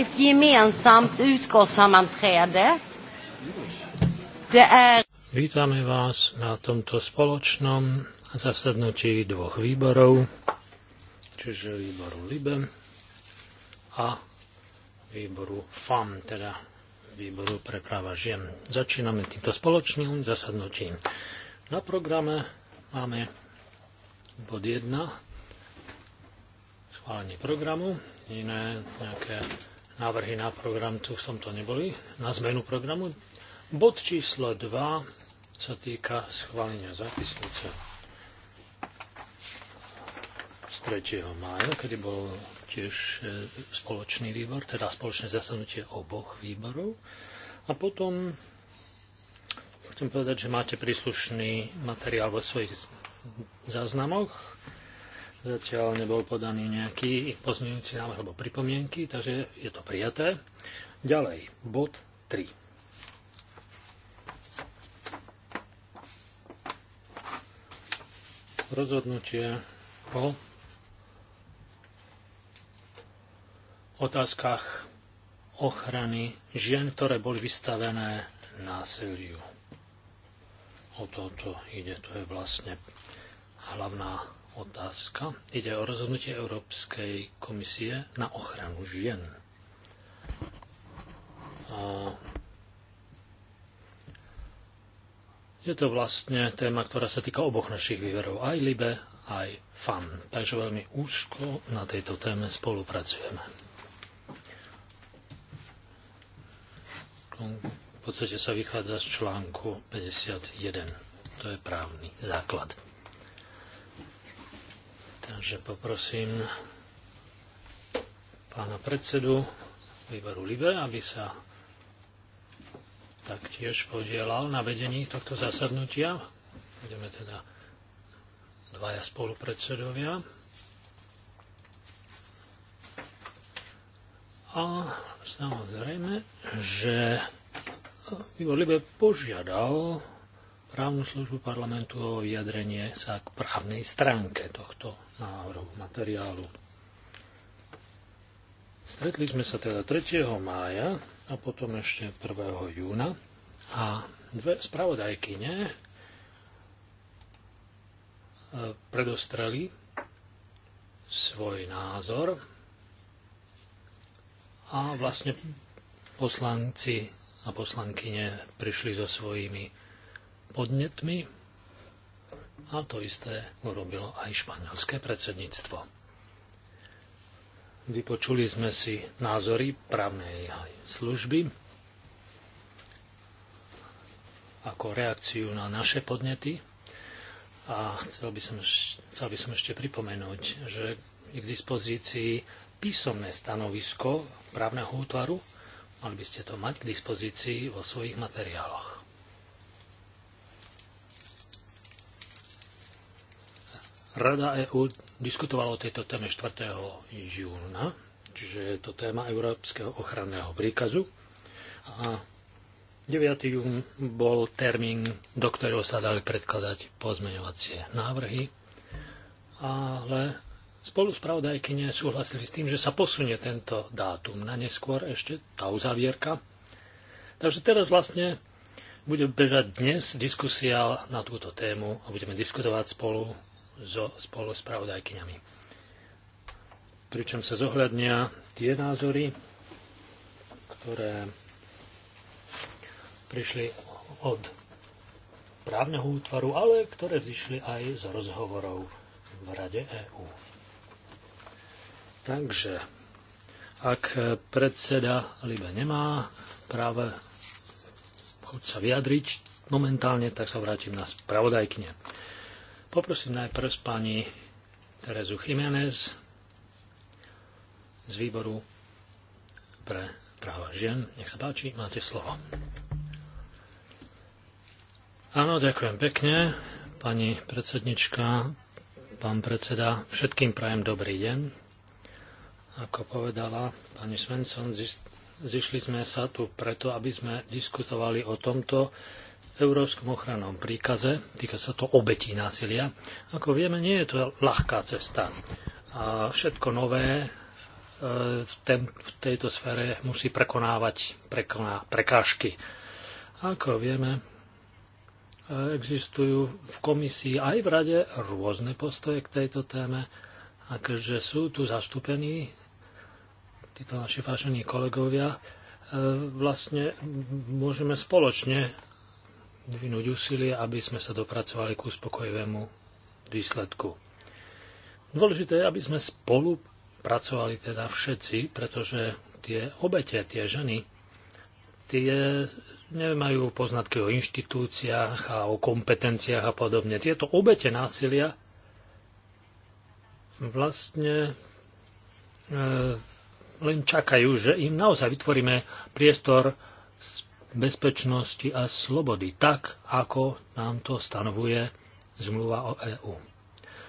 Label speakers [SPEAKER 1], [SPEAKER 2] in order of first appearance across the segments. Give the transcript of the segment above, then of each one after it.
[SPEAKER 1] ett gemensamt utskottssammanträde.
[SPEAKER 2] Det är... Vítame vás na tomto spoločnom zasadnutí dvoch výborov, čiže výboru LIBE a výboru FAM, teda výboru pre práva žien. Začíname týmto spoločným zasadnutím. Na programe máme bod 1, schválenie programu, iné nejaké návrhy na program tu v tomto neboli, na zmenu programu. Bod číslo 2 sa týka schválenia zápisnice z 3. mája, kedy bol tiež e, spoločný výbor, teda spoločné zasadnutie oboch výborov. A potom chcem povedať, že máte príslušný materiál vo svojich záznamoch Zatiaľ nebol podaný nejaký pozmeňujúci návrh alebo pripomienky, takže je to prijaté. Ďalej, bod 3. Rozhodnutie o otázkach ochrany žien, ktoré boli vystavené násiliu. O toto ide, to je vlastne hlavná otázka. Ide o rozhodnutie Európskej komisie na ochranu žien. A je to vlastne téma, ktorá sa týka oboch našich výverov, aj Libe, aj FAN. Takže veľmi úzko na tejto téme spolupracujeme. V podstate sa vychádza z článku 51. To je právny základ. Takže poprosím pána predsedu výboru LIBE, aby sa taktiež podielal na vedení tohto zasadnutia. Budeme teda dvaja spolupredsedovia. A samozrejme, že výbor LIBE požiadal právnu službu parlamentu o vyjadrenie sa k právnej stránke tohto návrhu materiálu. Stretli sme sa teda 3. mája a potom ešte 1. júna a dve spravodajkyne e, predostreli svoj názor a vlastne poslanci a poslankyne prišli so svojimi podnetmi a to isté urobilo aj španielské predsedníctvo. Vypočuli sme si názory právnej aj služby ako reakciu na naše podnety a chcel by som, chcel by som ešte pripomenúť, že je k dispozícii písomné stanovisko právneho útvaru, mali by ste to mať k dispozícii vo svojich materiáloch. Rada EÚ diskutovala o tejto téme 4. júna, čiže je to téma Európskeho ochranného príkazu. A 9. jún bol termín, do ktorého sa dali predkladať pozmeňovacie návrhy, ale spolu spravodajkyne súhlasili s tým, že sa posunie tento dátum na neskôr ešte tá uzavierka. Takže teraz vlastne bude bežať dnes diskusia na túto tému a budeme diskutovať spolu so spoluspravodajkyňami. Pričom sa zohľadnia tie názory, ktoré prišli od právneho útvaru, ale ktoré vzýšli aj z rozhovorov v Rade EÚ. Takže, ak predseda Libe nemá práve chuť sa vyjadriť momentálne, tak sa vrátim na spravodajkne. Poprosím najprv pani Terezu Jiménez z výboru pre práva žien. Nech sa páči, máte slovo. Áno, ďakujem pekne, pani predsednička, pán predseda. Všetkým prajem dobrý deň. Ako povedala pani Svensson, zišli sme sa tu preto, aby sme diskutovali o tomto európskom ochrannom príkaze, týka sa to obetí násilia. Ako vieme, nie je to ľahká cesta. A všetko nové e, v, ten, v tejto sfére musí prekonávať prekoná, prekážky. Ako vieme, e, existujú v komisii aj v rade rôzne postoje k tejto téme a keďže sú tu zastúpení títo naši vážení kolegovia, e, vlastne môžeme spoločne vynúť úsilie, aby sme sa dopracovali k uspokojivému výsledku. Dôležité je, aby sme spolu pracovali teda všetci, pretože tie obete, tie ženy, tie nemajú poznatky o inštitúciách a o kompetenciách a podobne. Tieto obete násilia vlastne e, len čakajú, že im naozaj vytvoríme priestor bezpečnosti a slobody, tak ako nám to stanovuje zmluva o EÚ.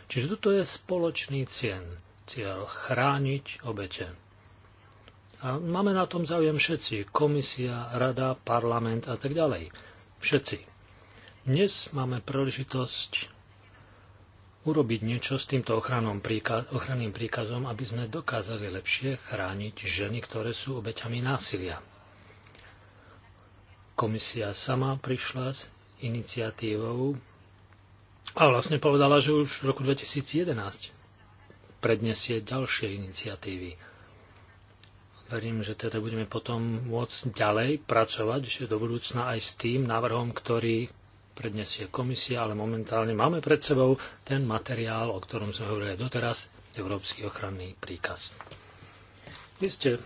[SPEAKER 2] Čiže toto je spoločný cien, cieľ chrániť obete. A máme na tom záujem všetci, komisia, rada, parlament a tak ďalej. Všetci. Dnes máme príležitosť urobiť niečo s týmto príkaz, ochranným príkazom, aby sme dokázali lepšie chrániť ženy, ktoré sú obeťami násilia. Komisia sama prišla s iniciatívou a vlastne povedala, že už v roku 2011 predniesie ďalšie iniciatívy. Verím, že teda budeme potom môcť ďalej pracovať do budúcna aj s tým návrhom, ktorý predniesie komisia, ale momentálne máme pred sebou ten materiál, o ktorom sme hovorili doteraz, Európsky ochranný príkaz. ste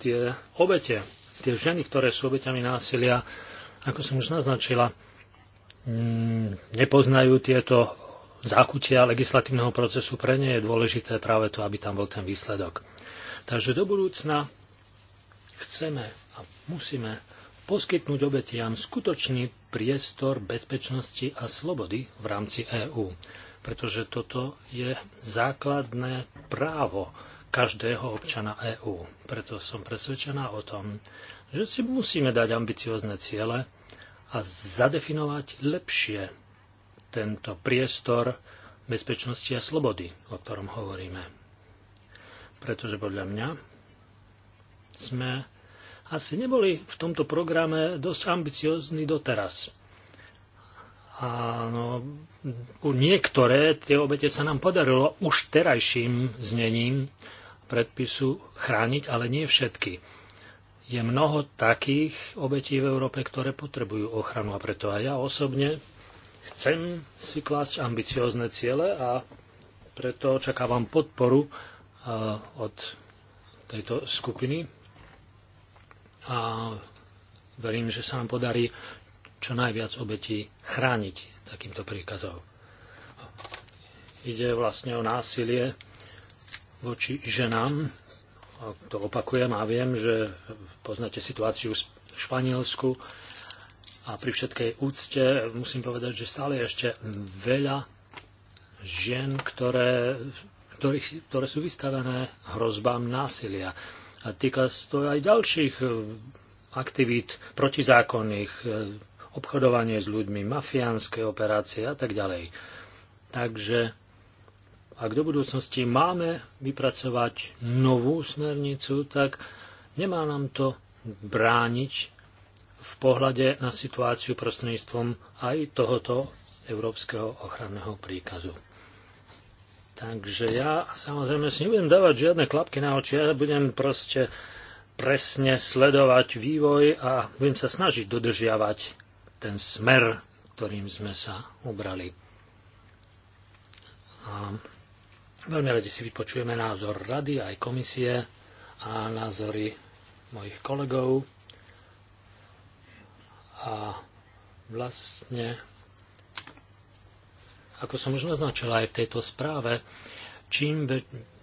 [SPEAKER 2] tie obete tie ženy, ktoré sú obeťami násilia, ako som už naznačila, mm, nepoznajú tieto zákutia legislatívneho procesu. Pre ne je dôležité práve to, aby tam bol ten výsledok. Takže do budúcna chceme a musíme poskytnúť obetiam skutočný priestor bezpečnosti a slobody v rámci EÚ, pretože toto je základné právo každého občana EÚ. Preto som presvedčená o tom, že si musíme dať ambiciozne ciele a zadefinovať lepšie tento priestor bezpečnosti a slobody, o ktorom hovoríme. Pretože podľa mňa sme asi neboli v tomto programe dosť ambiciozni doteraz. no, u niektoré tie obete sa nám podarilo už terajším znením predpisu chrániť, ale nie všetky. Je mnoho takých obetí v Európe, ktoré potrebujú ochranu a preto aj ja osobne chcem si klásť ambiciozne ciele a preto očakávam podporu od tejto skupiny a verím, že sa nám podarí čo najviac obetí chrániť takýmto príkazom. Ide vlastne o násilie, voči ženám. A to opakujem a viem, že poznáte situáciu v Španielsku a pri všetkej úcte musím povedať, že stále je ešte veľa žien, ktoré, ktorých, ktoré sú vystavené hrozbám násilia. A týka sa to aj ďalších e, aktivít protizákonných, e, obchodovanie s ľuďmi, mafiánske operácie a tak ďalej. Takže ak do budúcnosti máme vypracovať novú smernicu, tak nemá nám to brániť v pohľade na situáciu prostredníctvom aj tohoto Európskeho ochranného príkazu. Takže ja samozrejme si nebudem dávať žiadne klapky na oči, ja budem proste presne sledovať vývoj a budem sa snažiť dodržiavať ten smer, ktorým sme sa ubrali. A Veľmi radi si vypočujeme názor rady aj komisie a názory mojich kolegov. A vlastne, ako som už naznačil aj v tejto správe, čím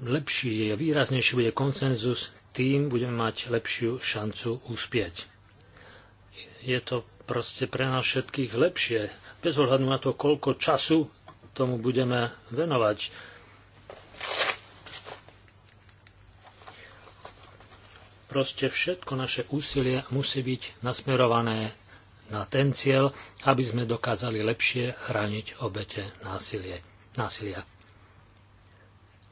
[SPEAKER 2] lepší je, výraznejší bude konsenzus, tým budeme mať lepšiu šancu úspieť. Je to proste pre nás všetkých lepšie, bez ohľadu na to, koľko času tomu budeme venovať Proste všetko naše úsilie musí byť nasmerované na ten cieľ, aby sme dokázali lepšie chrániť obete násilie, násilia.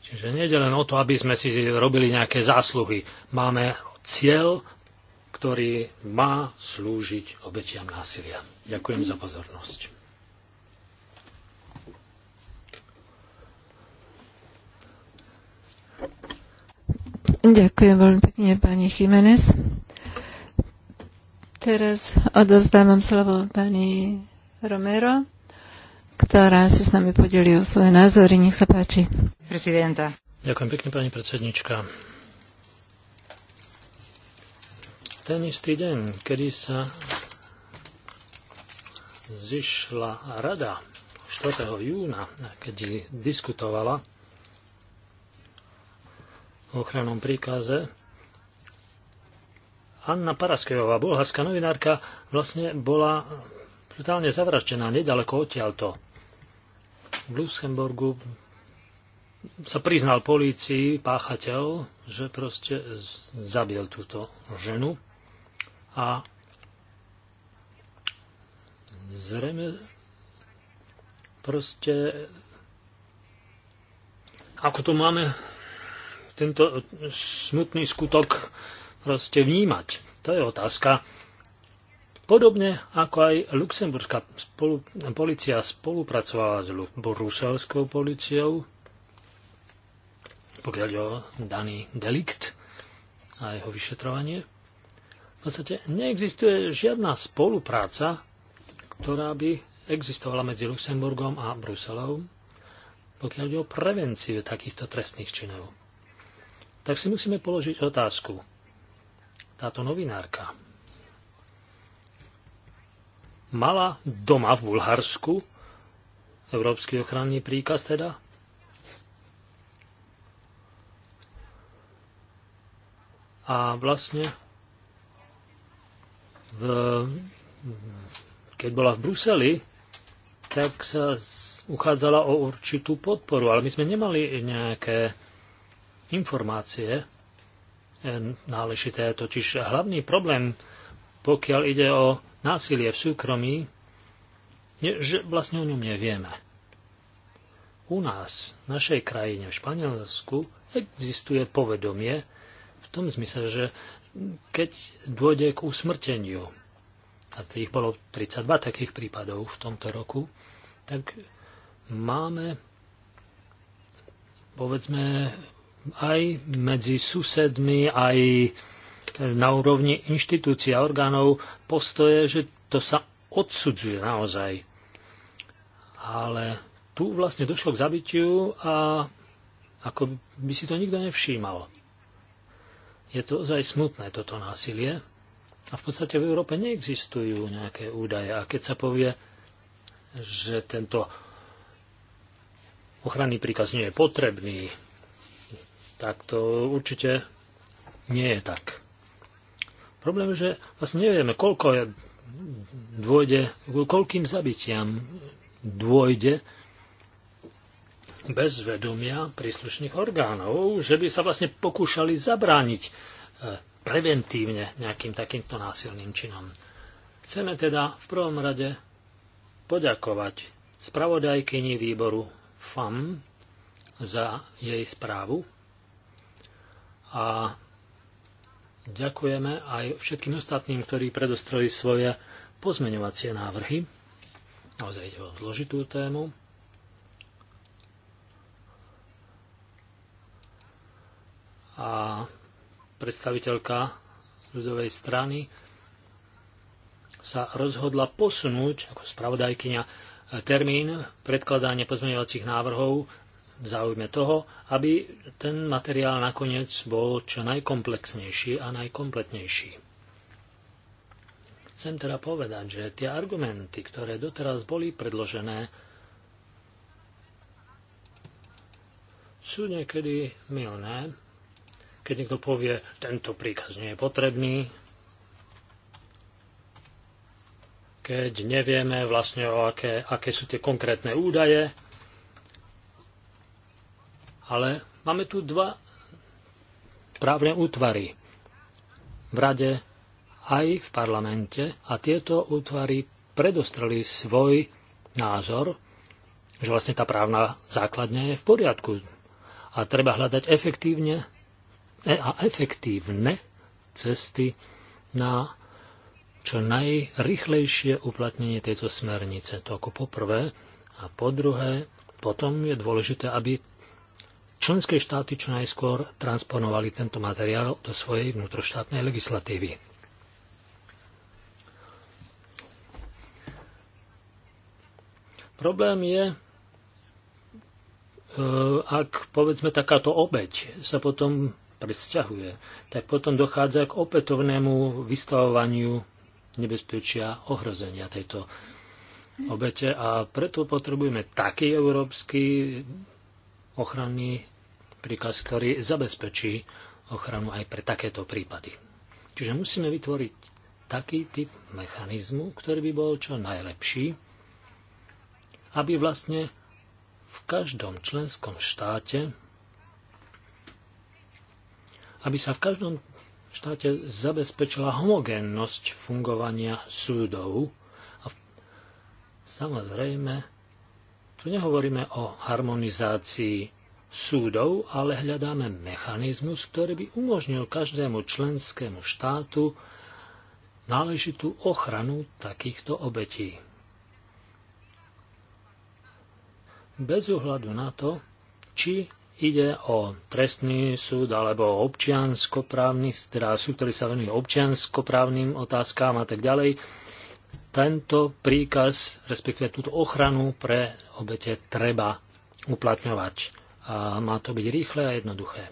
[SPEAKER 2] Čiže nie len o to, aby sme si robili nejaké zásluhy. Máme cieľ, ktorý má slúžiť obetiam násilia. Ďakujem za pozornosť.
[SPEAKER 3] Ďakujem veľmi pekne, pani Jiménez. Teraz odovzdávam slovo pani Romero, ktorá sa s nami podelí o svoje názory. Nech sa páči. Prezidenta.
[SPEAKER 2] Ďakujem pekne, pani predsednička. Ten istý deň, kedy sa zišla rada 4. júna, kedy diskutovala o ochrannom príkaze. Anna Paraskejová, bulharská novinárka, vlastne bola brutálne zavraždená nedaleko odtiaľto. V Luxemburgu sa priznal polícii páchateľ, že proste zabil túto ženu a zrejme proste ako tu máme tento smutný skutok proste vnímať. To je otázka. Podobne ako aj luxemburská spolu, policia spolupracovala s bruselskou policiou, pokiaľ je o daný delikt a jeho vyšetrovanie. V podstate neexistuje žiadna spolupráca, ktorá by existovala medzi Luxemburgom a Bruselom, pokiaľ ide o prevenciu takýchto trestných činov tak si musíme položiť otázku. Táto novinárka mala doma v Bulharsku európsky ochranný príkaz teda? A vlastne v, keď bola v Bruseli, tak sa uchádzala o určitú podporu, ale my sme nemali nejaké informácie náležité. Totiž hlavný problém, pokiaľ ide o násilie v súkromí, je, že vlastne o ňom nevieme. U nás, v našej krajine, v Španielsku, existuje povedomie v tom zmysle, že keď dôjde k usmrteniu, a tých bolo 32 takých prípadov v tomto roku, tak máme povedzme aj medzi susedmi, aj e, na úrovni inštitúcií a orgánov postoje, že to sa odsudzuje naozaj. Ale tu vlastne došlo k zabitiu a ako by si to nikto nevšímal. Je to ozaj smutné toto násilie a v podstate v Európe neexistujú nejaké údaje. A keď sa povie, že tento ochranný príkaz nie je potrebný, tak to určite nie je tak. Problém je, že vlastne nevieme, koľko je, dôjde, koľkým zabitiam dôjde bez vedomia príslušných orgánov, že by sa vlastne pokúšali zabrániť e, preventívne nejakým takýmto násilným činom. Chceme teda v prvom rade poďakovať spravodajkyni výboru FAM za jej správu a ďakujeme aj všetkým ostatným, ktorí predostreli svoje pozmeňovacie návrhy. Naozaj ide o zložitú tému. A predstaviteľka ľudovej strany sa rozhodla posunúť ako spravodajkyňa termín predkladania pozmeňovacích návrhov v záujme toho, aby ten materiál nakoniec bol čo najkomplexnejší a najkompletnejší. Chcem teda povedať, že tie argumenty, ktoré doteraz boli predložené, sú niekedy milné. Keď niekto povie, tento príkaz nie je potrebný, keď nevieme vlastne, o aké, aké sú tie konkrétne údaje, ale máme tu dva právne útvary v rade aj v parlamente a tieto útvary predostreli svoj názor, že vlastne tá právna základňa je v poriadku a treba hľadať efektívne e, a efektívne cesty na čo najrychlejšie uplatnenie tejto smernice. To ako poprvé. A po druhé, potom je dôležité, aby členské štáty čo najskôr transponovali tento materiál do svojej vnútroštátnej legislatívy. Problém je, e, ak povedzme takáto obeď sa potom presťahuje, tak potom dochádza k opätovnému vystavovaniu nebezpečia ohrozenia tejto obete a preto potrebujeme taký európsky ochranný príkaz, ktorý zabezpečí ochranu aj pre takéto prípady. Čiže musíme vytvoriť taký typ mechanizmu, ktorý by bol čo najlepší, aby vlastne v každom členskom štáte, aby sa v každom štáte zabezpečila homogénnosť fungovania súdov. A samozrejme, tu nehovoríme o harmonizácii súdov, ale hľadáme mechanizmus, ktorý by umožnil každému členskému štátu náležitú ochranu takýchto obetí. Bez ohľadu na to, či ide o trestný súd alebo občianskoprávny, teda súd, ktorý sa venuje občianskoprávnym otázkám a tak ďalej, tento príkaz, respektíve túto ochranu pre obete treba uplatňovať. A má to byť rýchle a jednoduché.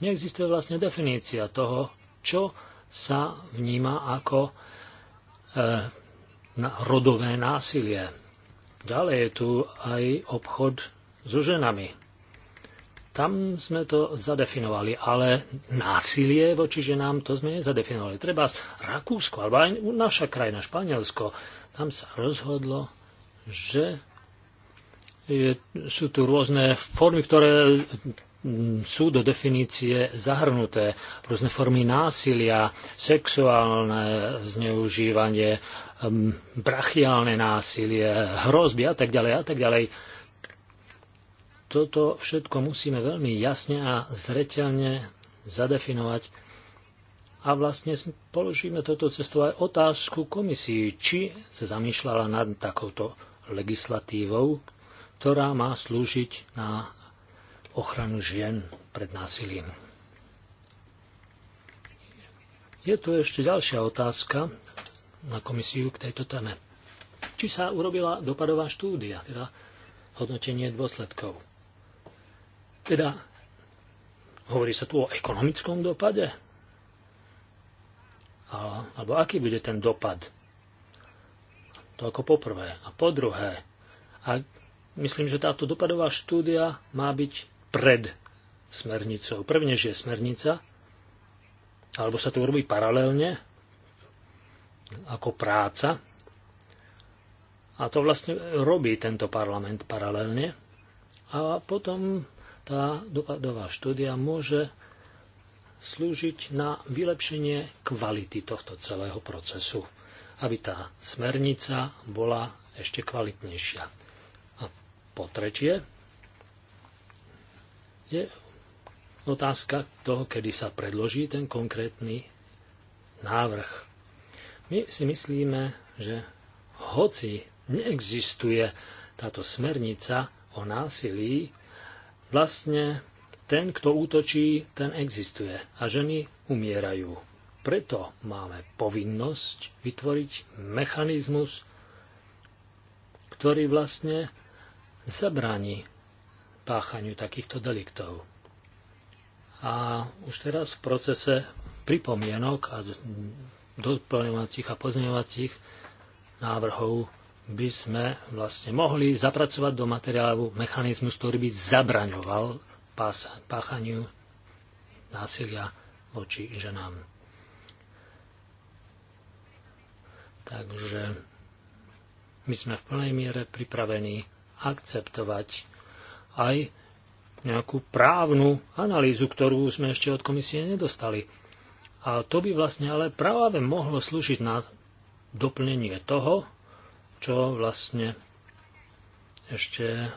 [SPEAKER 2] Neexistuje vlastne definícia toho, čo sa vníma ako e, na, rodové násilie. Ďalej je tu aj obchod so ženami. Tam sme to zadefinovali, ale násilie voči ženám to sme nezadefinovali. Treba z Rakúsko, alebo aj naša krajina, Španielsko, tam sa rozhodlo, že je, sú tu rôzne formy, ktoré mm, sú do definície zahrnuté rôzne formy násilia, sexuálne zneužívanie, mm, brachiálne násilie, hrozby a tak ďalej a tak ďalej toto všetko musíme veľmi jasne a zreteľne zadefinovať. A vlastne položíme toto cestou aj otázku komisii, či sa zamýšľala nad takouto legislatívou, ktorá má slúžiť na ochranu žien pred násilím. Je tu ešte ďalšia otázka na komisiu k tejto téme. Či sa urobila dopadová štúdia, teda hodnotenie dôsledkov? Teda, hovorí sa tu o ekonomickom dopade? A, alebo aký bude ten dopad? To ako poprvé. A po druhé, a myslím, že táto dopadová štúdia má byť pred smernicou. Prvnež je smernica, alebo sa to robí paralelne, ako práca. A to vlastne robí tento parlament paralelne. A potom tá dopadová štúdia môže slúžiť na vylepšenie kvality tohto celého procesu, aby tá smernica bola ešte kvalitnejšia. A po tretie je otázka toho, kedy sa predloží ten konkrétny návrh. My si myslíme, že hoci neexistuje táto smernica o násilí, Vlastne ten, kto útočí, ten existuje a ženy umierajú. Preto máme povinnosť vytvoriť mechanizmus, ktorý vlastne zabráni páchaniu takýchto deliktov. A už teraz v procese pripomienok a doplňovacích a pozmeňovacích návrhov by sme vlastne mohli zapracovať do materiálu mechanizmus, ktorý by zabraňoval páchaniu násilia voči ženám. Takže my sme v plnej miere pripravení akceptovať aj nejakú právnu analýzu, ktorú sme ešte od komisie nedostali. A to by vlastne ale práve mohlo slúžiť na doplnenie toho, čo vlastne ešte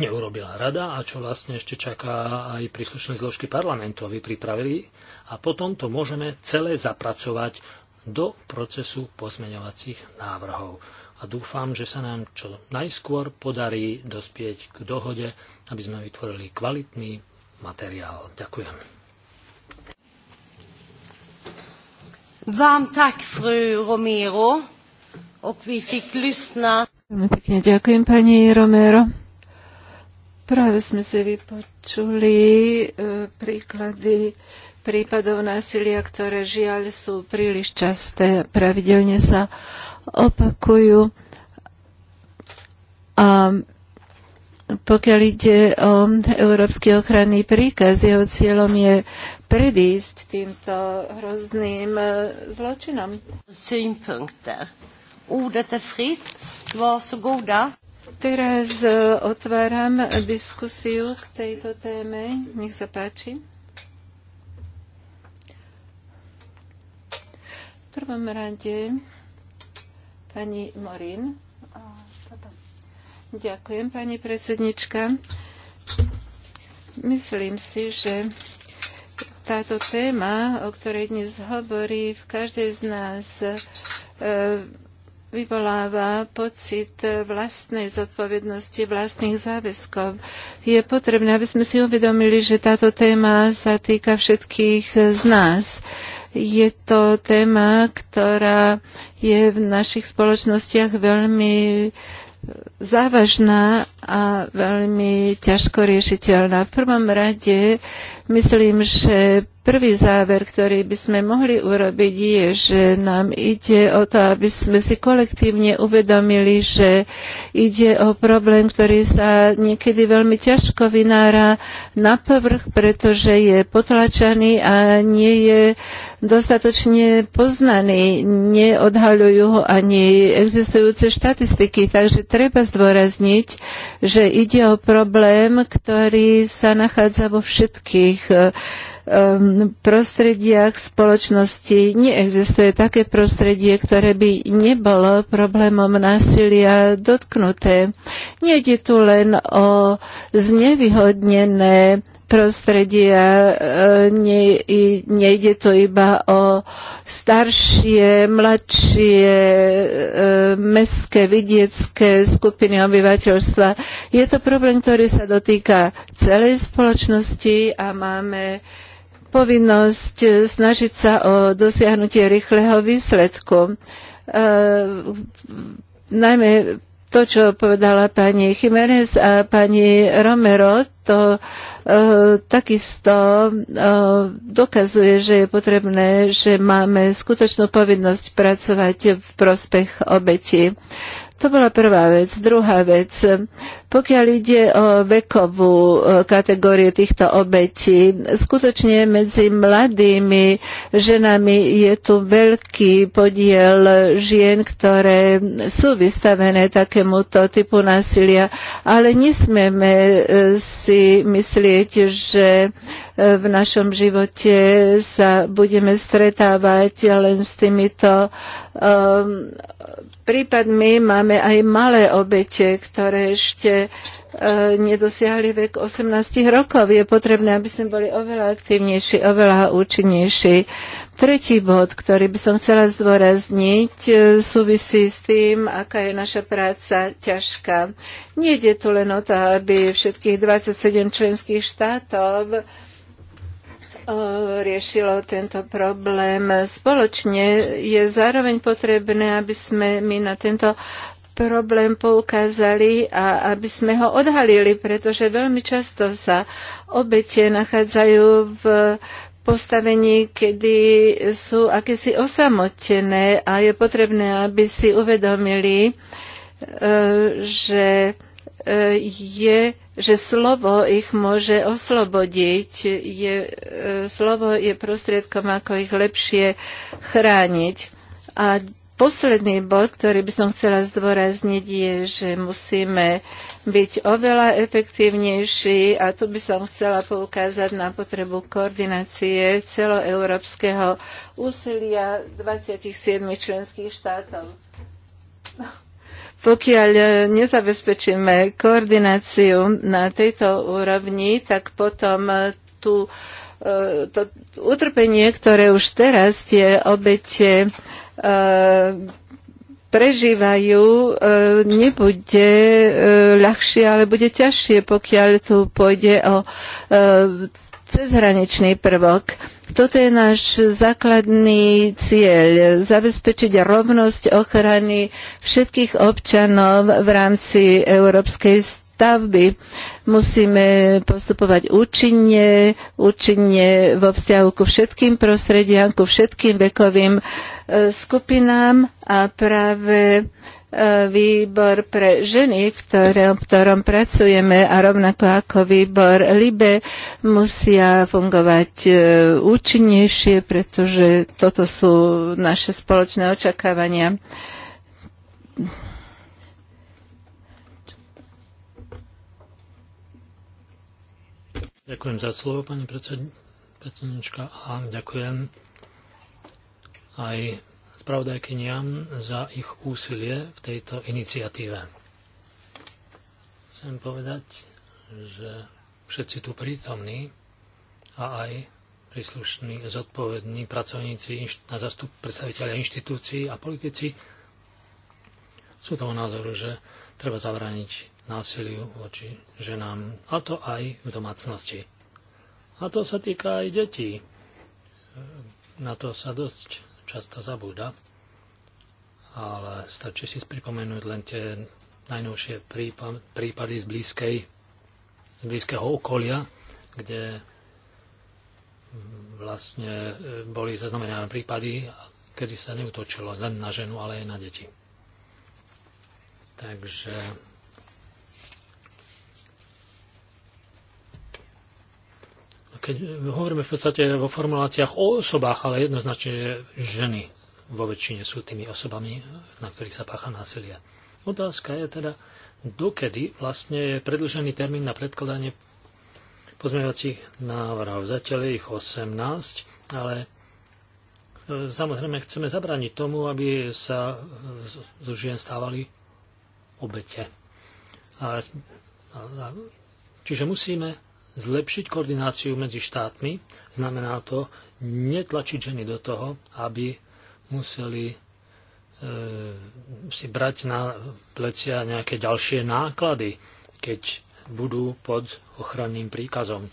[SPEAKER 2] neurobila rada a čo vlastne ešte čaká aj príslušné zložky parlamentu, aby pripravili a potom to môžeme celé zapracovať do procesu pozmeňovacích návrhov. A dúfam, že sa nám čo najskôr podarí dospieť k dohode, aby sme vytvorili kvalitný materiál. Ďakujem.
[SPEAKER 1] Vám tak, fru Romero.
[SPEAKER 3] Pekne ďakujem, pani Romero. Práve sme si vypočuli e, príklady prípadov násilia, ktoré žiaľ sú príliš časté, pravidelne sa opakujú. A pokiaľ ide o Európsky ochranný príkaz, jeho cieľom je predísť týmto hrozným e, zločinom. Synpunkter. Ordet är er fritt. Varsågoda. Er Teraz eh, otváram diskusiu k tejto téme. Nech sa páči. V prvom rade pani Morin. Ďakujem, pani predsednička. Myslím si, že táto téma, o ktorej dnes hovorí, v každej z nás e, vyvoláva pocit vlastnej zodpovednosti, vlastných záväzkov. Je potrebné, aby sme si uvedomili, že táto téma sa týka všetkých z nás. Je to téma, ktorá je v našich spoločnostiach veľmi závažná a veľmi ťažko riešiteľná. V prvom rade myslím, že Prvý záver, ktorý by sme mohli urobiť, je, že nám ide o to, aby sme si kolektívne uvedomili, že ide o problém, ktorý sa niekedy veľmi ťažko vynára na povrch, pretože je potlačaný a nie je dostatočne poznaný. Neodhaľujú ho ani existujúce štatistiky, takže treba zdôrazniť, že ide o problém, ktorý sa nachádza vo všetkých Ehm, prostrediach spoločnosti neexistuje také prostredie, ktoré by nebolo problémom násilia dotknuté. Nie je tu len o znevýhodnené prostredia, e, ne, nejde to iba o staršie, mladšie, e, mestské, vidiecké skupiny obyvateľstva. Je to problém, ktorý sa dotýka celej spoločnosti a máme povinnosť snažiť sa o dosiahnutie rýchleho výsledku. E, najmä to, čo povedala pani Jiménez a pani Romero, to e, takisto e, dokazuje, že je potrebné, že máme skutočnú povinnosť pracovať v prospech obeti. To bola prvá vec. Druhá vec, pokiaľ ide o vekovú e, kategóriu týchto obetí, skutočne medzi mladými ženami je tu veľký podiel žien, ktoré sú vystavené takémuto typu násilia, ale nesmieme e, si myslieť, že v našom živote sa budeme stretávať len s týmito um, prípadmi. Máme aj malé obete, ktoré ešte uh, nedosiahli vek 18 rokov. Je potrebné, aby sme boli oveľa aktívnejší, oveľa účinnejší. Tretí bod, ktorý by som chcela zdôrazniť, uh, súvisí s tým, aká je naša práca ťažká. je tu len o to, aby všetkých 27 členských štátov E, riešilo tento problém spoločne, je zároveň potrebné, aby sme my na tento problém poukázali a aby sme ho odhalili, pretože veľmi často sa obete nachádzajú v postavení, kedy sú akési osamotené a je potrebné, aby si uvedomili, e, že e, je že slovo ich môže oslobodiť. Je, e, slovo je prostriedkom, ako ich lepšie chrániť. A posledný bod, ktorý by som chcela zdôrazniť, je, že musíme byť oveľa efektívnejší a tu by som chcela poukázať na potrebu koordinácie celoeurópskeho úsilia 27 členských štátov. Pokiaľ e, nezabezpečíme koordináciu na tejto úrovni, tak potom e, tu e, to utrpenie, ktoré už teraz tie obete prežívajú, nebude ľahšie, ale bude ťažšie, pokiaľ tu pôjde o cezhraničný prvok toto je náš základný cieľ. Zabezpečiť rovnosť ochrany všetkých občanov v rámci Európskej stavby. Musíme postupovať účinne, účinne vo vzťahu ku všetkým prostrediam, ku všetkým vekovým e, skupinám a práve výbor pre ženy, v ktorom, v ktorom pracujeme a rovnako ako výbor LIBE musia fungovať e, účinnejšie, pretože toto sú naše spoločné očakávania.
[SPEAKER 2] Ďakujem za slovo, pani predsednička, a ďakujem aj spravodajkyniam za ich úsilie v tejto iniciatíve. Chcem povedať, že všetci tu prítomní a aj príslušní zodpovední pracovníci na zastup predstaviteľa inštitúcií a politici sú toho názoru, že treba zabrániť násiliu voči ženám, a to aj v domácnosti. A to sa týka aj detí. Na to sa dosť často zabúda, ale stačí si pripomenúť len tie najnovšie prípady z, blízkej, z blízkeho okolia, kde mm, vlastne e, boli zaznamenané prípady, kedy sa neutočilo len na ženu, ale aj na deti. Takže keď hovoríme v podstate vo formuláciách o osobách, ale jednoznačne ženy vo väčšine sú tými osobami, na ktorých sa pácha násilie. Otázka je teda, dokedy vlastne je predlžený termín na predkladanie pozmeňovacích návrhov. Zatiaľ je ich 18, ale e, samozrejme chceme zabrániť tomu, aby sa z žien stávali obete. A, a, a, čiže musíme zlepšiť koordináciu medzi štátmi. Znamená to netlačiť ženy do toho, aby museli e, si brať na plecia nejaké ďalšie náklady, keď budú pod ochranným príkazom.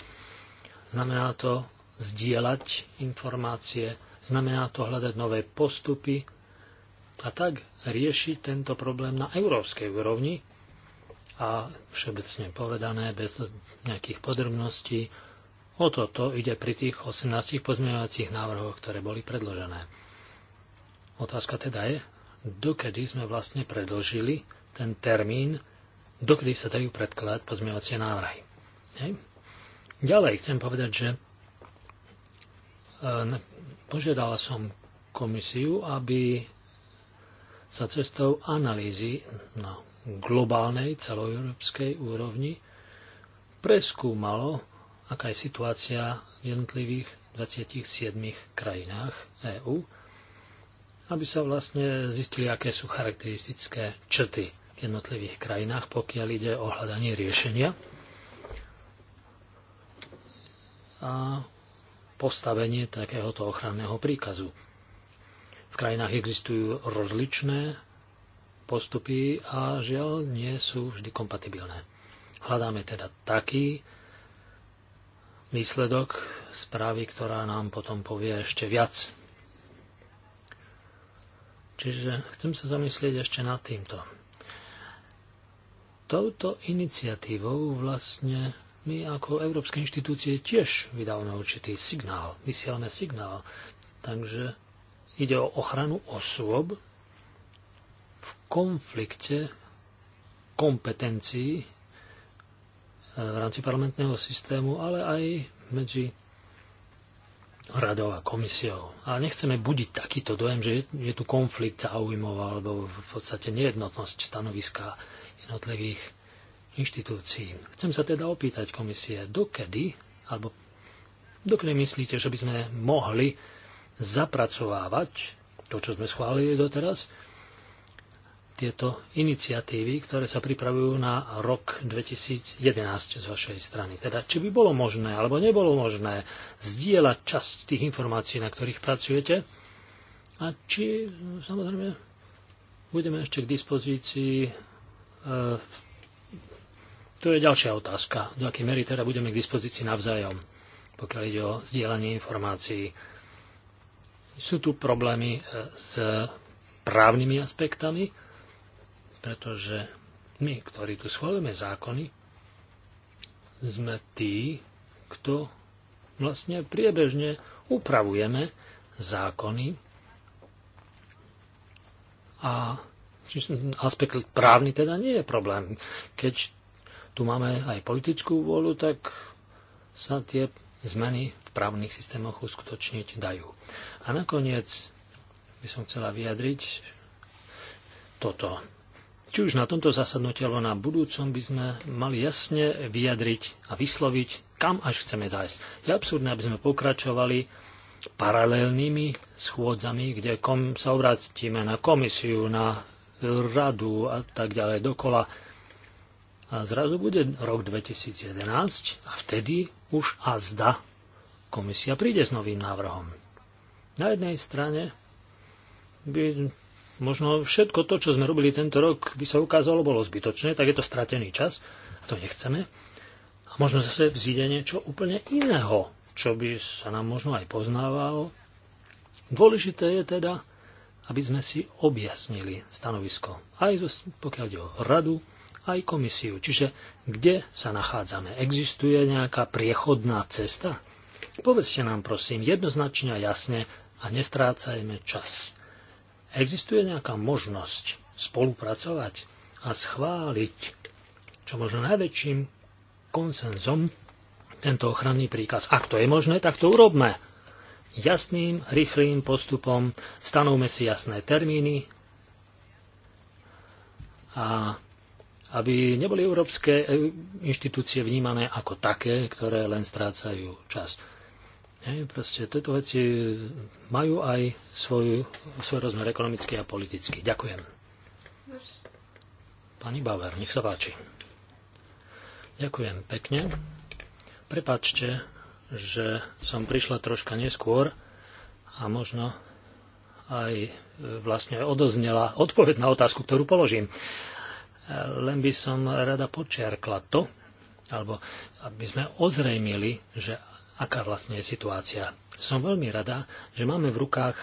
[SPEAKER 2] Znamená to zdieľať informácie, znamená to hľadať nové postupy a tak riešiť tento problém na európskej úrovni a všeobecne povedané, bez nejakých podrobností, o toto ide pri tých 18 pozmeňovacích návrhoch, ktoré boli predložené. Otázka teda je, dokedy sme vlastne predložili ten termín, dokedy sa dajú predkladať pozmeňovacie návrhy. Hej. Ďalej chcem povedať, že e, požiadala som komisiu, aby sa cestou analýzy na no, globálnej, celoeurópskej úrovni preskúmalo, aká je situácia v jednotlivých 27 krajinách EÚ, aby sa vlastne zistili, aké sú charakteristické črty v jednotlivých krajinách, pokiaľ ide o hľadanie riešenia a postavenie takéhoto ochranného príkazu. V krajinách existujú rozličné postupy a žiaľ nie sú vždy kompatibilné. Hľadáme teda taký výsledok správy, ktorá nám potom povie ešte viac. Čiže chcem sa zamyslieť ešte nad týmto. Touto iniciatívou vlastne my ako európske inštitúcie tiež vydávame určitý signál, vysielame signál. Takže ide o ochranu osôb, konflikte kompetencií eh, v rámci parlamentného systému, ale aj medzi radou a komisiou. A nechceme budiť takýto dojem, že je tu konflikt záujmov alebo v podstate nejednotnosť stanoviska jednotlivých inštitúcií. Chcem sa teda opýtať komisie, dokedy, alebo dokedy myslíte, že by sme mohli zapracovávať to, čo sme schválili doteraz, tieto iniciatívy, ktoré sa pripravujú na rok 2011 z vašej strany. Teda, či by bolo možné, alebo nebolo možné zdieľať časť tých informácií, na ktorých pracujete, a či, samozrejme, budeme ešte k dispozícii. E, to je ďalšia otázka, do akej mery teda budeme k dispozícii navzájom, pokiaľ ide o zdieľanie informácií. Sú tu problémy e, s právnymi aspektami, pretože my, ktorí tu schválime zákony, sme tí, kto vlastne priebežne upravujeme zákony a aspekt právny teda nie je problém. Keď tu máme aj politickú vôľu, tak sa tie zmeny v právnych systémoch uskutočniť dajú. A nakoniec by som chcela vyjadriť toto či už na tomto zasadnutí alebo na budúcom by sme mali jasne vyjadriť a vysloviť, kam až chceme zájsť. Je absurdné, aby sme pokračovali paralelnými schôdzami, kde kom sa obrátime na komisiu, na radu a tak ďalej dokola. A zrazu bude rok 2011 a vtedy už a zda komisia príde s novým návrhom. Na jednej strane by možno všetko to, čo sme robili tento rok, by sa ukázalo bolo zbytočné, tak je to stratený čas a to nechceme. A možno zase vzíde niečo úplne iného, čo by sa nám možno aj poznávalo. Dôležité je teda, aby sme si objasnili stanovisko aj pokiaľ ide o radu, aj komisiu. Čiže kde sa nachádzame? Existuje nejaká priechodná cesta? Povedzte nám prosím jednoznačne a jasne a nestrácajme čas. Existuje nejaká možnosť spolupracovať a schváliť čo možno najväčším konsenzom tento ochranný príkaz. Ak to je možné, tak to urobme. Jasným, rýchlým postupom stanovme si jasné termíny a aby neboli európske eh, inštitúcie vnímané ako také, ktoré len strácajú čas. Hej, proste tieto veci majú aj svoj, svoj rozmer ekonomický a politický. Ďakujem. Pani Bauer, nech sa páči. Ďakujem pekne. Prepačte, že som prišla troška neskôr a možno aj e, vlastne odoznela odpoveď na otázku, ktorú položím. E, len by som rada počiarkla to, alebo aby sme ozrejmili, že aká vlastne je situácia. Som veľmi rada, že máme v rukách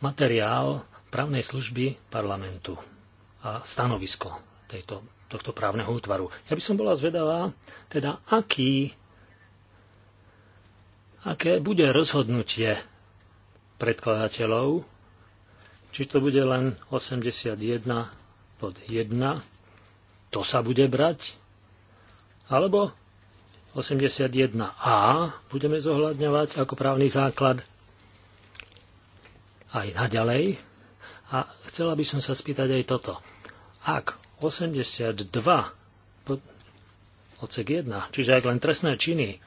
[SPEAKER 2] materiál právnej služby parlamentu a stanovisko tejto, tohto právneho útvaru. Ja by som bola zvedavá, teda aký, aké bude rozhodnutie predkladateľov, či to bude len 81 pod 1, to sa bude brať alebo 81a budeme zohľadňovať ako právny základ aj naďalej. A chcela by som sa spýtať aj toto. Ak 82 odsek 1, čiže ak len trestné činy,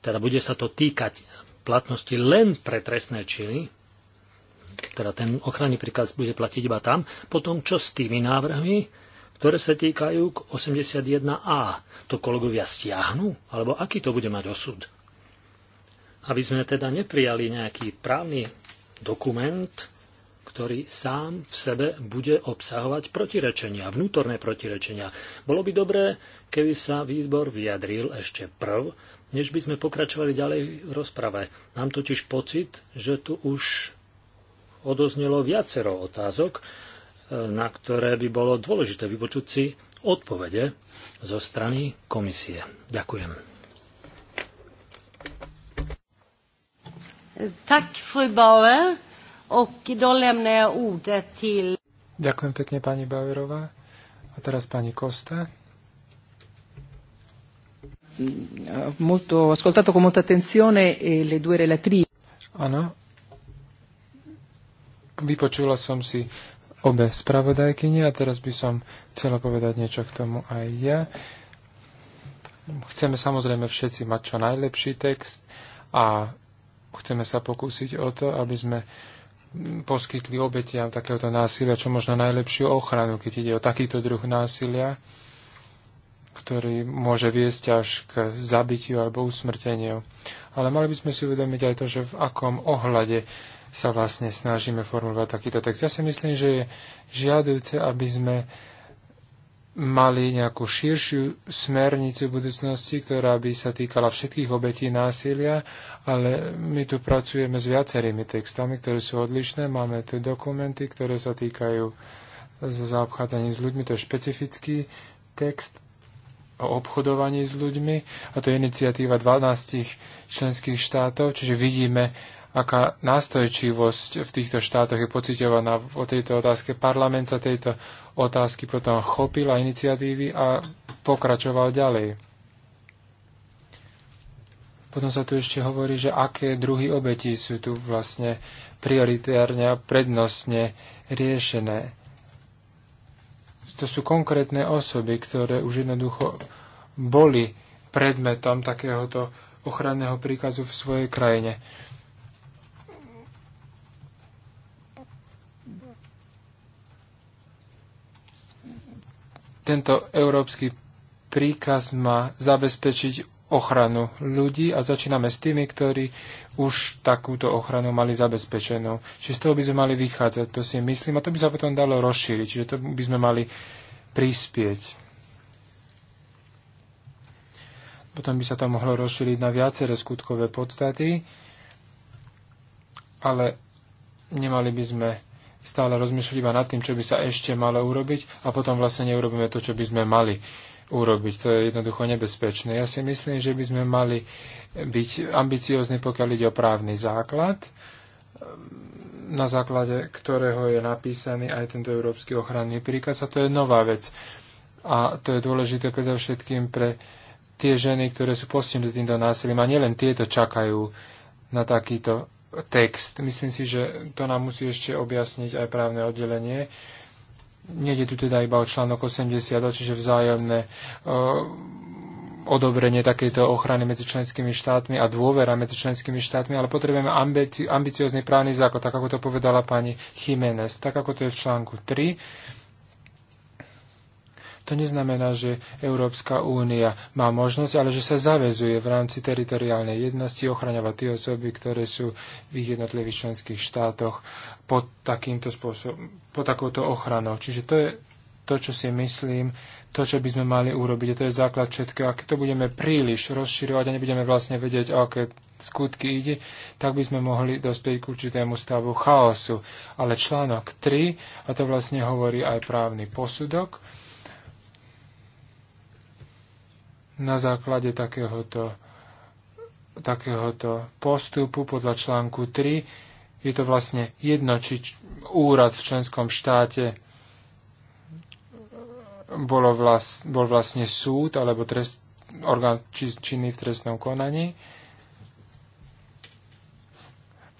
[SPEAKER 2] teda bude sa to týkať platnosti len pre trestné činy, teda ten ochranný príkaz bude platiť iba tam, potom čo s tými návrhmi, ktoré sa týkajú k 81a. To kolegovia stiahnu? Alebo aký to bude mať osud? Aby sme teda neprijali nejaký právny dokument, ktorý sám v sebe bude obsahovať protirečenia, vnútorné protirečenia. Bolo by dobré, keby sa výbor vyjadril ešte prv, než by sme pokračovali ďalej v rozprave. Mám totiž pocit, že tu už odoznelo viacero otázok, na ktoré by bolo dôležité vypočuť si odpovede zo strany komisie. Ďakujem. Tak,
[SPEAKER 1] fru Bauer. Och då lämnar jag ordet till...
[SPEAKER 4] Ďakujem pekne pani Bauerová. A teraz pani Kosta.
[SPEAKER 5] Molto, ho ascoltato con molta attenzione e le due relatrici. Áno.
[SPEAKER 4] Vypočula som si obe spravodajkyne a teraz by som chcela povedať niečo k tomu aj ja. Chceme samozrejme všetci mať čo najlepší text a chceme sa pokúsiť o to, aby sme poskytli obetiam takéhoto násilia čo možno najlepšiu ochranu, keď ide o takýto druh násilia, ktorý môže viesť až k zabitiu alebo usmrteniu. Ale mali by sme si uvedomiť aj to, že v akom ohľade sa vlastne snažíme formulovať takýto text. Ja si myslím, že je žiadujúce, aby sme mali nejakú širšiu smernicu budúcnosti, ktorá by sa týkala všetkých obetí násilia, ale my tu pracujeme s viacerými textami, ktoré sú odlišné. Máme tu dokumenty, ktoré sa týkajú so zaobchádzaním s ľuďmi. To je špecifický text o obchodovaní s ľuďmi a to je iniciatíva 12 členských štátov, čiže vidíme, aká nástojčivosť v týchto štátoch je pocitovaná o tejto otázke. Parlament sa tejto otázky potom chopil a iniciatívy a pokračoval ďalej. Potom sa tu ešte hovorí, že aké druhy obetí sú tu vlastne prioritárne a prednostne riešené. To sú konkrétne osoby, ktoré už jednoducho boli predmetom takéhoto ochranného príkazu v svojej krajine. Tento európsky príkaz má zabezpečiť ochranu ľudí a začíname s tými, ktorí už takúto ochranu mali zabezpečenú. Čiže z toho by sme mali vychádzať, to si myslím, a to by sa potom dalo rozšíriť, čiže to by sme mali prispieť. Potom by sa to mohlo rozšíriť na viaceré skutkové podstaty, ale nemali by sme stále rozmýšľať iba nad tým, čo by sa ešte malo urobiť a potom vlastne neurobíme to, čo by sme mali urobiť. To je jednoducho nebezpečné. Ja si myslím, že by sme mali byť ambiciózni, pokiaľ ide o právny základ, na základe ktorého je napísaný aj tento európsky ochranný príkaz a to je nová vec. A to je dôležité predovšetkým pre tie ženy, ktoré sú postihnuté týmto násilím a nielen tieto čakajú na takýto text. Myslím si, že to nám musí ešte objasniť aj právne oddelenie. Nede tu teda iba o článok 80, čiže vzájomné eh, odobrenie takejto ochrany medzi členskými štátmi a dôvera medzi členskými štátmi, ale potrebujeme ambici- ambiciózny právny zákon, tak ako to povedala pani Jiménez, tak ako to je v článku 3 to neznamená, že Európska únia má možnosť, ale že sa zavezuje v rámci teritoriálnej jednosti ochraňovať tie osoby, ktoré sú v ich jednotlivých členských štátoch pod, takýmto spôsobom, pod takouto ochranou. Čiže to je to, čo si myslím, to, čo by sme mali urobiť. A to je základ všetkého. Ak to budeme príliš rozširovať a nebudeme vlastne vedieť, o aké skutky ide, tak by sme mohli dospieť k určitému stavu chaosu. Ale článok 3, a to vlastne hovorí aj právny posudok, na základe takéhoto, takéhoto postupu podľa článku 3. Je to vlastne jedno, či úrad v členskom štáte bolo vlast, bol vlastne súd alebo trest, orgán činný v trestnom konaní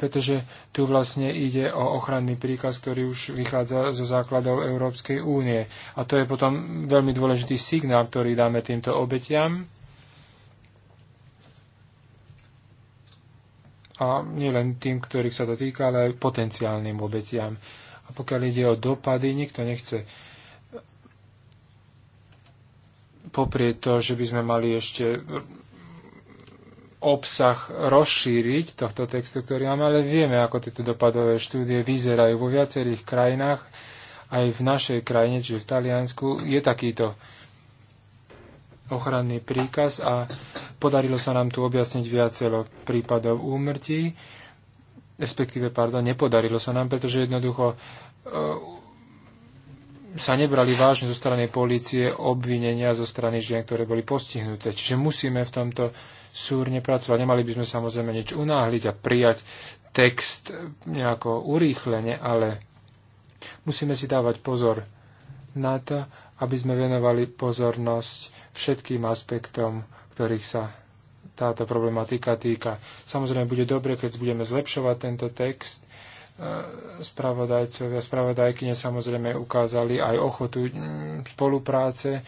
[SPEAKER 4] pretože tu vlastne ide o ochranný príkaz, ktorý už vychádza zo základov Európskej únie. A to je potom veľmi dôležitý signál, ktorý dáme týmto obetiam. A nielen tým, ktorých sa to týka, ale aj potenciálnym obetiam. A pokiaľ ide o dopady, nikto nechce poprieť to, že by sme mali ešte obsah rozšíriť tohto textu, ktorý máme, ale vieme, ako tieto dopadové štúdie vyzerajú vo viacerých krajinách, aj v našej krajine, čiže v Taliansku, je takýto ochranný príkaz a podarilo sa nám tu objasniť viacero prípadov úmrtí, respektíve, pardon, nepodarilo sa nám, pretože jednoducho e, sa nebrali vážne zo strany polície obvinenia zo strany žien, ktoré boli postihnuté. Čiže musíme v tomto súrne pracovať. Nemali by sme samozrejme nič unáhliť a prijať text nejako urýchlene, ale musíme si dávať pozor na to, aby sme venovali pozornosť všetkým aspektom, ktorých sa táto problematika týka. Samozrejme, bude dobre, keď budeme zlepšovať tento text, spravodajcovia, spravodajkyne samozrejme ukázali aj ochotu mm, spolupráce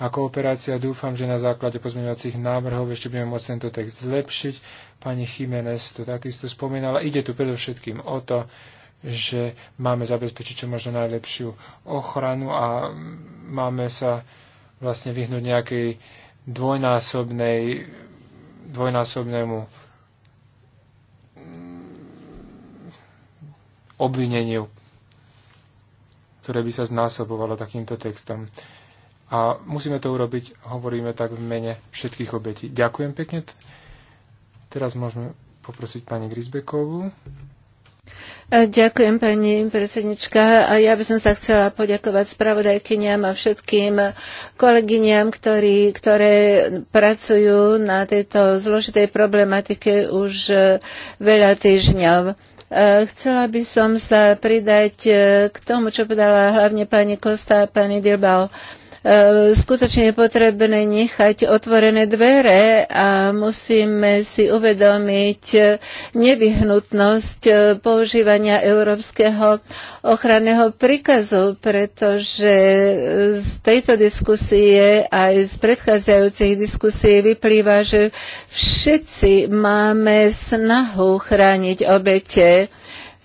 [SPEAKER 4] a kooperácia. Dúfam, že na základe pozmeňovacích návrhov ešte budeme môcť tento text zlepšiť. Pani Jiménez to takisto spomínala. Ide tu predovšetkým o to, že máme zabezpečiť čo možno najlepšiu ochranu a máme sa vlastne vyhnúť nejakej dvojnásobnej, dvojnásobnému obvineniu, ktoré by sa znásobovalo takýmto textom. A musíme to urobiť, hovoríme tak v mene všetkých obetí. Ďakujem pekne. Teraz môžeme poprosiť pani Grisbekovú.
[SPEAKER 3] E, ďakujem pani predsednička a ja by som sa chcela poďakovať spravodajkyniam a všetkým kolegyniam, ktorí, ktoré pracujú na tejto zložitej problematike už e, veľa týždňov. E, chcela by som sa pridať e, k tomu, čo podala hlavne pani Kosta a pani Dilbao. E, skutočne je potrebné nechať otvorené dvere a musíme si uvedomiť nevyhnutnosť e, používania Európskeho ochranného príkazu, pretože e, z tejto diskusie aj z predchádzajúcich diskusí vyplýva, že všetci máme snahu chrániť obete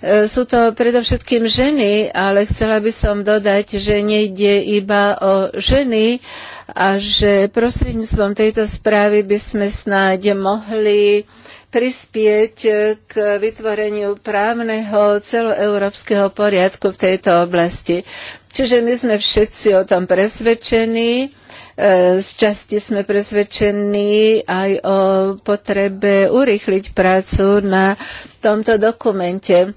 [SPEAKER 3] E, sú to predovšetkým ženy, ale chcela by som dodať, že nejde iba o ženy a že prostredníctvom tejto správy by sme snáď mohli prispieť k vytvoreniu právneho celoeurópskeho poriadku v tejto oblasti. Čiže my sme všetci o tom presvedčení Eh, z časti sme presvedčení aj o potrebe urýchliť prácu na tomto dokumente.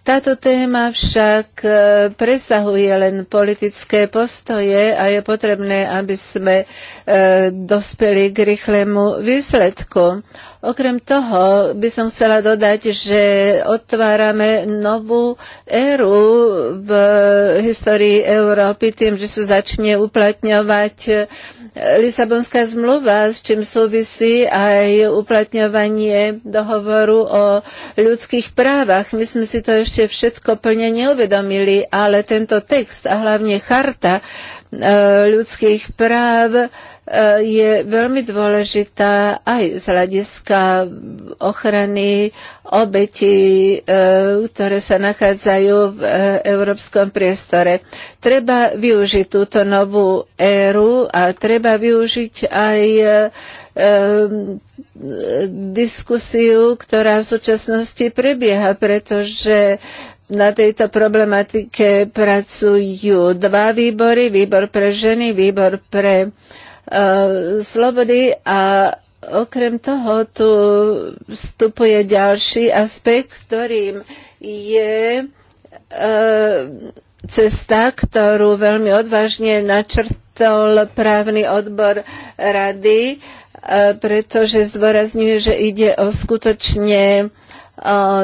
[SPEAKER 3] Táto téma však e, presahuje len politické postoje a je potrebné, aby sme e, dospeli k rýchlemu výsledku. Okrem toho by som chcela dodať, že otvárame novú éru v histórii Európy tým, že sa začne uplatňovať Lisabonská zmluva, s čím súvisí aj uplatňovanie dohovoru o ľudských právach. My sme si to ešte všetko plne neuvedomili, ale tento text a hlavne charta Eh, ľudských práv eh, je veľmi dôležitá aj z hľadiska ochrany obetí, eh, ktoré sa nachádzajú v európskom priestore. Treba využiť túto novú éru a treba využiť aj diskusiu, ktorá v súčasnosti prebieha, pretože na tejto problematike pracujú dva výbory, výbor pre ženy, výbor pre uh, slobody a okrem toho tu vstupuje ďalší aspekt, ktorým je uh, cesta, ktorú veľmi odvážne načrtol právny odbor rady, e, pretože zdôrazňuje, že ide o skutočne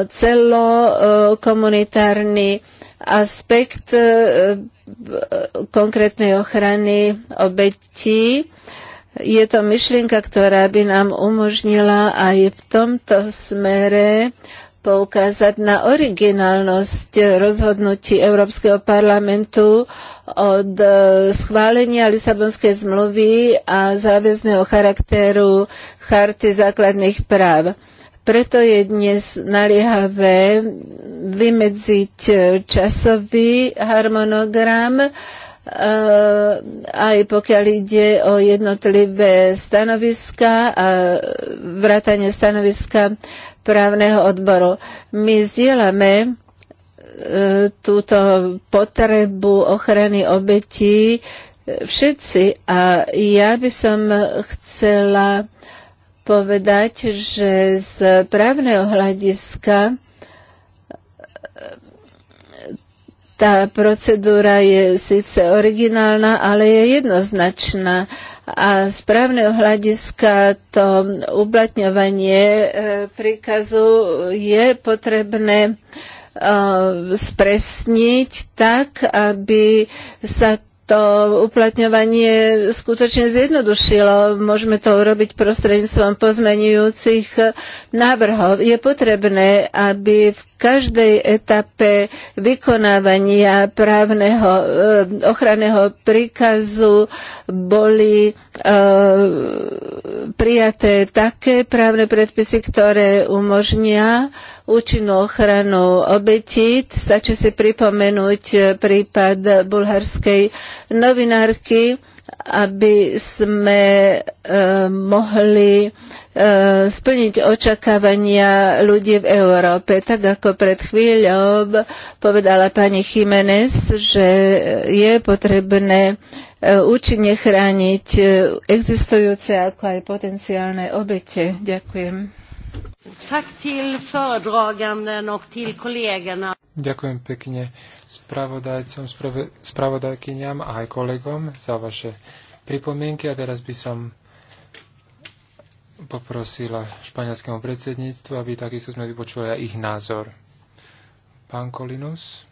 [SPEAKER 3] celokomunitárny aspekt e, e, konkrétnej ochrany obetí. Je to myšlienka, ktorá by nám umožnila aj v tomto smere poukázať na originálnosť rozhodnutí Európskeho parlamentu od e, schválenia Lisabonskej zmluvy a záväzného charakteru Charty základných práv. Preto je dnes naliehavé vymedziť časový harmonogram, e, aj pokiaľ ide o jednotlivé stanoviska a vrátanie stanoviska právneho odboru. My zdieľame e, túto potrebu ochrany obetí všetci a ja by som chcela uh, povedať, že z právneho hľadiska e, tá procedúra je síce originálna, ale je jednoznačná a z právneho hľadiska to uplatňovanie e, príkazu je potrebné e, spresniť tak, aby sa to uplatňovanie skutočne zjednodušilo. Môžeme to urobiť prostredníctvom pozmenujúcich návrhov. Je potrebné, aby v každej etape vykonávania právneho e, ochranného príkazu boli e, prijaté také právne predpisy, ktoré umožnia účinnú ochranu obetí. Stačí si pripomenúť prípad bulharskej novinárky, aby sme e, mohli e, splniť očakávania ľudí v Európe. Tak ako pred chvíľou povedala pani Jiménez, že je potrebné e, účinne chrániť e, existujúce ako aj potenciálne obete. Ďakujem.
[SPEAKER 4] Ďakujem pekne spravodajcom, spravodajkyňam a aj kolegom za vaše pripomienky. A teraz by som poprosila španielskému predsedníctvu, aby takisto sme vypočuli aj ich názor. Pán Kolinus,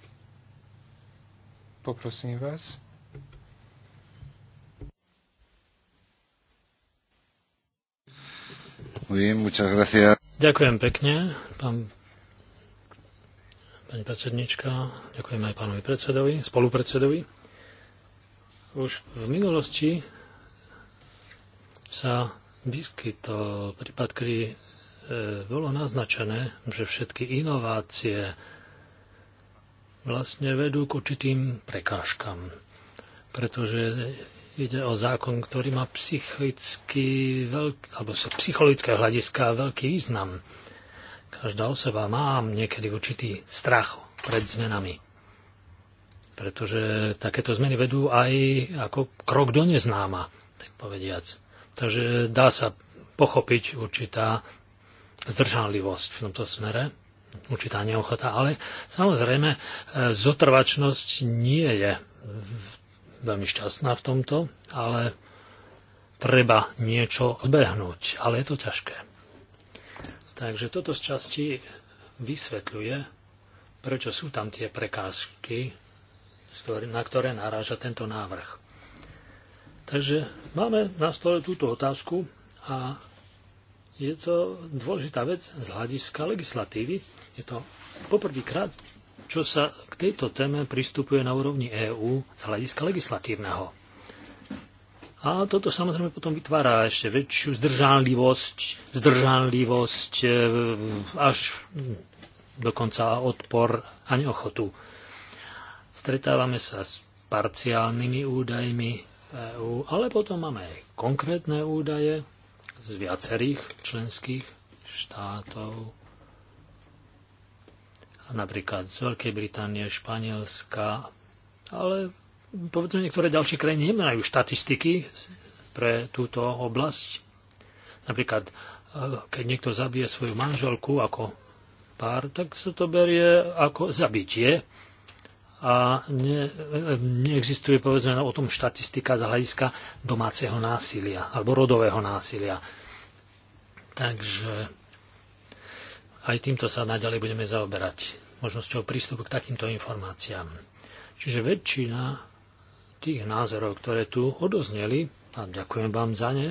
[SPEAKER 4] poprosím vás. Ďakujem
[SPEAKER 2] pekne, pán, pani predsednička. Ďakujem aj pánovi predsedovi, spolupredsedovi. Už v minulosti sa to prípad, kedy e, bolo naznačené, že všetky inovácie vlastne vedú k určitým prekážkam, pretože Ide o zákon, ktorý má psychicky veľk, alebo psychologické hľadiska veľký význam. Každá osoba má niekedy určitý strach pred zmenami. Pretože takéto zmeny vedú aj ako krok do neznáma, tak povediac. Takže dá sa pochopiť určitá zdržanlivosť v tomto smere, určitá neochota, ale samozrejme e, zotrvačnosť nie je veľmi šťastná v tomto, ale treba niečo zbehnúť, ale je to ťažké. Takže toto z časti vysvetľuje, prečo sú tam tie prekážky, na ktoré naráža tento návrh. Takže máme na stole túto otázku a je to dôležitá vec z hľadiska legislatívy. Je to poprvýkrát čo sa k tejto téme pristupuje na úrovni EÚ z hľadiska legislatívneho. A toto samozrejme potom vytvára ešte väčšiu zdržanlivosť, zdržanlivosť e, až dokonca odpor a neochotu. Stretávame sa s parciálnymi údajmi EÚ, ale potom máme aj konkrétne údaje z viacerých členských štátov napríklad z Veľkej Británie, Španielska, ale povedzme niektoré ďalšie krajiny nemajú štatistiky pre túto oblasť. Napríklad, eh, keď niekto zabije svoju manželku ako pár, tak sa to berie ako zabitie a ne, neexistuje povedzme o tom štatistika z hľadiska domáceho násilia alebo rodového násilia. Takže aj týmto sa naďalej budeme zaoberať, možnosťou prístupu k takýmto informáciám. Čiže väčšina tých názorov, ktoré tu odozneli, a ďakujem vám za ne,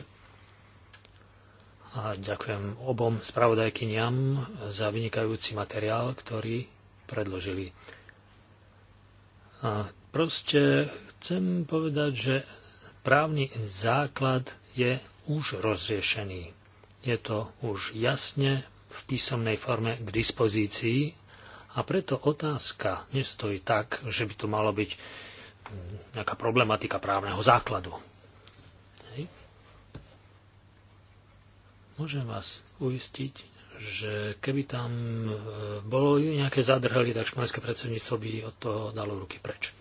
[SPEAKER 2] a ďakujem obom spravodajkyniam za vynikajúci materiál, ktorý predložili. A proste chcem povedať, že právny základ je už rozriešený. Je to už jasne v písomnej forme k dispozícii a preto otázka nestojí tak, že by to malo byť mm, nejaká problematika právneho základu. Hej. Môžem vás uistiť, že keby tam e, bolo nejaké zadrhely, tak španské predsedníctvo by od toho dalo ruky preč.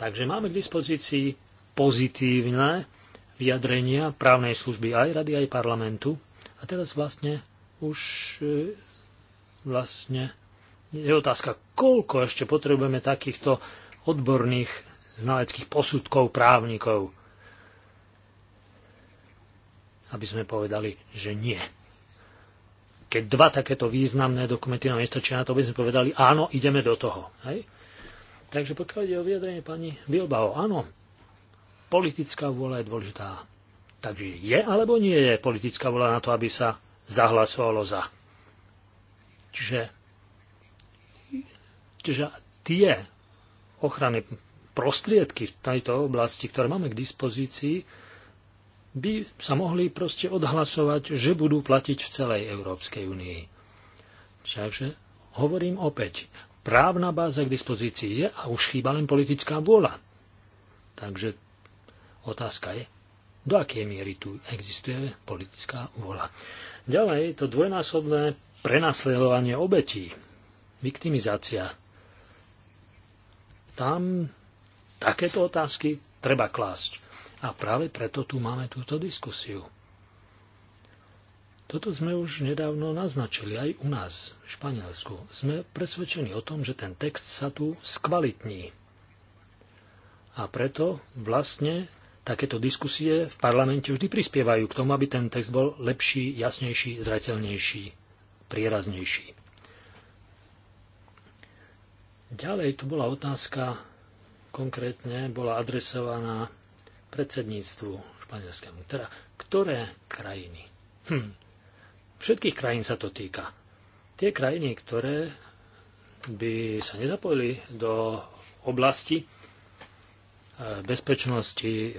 [SPEAKER 2] Takže máme k dispozícii pozitívne vyjadrenia právnej služby aj rady, aj parlamentu a teraz vlastne už e, vlastne je otázka, koľko ešte potrebujeme takýchto odborných znaleckých posudkov právnikov, aby sme povedali, že nie. Keď dva takéto významné dokumenty nám nestačia na to, by sme povedali, áno, ideme do toho. Hej? Takže pokiaľ ide o vyjadrenie pani Bilbao, áno, politická vôľa je dôležitá. Takže je alebo nie je politická vola na to, aby sa zahlasovalo za. Čiže, čiže tie ochrany prostriedky v tejto oblasti, ktoré máme k dispozícii, by sa mohli proste odhlasovať, že budú platiť v celej Európskej únii. Takže hovorím opäť, právna báza k dispozícii je a už chýba len politická vôľa. Takže otázka je, do akej miery tu existuje politická vôľa. Ďalej to dvojnásobné prenasledovanie obetí, viktimizácia. Tam takéto otázky treba klásť. A práve preto tu máme túto diskusiu. Toto sme už nedávno naznačili aj u nás, v Španielsku. Sme presvedčení o tom, že ten text sa tu skvalitní. A preto vlastne takéto diskusie v parlamente vždy prispievajú k tomu, aby ten text bol lepší, jasnejší, zrateľnejší, prieraznejší. Ďalej tu bola otázka, konkrétne bola adresovaná predsedníctvu španielskému. Teda, ktoré krajiny? Hm. Všetkých krajín sa to týka. Tie krajiny, ktoré by sa nezapojili do oblasti, Eh, bezpečnosti,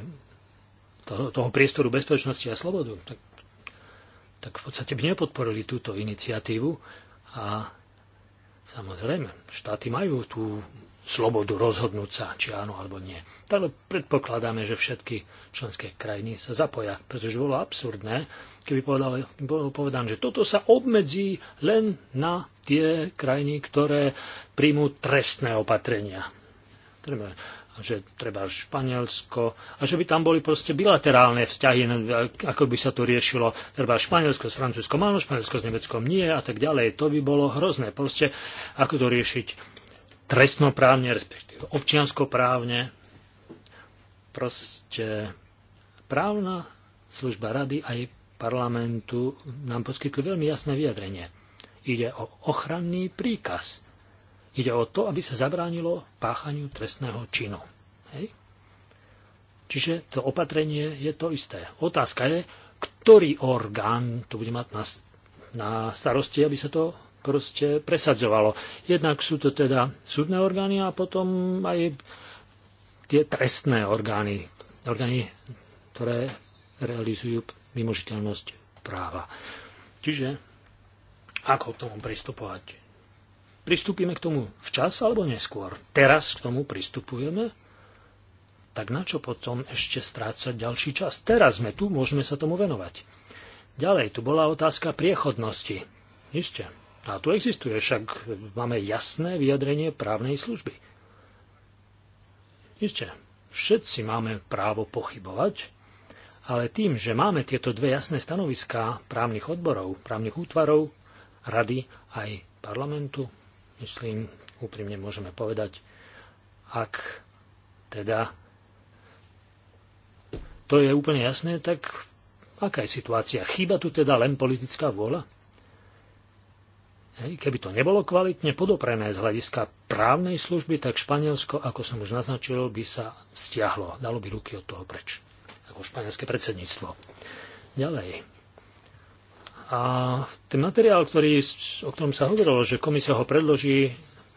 [SPEAKER 2] toho, toho priestoru bezpečnosti a slobodu, tak, tak v podstate by nepodporili túto iniciatívu a samozrejme, štáty majú tú slobodu rozhodnúť sa, či áno alebo nie. Takže predpokladáme, že všetky členské krajiny sa zapoja, pretože bolo absurdné, keby bolo povedané, že toto sa obmedzí len na tie krajiny, ktoré príjmú trestné opatrenia že treba Španielsko a že by tam boli proste bilaterálne vzťahy, e, ako by sa to riešilo treba Španielsko s Francúzskom, áno, Španielsko s Nemeckom nie a tak ďalej. To by bolo hrozné. Proste ako to riešiť trestnoprávne, respektíve občianskoprávne. Proste právna služba rady aj parlamentu nám poskytli veľmi jasné vyjadrenie. Ide o ochranný príkaz Ide o to, aby sa zabránilo páchaniu trestného činu. Hej? Čiže to opatrenie je to isté. Otázka je, ktorý orgán to bude mať na, na starosti, aby sa to proste presadzovalo. Jednak sú to teda súdne orgány a potom aj tie trestné orgány, orgány, ktoré realizujú vymožiteľnosť práva. Čiže ako k tomu pristupovať? pristúpime k tomu včas alebo neskôr. Teraz k tomu pristupujeme, tak na čo potom ešte strácať ďalší čas? Teraz sme tu, môžeme sa tomu venovať. Ďalej, tu bola otázka priechodnosti. Isté. A tu existuje, však máme jasné vyjadrenie právnej služby. Isté, všetci máme právo pochybovať, ale tým, že máme tieto dve jasné stanoviská právnych odborov, právnych útvarov, rady aj parlamentu, myslím, úprimne môžeme povedať, ak teda to je úplne jasné, tak aká je situácia? Chýba tu teda len politická vôľa? Hej, keby to nebolo kvalitne podoprené z hľadiska právnej služby, tak Španielsko, ako som už naznačil, by sa stiahlo. Dalo by ruky od toho preč. Ako španielské predsedníctvo. Ďalej. A ten materiál, ktorý, o ktorom sa hovorilo, že komisia ho predloží e,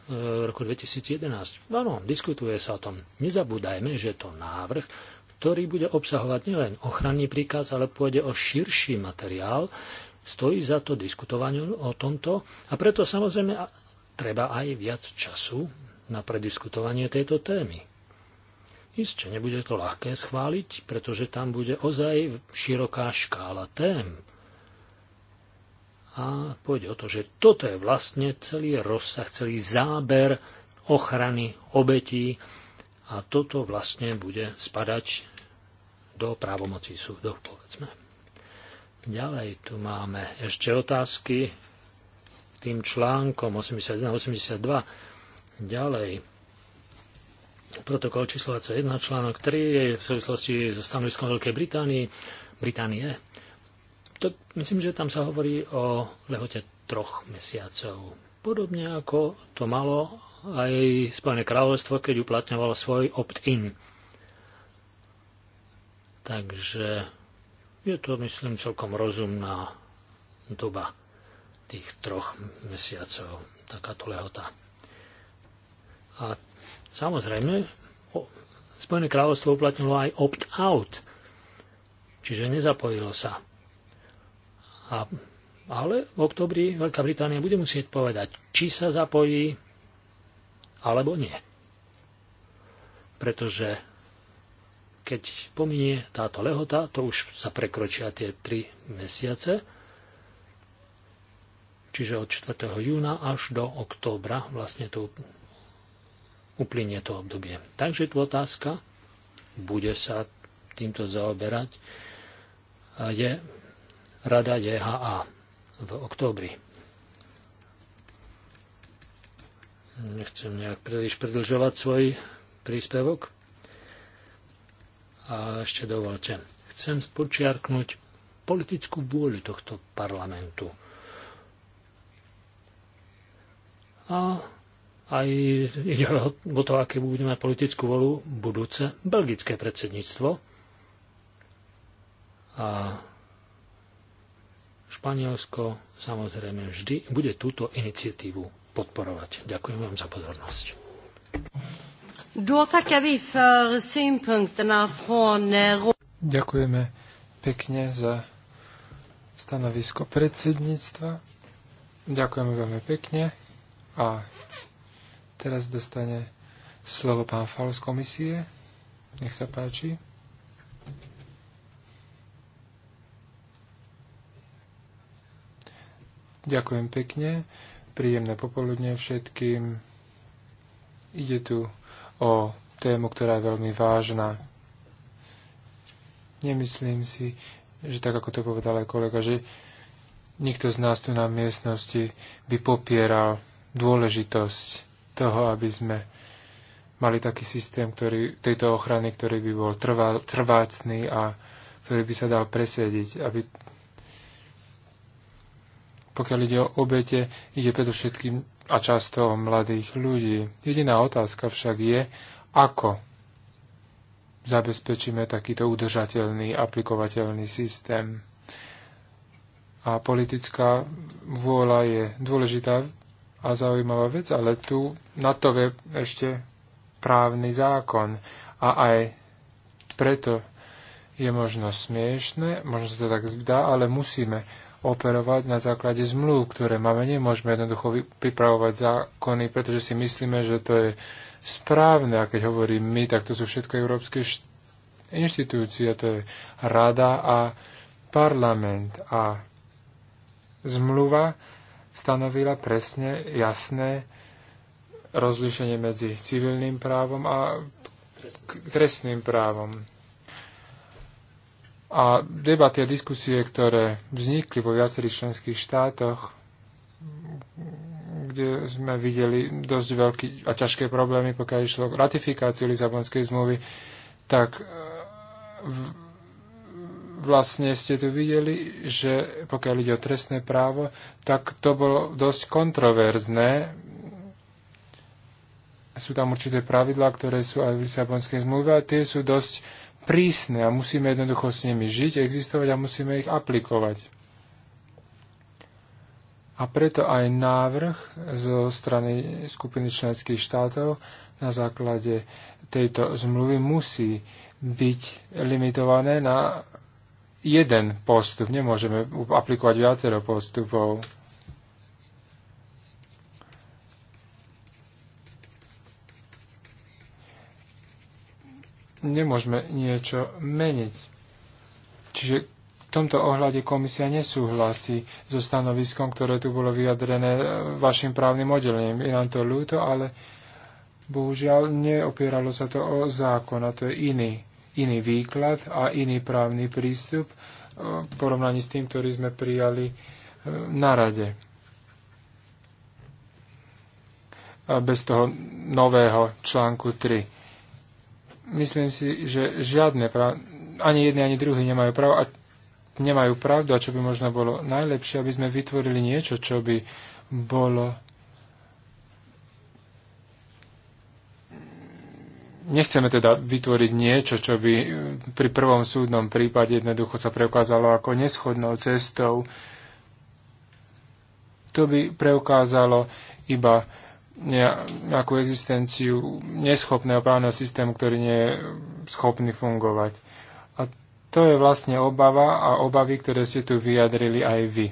[SPEAKER 2] v roku 2011, áno, diskutuje sa o tom. Nezabúdajme, že to návrh, ktorý bude obsahovať nielen ochranný príkaz, ale pôjde o širší materiál, stojí za to diskutovanie o tomto a preto samozrejme treba aj viac času na prediskutovanie tejto témy. Isté, nebude to ľahké schváliť, pretože tam bude ozaj široká škála tém, a pôjde o to, že toto je vlastne celý rozsah, celý záber ochrany obetí a toto vlastne bude spadať do právomocí súdov, povedzme. Ďalej tu máme ešte otázky tým článkom 81-82. Ďalej protokol číslo 21, článok 3 je v súvislosti so stanoviskom Veľkej Británii, Británie to, myslím, že tam sa hovorí o lehote troch mesiacov. Podobne ako to malo aj Spojené kráľovstvo, keď uplatňovalo svoj opt-in. Takže je to, myslím, celkom rozumná doba tých troch mesiacov, takáto lehota. A samozrejme, Spojené kráľovstvo uplatnilo aj opt-out, čiže nezapojilo sa a, ale v oktobri Veľká Británia bude musieť povedať, či sa zapojí alebo nie. Pretože keď pominie táto lehota, to už sa prekročia tie 3 mesiace, čiže od 4. júna až do októbra vlastne to uplynie to obdobie. Takže tu otázka, bude sa týmto zaoberať, je Rada DHA v októbri. Nechcem nejak príliš predlžovať svoj príspevok. A ešte dovolte. Chcem spočiarknúť politickú vôľu tohto parlamentu. A aj ide o to, aké bude mať politickú volu budúce belgické predsedníctvo. A Španielsko samozrejme vždy bude túto iniciatívu podporovať. Ďakujem vám za pozornosť.
[SPEAKER 1] Eh,
[SPEAKER 4] Ďakujeme pekne za stanovisko predsedníctva. Ďakujeme veľmi pekne. A teraz dostane slovo pán Fals komisie. Nech sa páči. Ďakujem pekne. Príjemné popoludne všetkým. Ide tu o tému, ktorá je veľmi vážna. Nemyslím si, že tak ako to povedal aj kolega, že nikto z nás tu na miestnosti by popieral dôležitosť toho, aby sme mali taký systém ktorý, tejto ochrany, ktorý by bol trvá, trvácný a ktorý by sa dal presediť, aby pokiaľ ide o obete, ide predovšetkým a často o mladých ľudí. Jediná otázka však je, ako zabezpečíme takýto udržateľný, aplikovateľný systém. A politická vôľa je dôležitá a zaujímavá vec, ale tu na to je ešte právny zákon. A aj preto je možno smiešne, možno sa to tak zdá, ale musíme operovať na základe zmluv, ktoré máme. Nemôžeme jednoducho pripravovať zákony, pretože si myslíme, že to je správne. A keď hovorím my, tak to sú všetko európske inštitúcie, to je rada a parlament. A zmluva stanovila presne jasné rozlišenie medzi civilným právom a trestným právom a debaty a diskusie, ktoré vznikli vo viacerých členských štátoch, kde sme videli dosť veľké a ťažké problémy, pokiaľ išlo k ratifikáciu Lisabonskej zmluvy, tak e, vlastne ste tu videli, že pokiaľ ide o trestné právo, tak to bolo dosť kontroverzné. Sú tam určité pravidlá, ktoré sú aj v Lisabonskej zmluve a tie sú dosť prísne a musíme jednoducho s nimi žiť, existovať a musíme ich aplikovať. A preto aj návrh zo strany skupiny členských štátov na základe tejto zmluvy musí byť limitované na jeden postup. Nemôžeme aplikovať viacero postupov. nemôžeme niečo meniť. Čiže v tomto ohľade komisia nesúhlasí so stanoviskom, ktoré tu bolo vyjadrené e, vašim právnym oddelením. Je nám to ľúto, ale bohužiaľ neopieralo sa to o zákon a to je iný, iný výklad a iný právny prístup e, v porovnaní s tým, ktorý sme prijali e, na rade. Bez toho nového článku 3 myslím si, že žiadne práv, ani jedni, ani druhý nemajú právo a nemajú pravdu a čo by možno bolo najlepšie, aby sme vytvorili niečo, čo by bolo nechceme teda vytvoriť niečo, čo by e, pri prvom súdnom prípade jednoducho sa preukázalo ako neschodnou cestou. To by preukázalo iba nejakú existenciu neschopného právneho systému, ktorý nie je schopný fungovať. A to je vlastne obava a obavy, ktoré ste tu vyjadrili aj vy.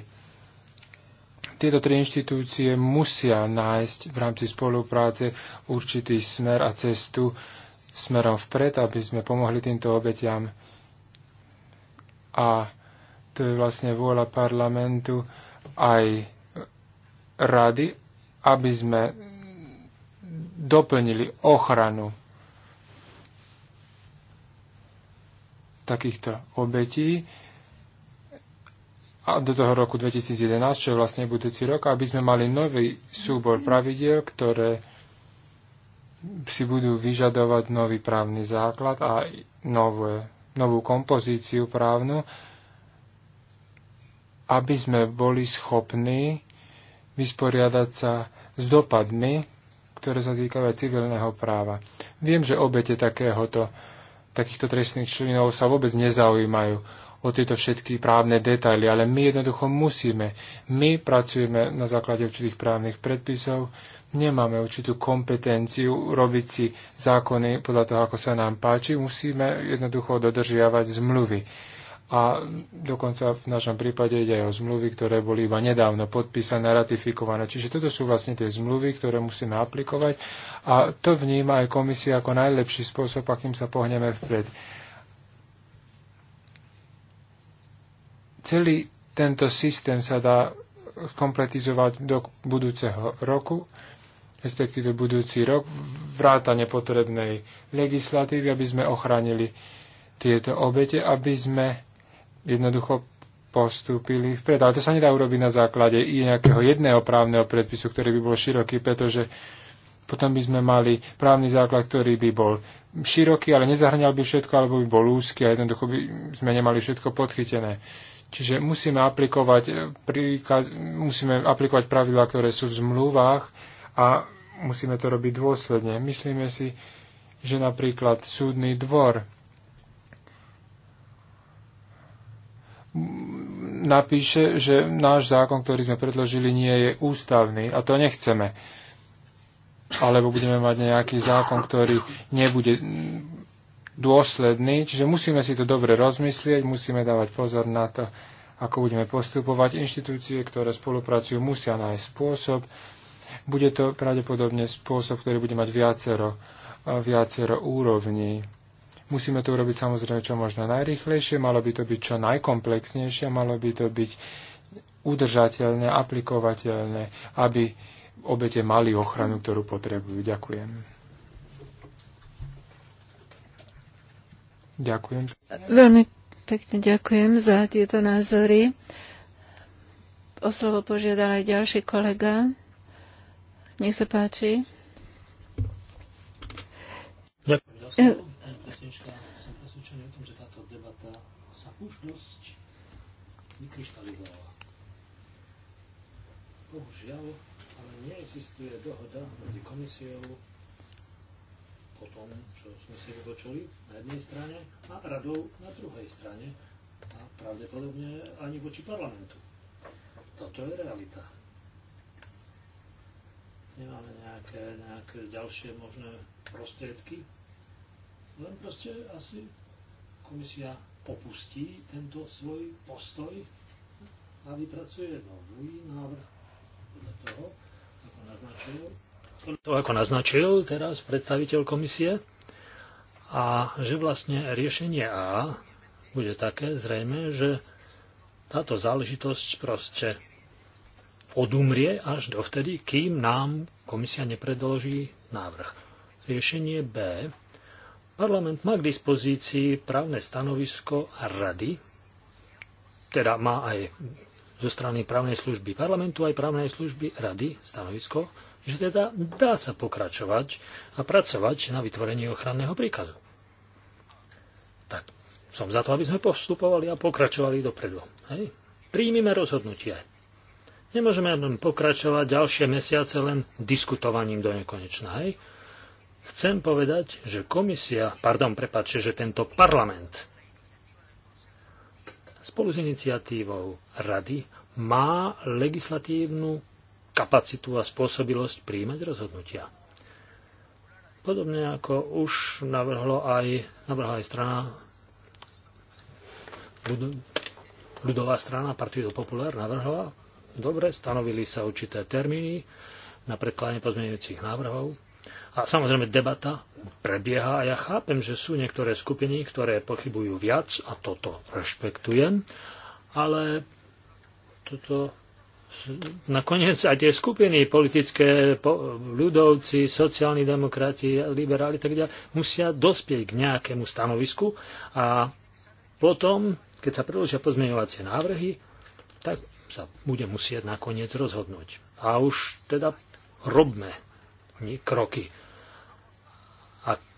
[SPEAKER 4] Tieto tri inštitúcie musia nájsť v rámci spolupráce určitý smer a cestu smerom vpred, aby sme pomohli týmto obetiam. A to je vlastne vôľa parlamentu aj rady, aby sme doplnili ochranu takýchto obetí a do toho roku 2011, čo je vlastne budúci rok, aby sme mali nový súbor pravidiel, ktoré si budú vyžadovať nový právny základ a nové, novú kompozíciu právnu, aby sme boli schopní vysporiadať sa s dopadmi ktoré sa týkajú aj civilného práva. Viem, že obete takéhoto, takýchto trestných činov sa vôbec nezaujímajú o tieto všetky právne detaily, ale my jednoducho musíme. My pracujeme na základe určitých právnych predpisov, nemáme určitú kompetenciu robiť si zákony podľa toho, ako sa nám páči, musíme jednoducho dodržiavať zmluvy a dokonca v našom prípade ide aj o zmluvy, ktoré boli iba nedávno podpísané, ratifikované. Čiže toto sú vlastne tie zmluvy, ktoré musíme aplikovať a to vníma aj komisia ako najlepší spôsob, akým sa pohneme vpred. Celý tento systém sa dá kompletizovať do budúceho roku, respektíve budúci rok, vrátane potrebnej legislatívy, aby sme ochránili tieto obete, aby sme jednoducho postúpili vpred. Ale to sa nedá urobiť na základe i nejakého jedného právneho predpisu, ktorý by bol široký, pretože potom by sme mali právny základ, ktorý by bol široký, ale nezahrňal by všetko, alebo by bol úzky a jednoducho by sme nemali všetko podchytené. Čiže musíme aplikovať, príkaz, musíme aplikovať pravidlá, ktoré sú v zmluvách a musíme to robiť dôsledne. Myslíme si, že napríklad súdny dvor napíše, že náš zákon, ktorý sme predložili, nie je ústavný a to nechceme. Alebo budeme mať nejaký zákon, ktorý nebude dôsledný. Čiže musíme si to dobre rozmyslieť, musíme dávať pozor na to, ako budeme postupovať. Inštitúcie, ktoré spolupracujú, musia nájsť spôsob. Bude to pravdepodobne spôsob, ktorý bude mať viacero, viacero úrovní Musíme to urobiť samozrejme čo možno najrychlejšie, malo by to byť čo najkomplexnejšie, malo by to byť udržateľné, aplikovateľné, aby obete mali ochranu, ktorú potrebujú. Ďakujem.
[SPEAKER 3] Ďakujem. Veľmi pekne ďakujem za tieto názory. O slovo požiadal aj ďalší kolega. Nech sa páči. Ďakujem za slovo
[SPEAKER 2] pesnička, som presvedčený o tom, že táto debata sa už dosť vykryštalizovala. Bohužiaľ, ale neexistuje dohoda medzi komisiou o tom, čo sme si vypočuli na jednej strane a radou na druhej strane a pravdepodobne ani voči parlamentu. Toto je realita. Nemáme nejaké, nejaké ďalšie možné prostriedky, len proste asi komisia popustí tento svoj postoj a vypracuje nový návrh podľa toho, ako naznačil. To, ako naznačil teraz predstaviteľ komisie, a že vlastne riešenie A bude také zrejme, že táto záležitosť proste odumrie až dovtedy, kým nám komisia nepredloží návrh. Riešenie B Parlament má k dispozícii právne stanovisko a rady, teda má aj zo strany právnej služby parlamentu aj právnej služby rady stanovisko, že teda dá sa pokračovať a pracovať na vytvorení ochranného príkazu. Tak som za to, aby sme postupovali a pokračovali dopredu. Hej? Príjmime rozhodnutie. Nemôžeme len pokračovať ďalšie mesiace len diskutovaním do nekonečna. Hej? Chcem povedať, že komisia, pardon, prepáčte, že tento parlament spolu s iniciatívou rady má legislatívnu kapacitu a spôsobilosť príjmať rozhodnutia. Podobne ako už navrhlo aj, navrhla aj strana ľudová strana Partido Popular navrhla, dobre, stanovili sa určité termíny na predkladanie pozmeňujúcich návrhov a samozrejme debata prebieha a ja chápem, že sú niektoré skupiny, ktoré pochybujú viac a toto rešpektujem, ale toto nakoniec aj tie skupiny politické, ľudovci, sociálni demokrati, liberáli tak ďalej, musia dospieť k nejakému stanovisku a potom, keď sa predložia pozmeňovacie návrhy, tak sa bude musieť nakoniec rozhodnúť. A už teda robme kroky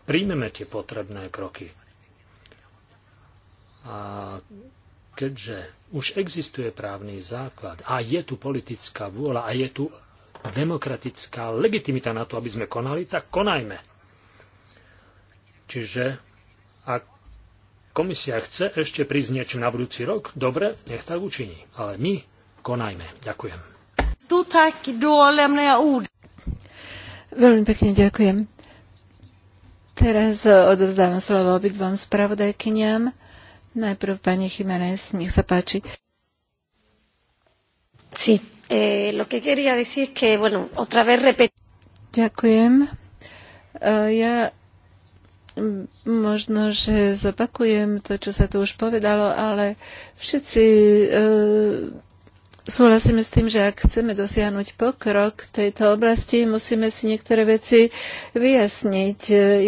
[SPEAKER 2] príjmeme tie potrebné kroky. A keďže už existuje právny základ a je tu politická vôľa a je tu demokratická legitimita na to, aby sme konali, tak konajme. Čiže ak komisia chce ešte prísť niečo na budúci rok, dobre, nech tak učiní. Ale my konajme. Ďakujem.
[SPEAKER 3] Veľmi pekne ďakujem. Teraz odovzdávam slovo obidvom spravodajkyniam. Najprv pani Jiménez, nech sa páči. Sí, eh, lo que quería decir que, bueno, otra vez repet... Ďakujem. Uh, ja možno, že zopakujem to, čo sa tu už povedalo, ale všetci uh, súhlasíme s tým, že ak chceme dosiahnuť pokrok v tejto oblasti, musíme si niektoré veci vyjasniť.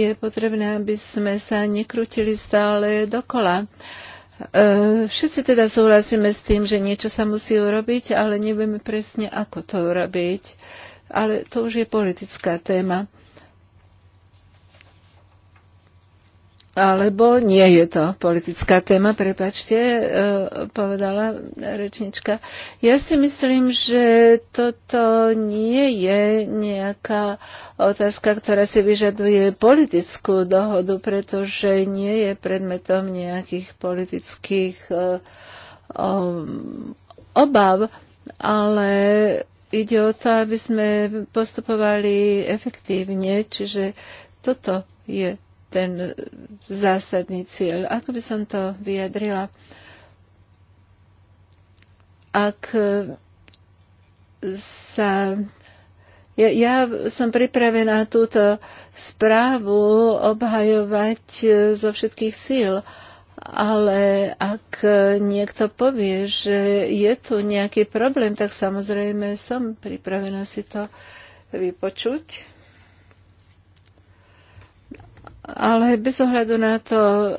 [SPEAKER 3] Je potrebné, aby sme sa nekrutili stále dokola. E, všetci teda súhlasíme s tým, že niečo sa musí urobiť, ale nevieme presne, ako to urobiť. Ale to už je politická téma. alebo nie je to politická téma, prepačte, e, povedala rečnička. Ja si myslím, že toto nie je nejaká otázka, ktorá si vyžaduje politickú dohodu, pretože nie je predmetom nejakých politických e, obav, ale ide o to, aby sme postupovali efektívne, čiže toto je ten zásadný cieľ. Ako by som to vyjadrila? Ak sa ja, ja som pripravená túto správu obhajovať e, zo všetkých síl, ale ak niekto povie, že je tu nejaký problém, tak samozrejme som pripravená si to vypočuť ale bez ohľadu na to,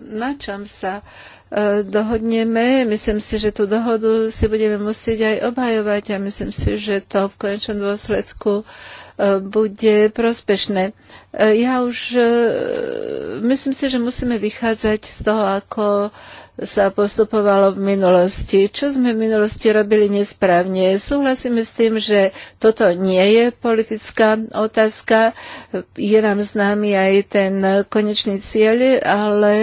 [SPEAKER 3] na čom sa Eh, dohodneme. Myslím si, že tú dohodu si budeme musieť aj obhajovať a myslím si, že to v konečnom dôsledku eh, bude prospešné. Eh, ja už myslím si, že musíme vychádzať z toho, ako sa postupovalo v minulosti. Čo sme v minulosti robili nesprávne? Súhlasíme s tým, že toto nie je politická otázka. Je nám známy aj ten konečný cieľ, ale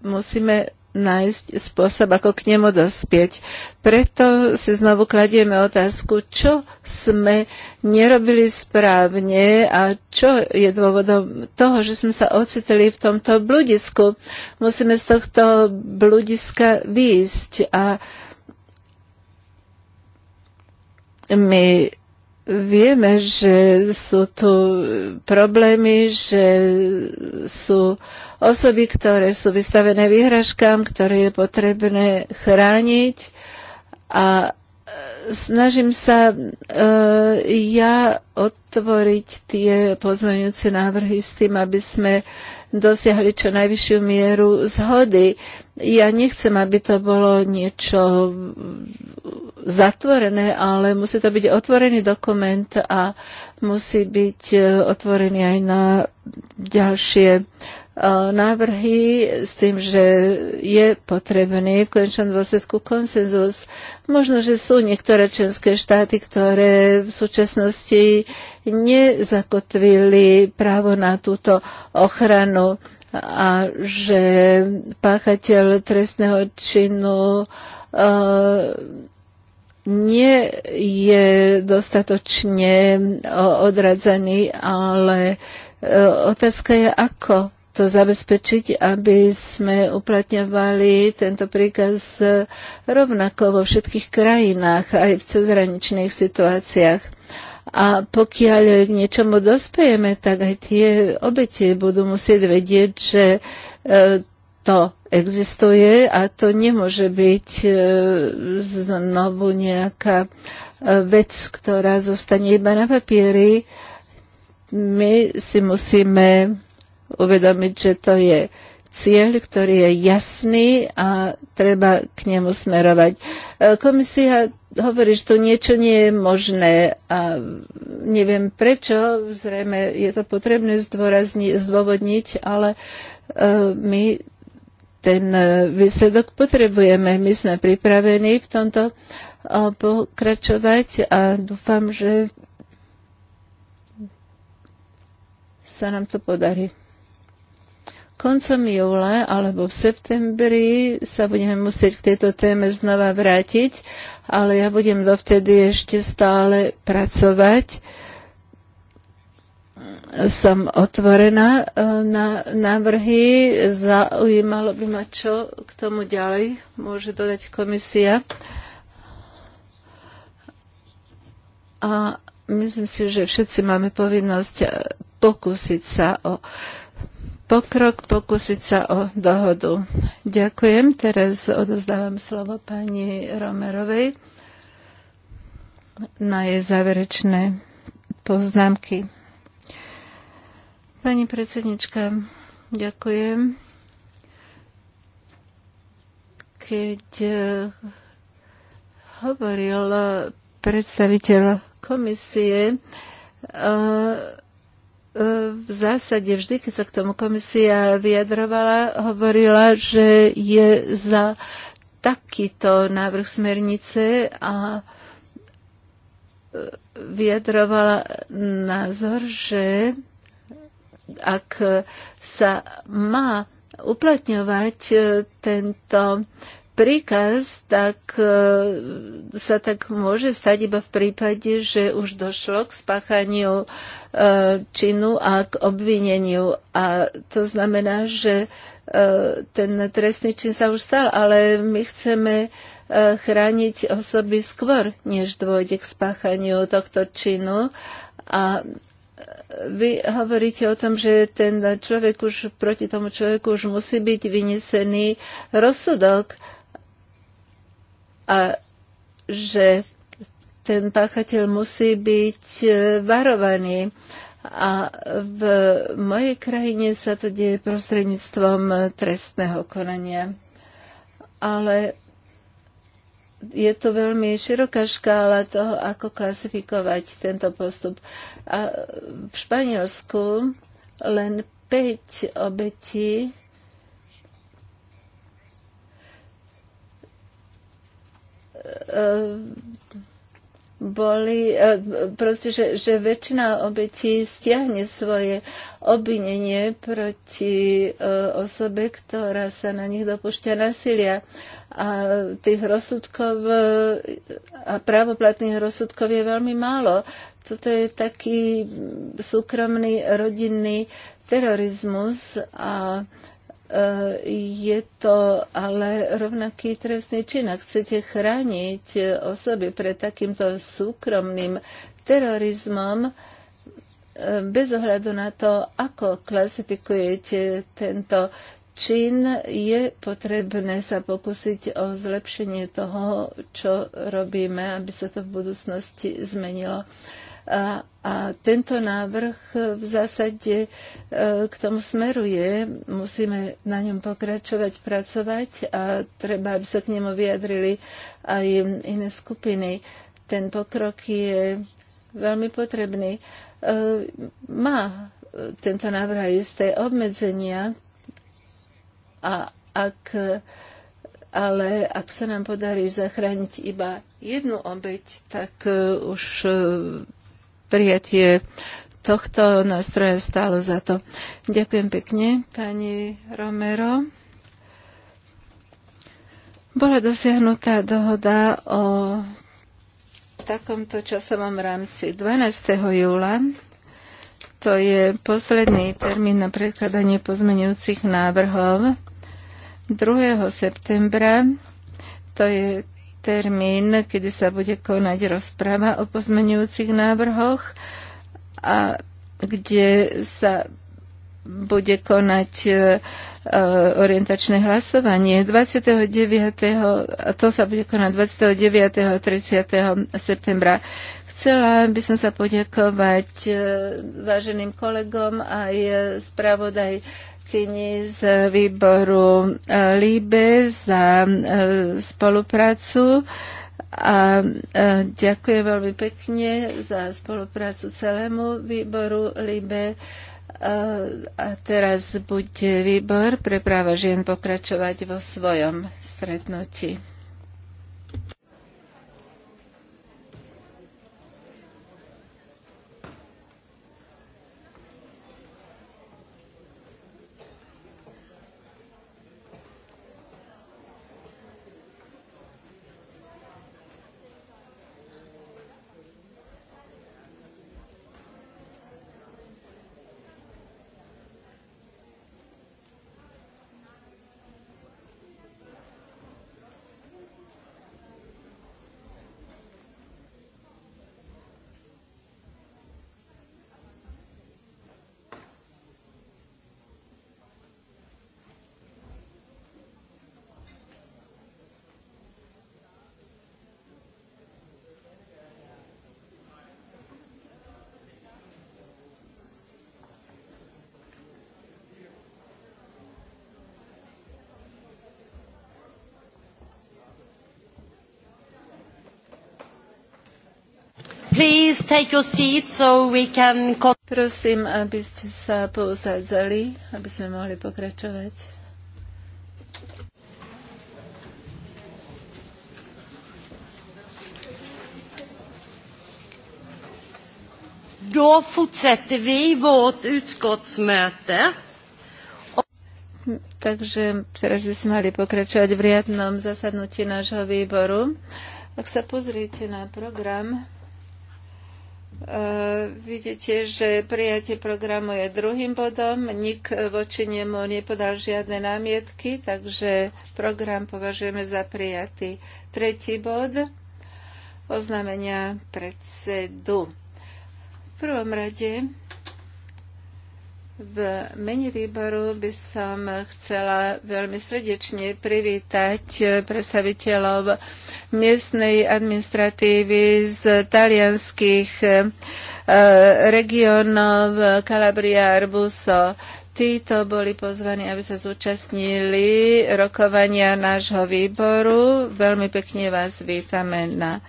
[SPEAKER 3] musíme nájsť spôsob, ako k nemu dospieť. Preto si znovu kladieme otázku, čo sme nerobili správne a čo je dôvodom toho, že sme sa ocitli v tomto bludisku. Musíme z tohto bludiska výjsť a my Vieme, že sú tu problémy, že sú osoby, ktoré sú vystavené výhražkám, ktoré je potrebné chrániť a e, snažím sa e, ja otvoriť tie pozmeňujúce návrhy s tým, aby sme dosiahli čo najvyššiu mieru zhody. Ja nechcem, aby to bolo niečo zatvorené, ale musí to byť otvorený dokument a musí byť eh, otvorený aj na ďalšie E, návrhy s tým, že je potrebný v konečnom dôsledku konsenzus. Možno, že sú niektoré členské štáty, ktoré v súčasnosti nezakotvili právo na túto ochranu a že páchateľ trestného činu e, nie je dostatočne odradzený, ale e, otázka je, ako to zabezpečiť, aby sme uplatňovali tento príkaz rovnako vo všetkých krajinách, aj v cezhraničných situáciách. A pokiaľ k niečomu dospejeme, tak aj tie obete budú musieť vedieť, že e, to existuje a to nemôže byť e, znovu nejaká e, vec, ktorá zostane iba na papieri. My si musíme uvedomiť, že to je cieľ, ktorý je jasný a treba k nemu smerovať. E, komisia hovorí, že tu niečo nie je možné a neviem prečo, zrejme je to potrebné zdôvodniť, ale e, my ten e, výsledok potrebujeme. My sme pripravení v tomto pokračovať a dúfam, že sa nám to podarí. Koncom júla alebo v septembri sa budeme musieť k tejto téme znova vrátiť, ale ja budem dovtedy ešte stále pracovať som otvorená e, na návrhy. Zaujímalo by ma, čo k tomu ďalej môže dodať komisia. A myslím si, že všetci máme povinnosť pokúsiť sa o pokrok, pokúsiť sa o dohodu. Ďakujem. Teraz odozdávam slovo pani Romerovej na jej záverečné poznámky. Pani predsednička, ďakujem. Keď eh, hovoril predstaviteľ komisie, eh, E, v zásade vždy, keď sa k tomu komisia vyjadrovala, hovorila, že je za takýto návrh smernice a e, vyjadrovala názor, že ak sa má uplatňovať e, tento príkaz, tak e, sa tak môže stať iba v prípade, že už došlo k spáchaniu e, činu a k obvineniu. A to znamená, že e, ten trestný čin sa už stal, ale my chceme chrániť osoby skôr, než dôjde k spáchaniu tohto činu. A vy hovoríte o tom, že ten človek už proti tomu človeku už musí byť vynesený rozsudok a že ten páchateľ musí byť e, varovaný. A v mojej krajine sa to deje prostredníctvom e, trestného konania. Ale je to veľmi široká škála toho, ako klasifikovať tento postup. A v Španielsku len 5 obetí E, boli, e, proste, že, že väčšina obetí stiahne svoje obvinenie proti e, osobe, ktorá sa na nich dopušťa nasilia. A tých rozsudkov a právoplatných rozsudkov je veľmi málo. Toto je taký súkromný rodinný terorizmus a je to ale rovnaký trestný čin. Ak chcete chrániť osoby pred takýmto súkromným terorizmom, bez ohľadu na to, ako klasifikujete tento čin, je potrebné sa pokúsiť o zlepšenie toho, čo robíme, aby sa to v budúcnosti zmenilo. A, a tento návrh v zásade e, k tomu smeruje. Musíme na ňom pokračovať, pracovať a treba, aby sa k nemu vyjadrili aj iné skupiny. Ten pokrok je veľmi potrebný. E, má tento návrh aj isté obmedzenia a ak ale ak sa nám podarí zachrániť iba jednu obeď, tak e, už prijatie tohto nástroja stálo za to. Ďakujem pekne, pani Romero. Bola dosiahnutá dohoda o takomto časovom rámci 12. júla to je posledný termín na predkladanie pozmenujúcich návrhov. 2. septembra, to je termín, kedy sa bude konať rozpráva o pozmenujúcich návrhoch a kde sa bude konať e, orientačné hlasovanie 29. a to sa bude konať 29. a 30. septembra. Chcela by som sa poďakovať e, váženým kolegom aj e, spravodaj poslankyni z výboru e, Líbe za e, spoluprácu a e, ďakujem veľmi pekne za spoluprácu celému výboru Líbe. A teraz bude výbor pre práva žien pokračovať vo svojom stretnutí. take your seat so we can... Prosím, aby ste sa pousádzali, aby sme mohli pokračovať.
[SPEAKER 1] Då fortsätter vi vårt utskottsmöte.
[SPEAKER 3] Takže teraz by sme mali pokračovať v riadnom zasadnutí nášho výboru. Ak sa pozriete na program, E, vidíte, že prijatie programu je druhým bodom. Nik voči nemu nepodal žiadne námietky, takže program považujeme za prijatý. Tretí bod oznámenia predsedu. V prvom rade v mene výboru by som chcela veľmi srdečne privítať eh, predstaviteľov miestnej administratívy z talianských eh, eh, regionov Calabria a Arbuso. Títo boli pozvaní, aby sa zúčastnili rokovania nášho výboru. Veľmi pekne vás vítame na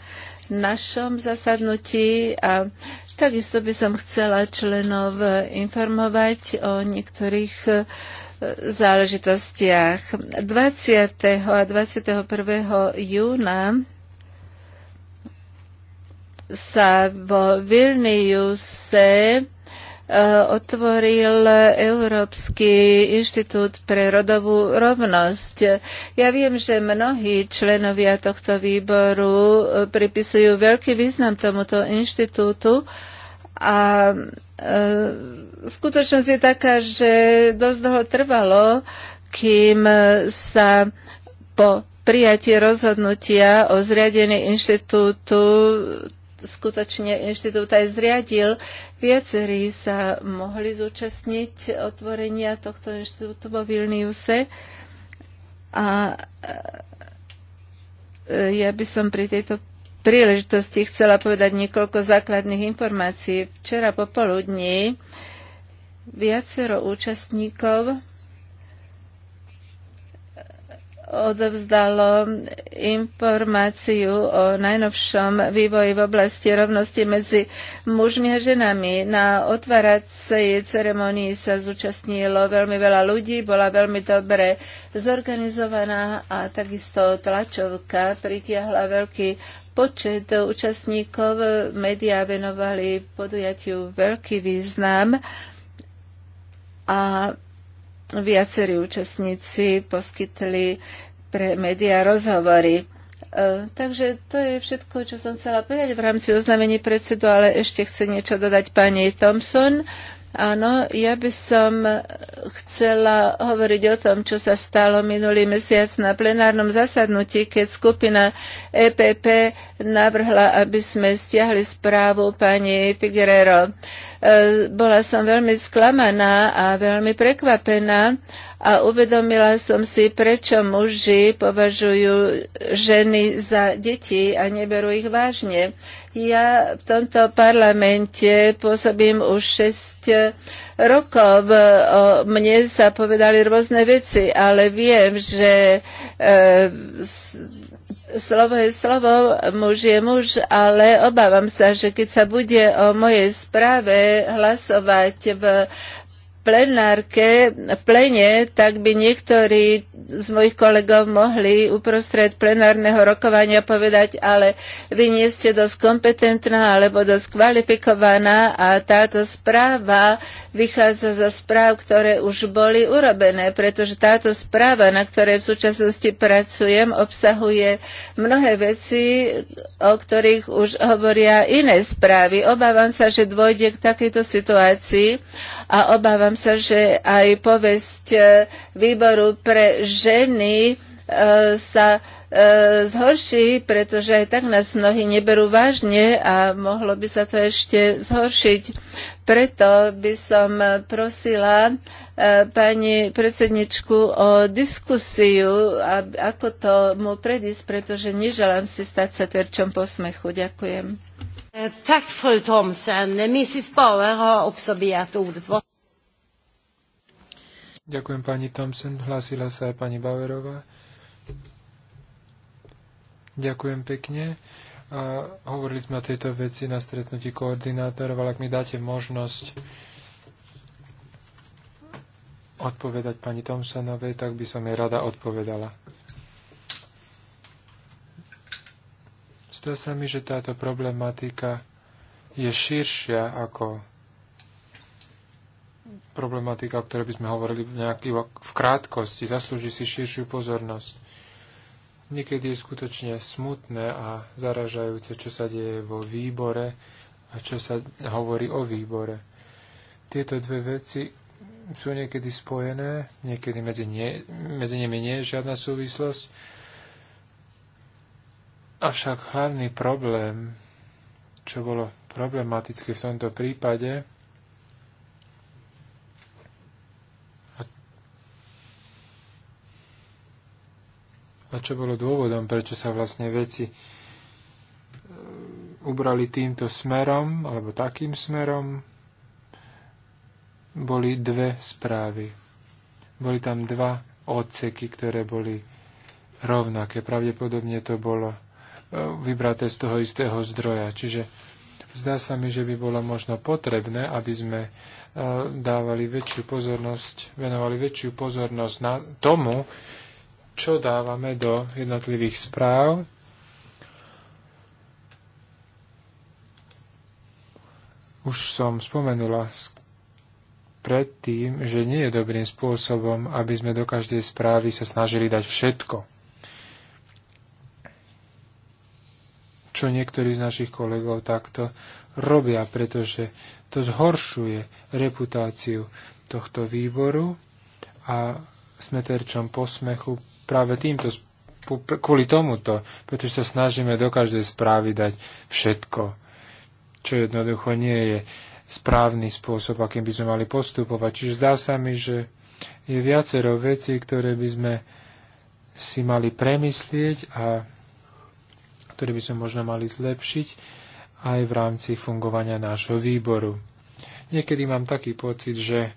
[SPEAKER 3] našom zasadnutí a Takisto by som chcela členov informovať o niektorých e, záležitostiach. 20. a 21. júna sa vo Vilniuse Eh, otvoril Európsky inštitút pre rodovú rovnosť. Ja viem, že mnohí členovia tohto výboru eh, pripisujú veľký význam tomuto inštitútu a eh, skutočnosť je taká, že dosť dlho trvalo, kým sa po prijatie rozhodnutia o zriadení inštitútu skutočne inštitút aj zriadil. Viacerí sa mohli zúčastniť otvorenia tohto inštitútu vo Vilniuse a e, ja by som pri tejto príležitosti chcela povedať niekoľko základných informácií. Včera popoludní viacero účastníkov odovzdalo informáciu o najnovšom vývoji v oblasti rovnosti medzi mužmi a ženami. Na otváracej ceremonii sa zúčastnilo veľmi veľa ľudí, bola veľmi dobre zorganizovaná a takisto tlačovka pritiahla veľký počet účastníkov. media venovali podujatiu veľký význam a viacerí účastníci poskytli pre médiá rozhovory. E, takže to je všetko, čo som chcela povedať v rámci oznámení predsedu, ale ešte chce niečo dodať pani Thompson. Áno, ja by som chcela hovoriť o tom, čo sa stalo minulý mesiac na plenárnom zasadnutí, keď skupina EPP navrhla, aby sme stiahli správu pani Figuerero. E, bola som veľmi sklamaná a veľmi prekvapená a uvedomila som si, prečo muži považujú ženy za deti a neberú ich vážne. Ja v tomto parlamente pôsobím už 6 rokov. E, o mne sa povedali rôzne veci, ale viem, že e, slovo je slovo, muž je muž, ale obávam sa, že keď sa bude o mojej správe hlasovať v plenárke, v plene, tak by niektorí z mojich kolegov mohli uprostred plenárneho rokovania povedať, ale vy nie ste dosť kompetentná alebo dosť kvalifikovaná a táto správa vychádza zo správ, ktoré už boli urobené, pretože táto správa, na ktorej v súčasnosti pracujem, obsahuje mnohé veci, o ktorých už hovoria iné správy. Obávam sa, že dôjde k takejto situácii a obávam sa, že aj povesť e, výboru pre ženy e, sa e, zhorší, pretože aj tak nás mnohí neberú vážne a mohlo by sa to ešte zhoršiť. Preto by som prosila pani predsedničku o diskusiu, ako to mu predísť, pretože neželám si stať sa terčom posmechu. Ďakujem.
[SPEAKER 1] Eh, tack fru Thomsen. Eh, Mrs Bauer har också begärt ordet.
[SPEAKER 4] Ďakujem pani Thomsen. Hlásila sa aj pani Bauerová. Ďakujem pekne. A hovorili sme o tejto veci na stretnutí koordinátorov, ale ak mi dáte možnosť odpovedať pani Thompsonovej, tak by som jej rada odpovedala. Zdá sa mi, že táto problematika je širšia ako problematika, o ktorej by sme hovorili nejaký v krátkosti, zaslúži si širšiu pozornosť. Niekedy je skutočne smutné a zaražajúce, čo sa deje vo výbore a čo sa hovorí o výbore. Tieto dve veci sú niekedy spojené, niekedy medzi, nie, medzi nimi nie je žiadna súvislosť Avšak hlavný problém, čo bolo problematické v tomto prípade, a čo bolo dôvodom, prečo sa vlastne veci e, ubrali týmto smerom, alebo takým smerom, boli dve správy. Boli tam dva odseky, ktoré boli rovnaké. Pravdepodobne to bolo vybraté z toho istého zdroja. Čiže zdá sa mi, že by bolo možno potrebné, aby sme e, dávali väčšiu pozornosť, venovali väčšiu pozornosť na tomu, čo dávame do jednotlivých správ. Už som spomenula predtým, že nie je dobrým spôsobom, aby sme do každej správy sa snažili dať všetko. čo niektorí z našich kolegov takto robia, pretože to zhoršuje reputáciu tohto výboru a sme terčom posmechu práve týmto, kvôli tomuto, pretože sa snažíme do každej správy dať všetko, čo jednoducho nie je správny spôsob, akým by sme mali postupovať. Čiže zdá sa mi, že je viacero vecí, ktoré by sme si mali premyslieť a ktorý by sme možno mali zlepšiť aj v rámci fungovania nášho výboru. Niekedy mám taký pocit, že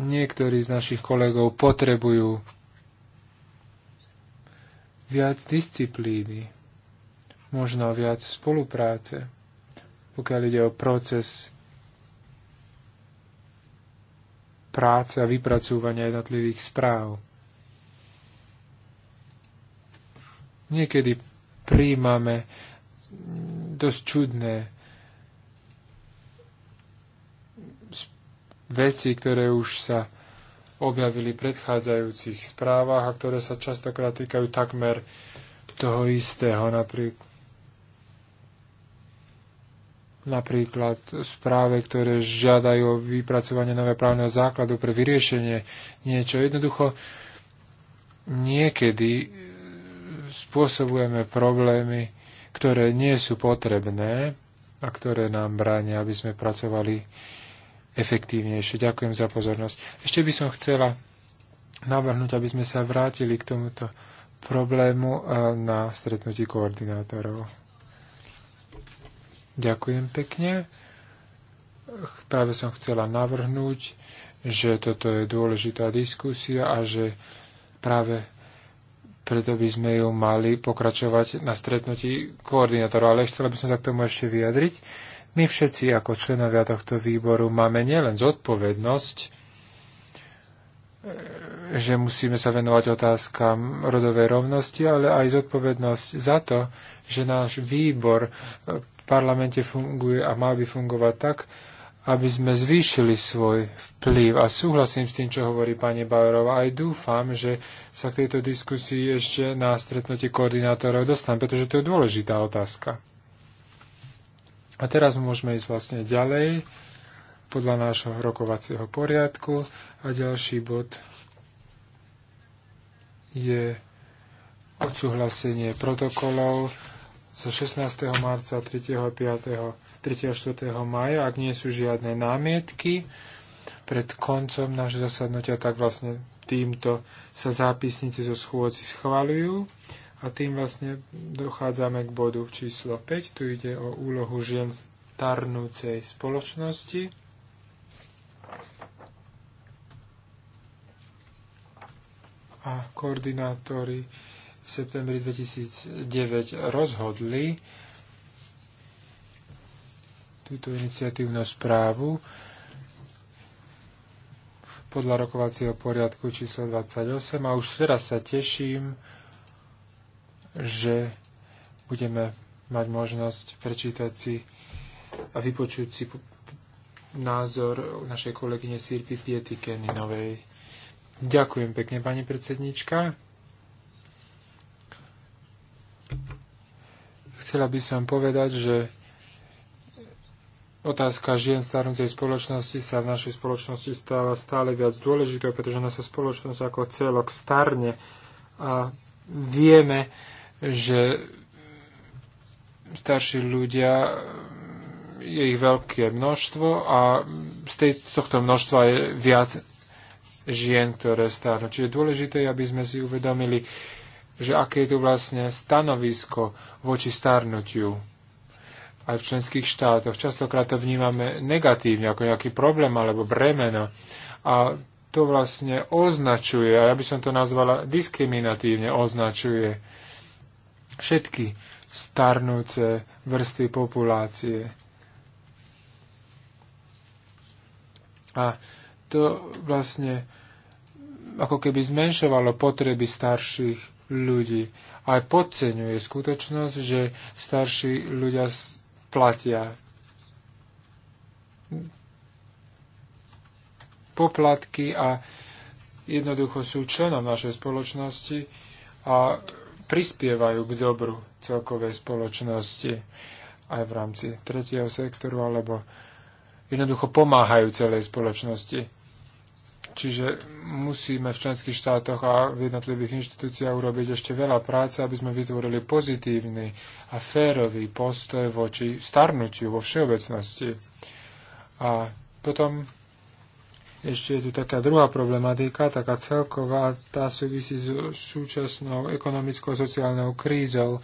[SPEAKER 4] niektorí z našich kolegov potrebujú viac disciplíny, možno viac spolupráce, pokiaľ ide o proces práce a vypracúvania jednotlivých správ. Niekedy príjmame dosť čudné veci, ktoré už sa objavili v predchádzajúcich správach a ktoré sa častokrát týkajú takmer toho istého. Napríklad, správe, ktoré žiadajú o vypracovanie nového právneho základu pre vyriešenie niečo. Jednoducho niekedy spôsobujeme problémy, ktoré nie sú potrebné a ktoré nám bránia, aby sme pracovali efektívnejšie. Ďakujem za pozornosť. Ešte by som chcela navrhnúť, aby sme sa vrátili k tomuto problému eh, na stretnutí koordinátorov. Ďakujem pekne. Práve som chcela navrhnúť, že toto je dôležitá diskusia a že práve preto by sme ju mali pokračovať na stretnutí koordinátorov. Ale chcela by som sa k tomu ešte vyjadriť. My všetci ako členovia tohto výboru máme nielen zodpovednosť, e, že musíme sa venovať otázkam rodovej rovnosti, ale aj zodpovednosť za to, že náš výbor v parlamente funguje a mal by fungovať tak, aby sme zvýšili svoj vplyv. A súhlasím s tým, čo hovorí pani Bajerová. Aj dúfam, že sa k tejto diskusii ešte na stretnutí koordinátorov dostanem, pretože to je dôležitá otázka. A teraz môžeme ísť vlastne ďalej podľa nášho rokovacieho poriadku. A ďalší bod je odsúhlasenie protokolov zo 16. marca, 3. 5. 3. 4. maja, ak nie sú žiadne námietky pred koncom nášho zasadnutia, tak vlastne týmto sa zápisníci zo schôdzi schvalujú a tým vlastne dochádzame k bodu číslo 5. Tu ide o úlohu žien starnúcej spoločnosti. A koordinátori v septembri 2009 rozhodli túto iniciatívnu správu podľa rokovacieho poriadku číslo 28 a už teraz sa teším, že budeme mať možnosť prečítať si a vypočuť si názor našej kolegyne Sirpy Pietikéninovej. Ďakujem pekne, pani predsednička. Chcela by som povedať, že otázka žien starnutej spoločnosti sa v našej spoločnosti stáva stále viac dôležitou, pretože naša spoločnosť ako celok starne a vieme, že starší ľudia je ich veľké množstvo a z tej, tohto množstva je viac žien, ktoré starnú. Čiže dôležité je, aby sme si uvedomili, že aké je tu vlastne stanovisko voči starnutiu aj v členských štátoch. Častokrát to vnímame negatívne, ako nejaký problém alebo bremeno. A to vlastne označuje, a ja by som to nazvala diskriminatívne označuje všetky starnúce vrstvy populácie. A to vlastne ako keby zmenšovalo potreby starších ľudí. Aj podceňuje skutočnosť, že starší ľudia platia poplatky a jednoducho sú členom našej spoločnosti a prispievajú k dobru celkovej spoločnosti aj v rámci tretieho sektoru, alebo jednoducho pomáhajú celej spoločnosti. Čiže musíme v členských štátoch a v jednotlivých inštitúciách urobiť ešte veľa práce, aby sme vytvorili pozitívny a férový postoj voči starnutiu vo všeobecnosti. A potom ešte je tu taká druhá problematika, taká celková, tá súvisí s súčasnou ekonomickou a sociálnou krízou.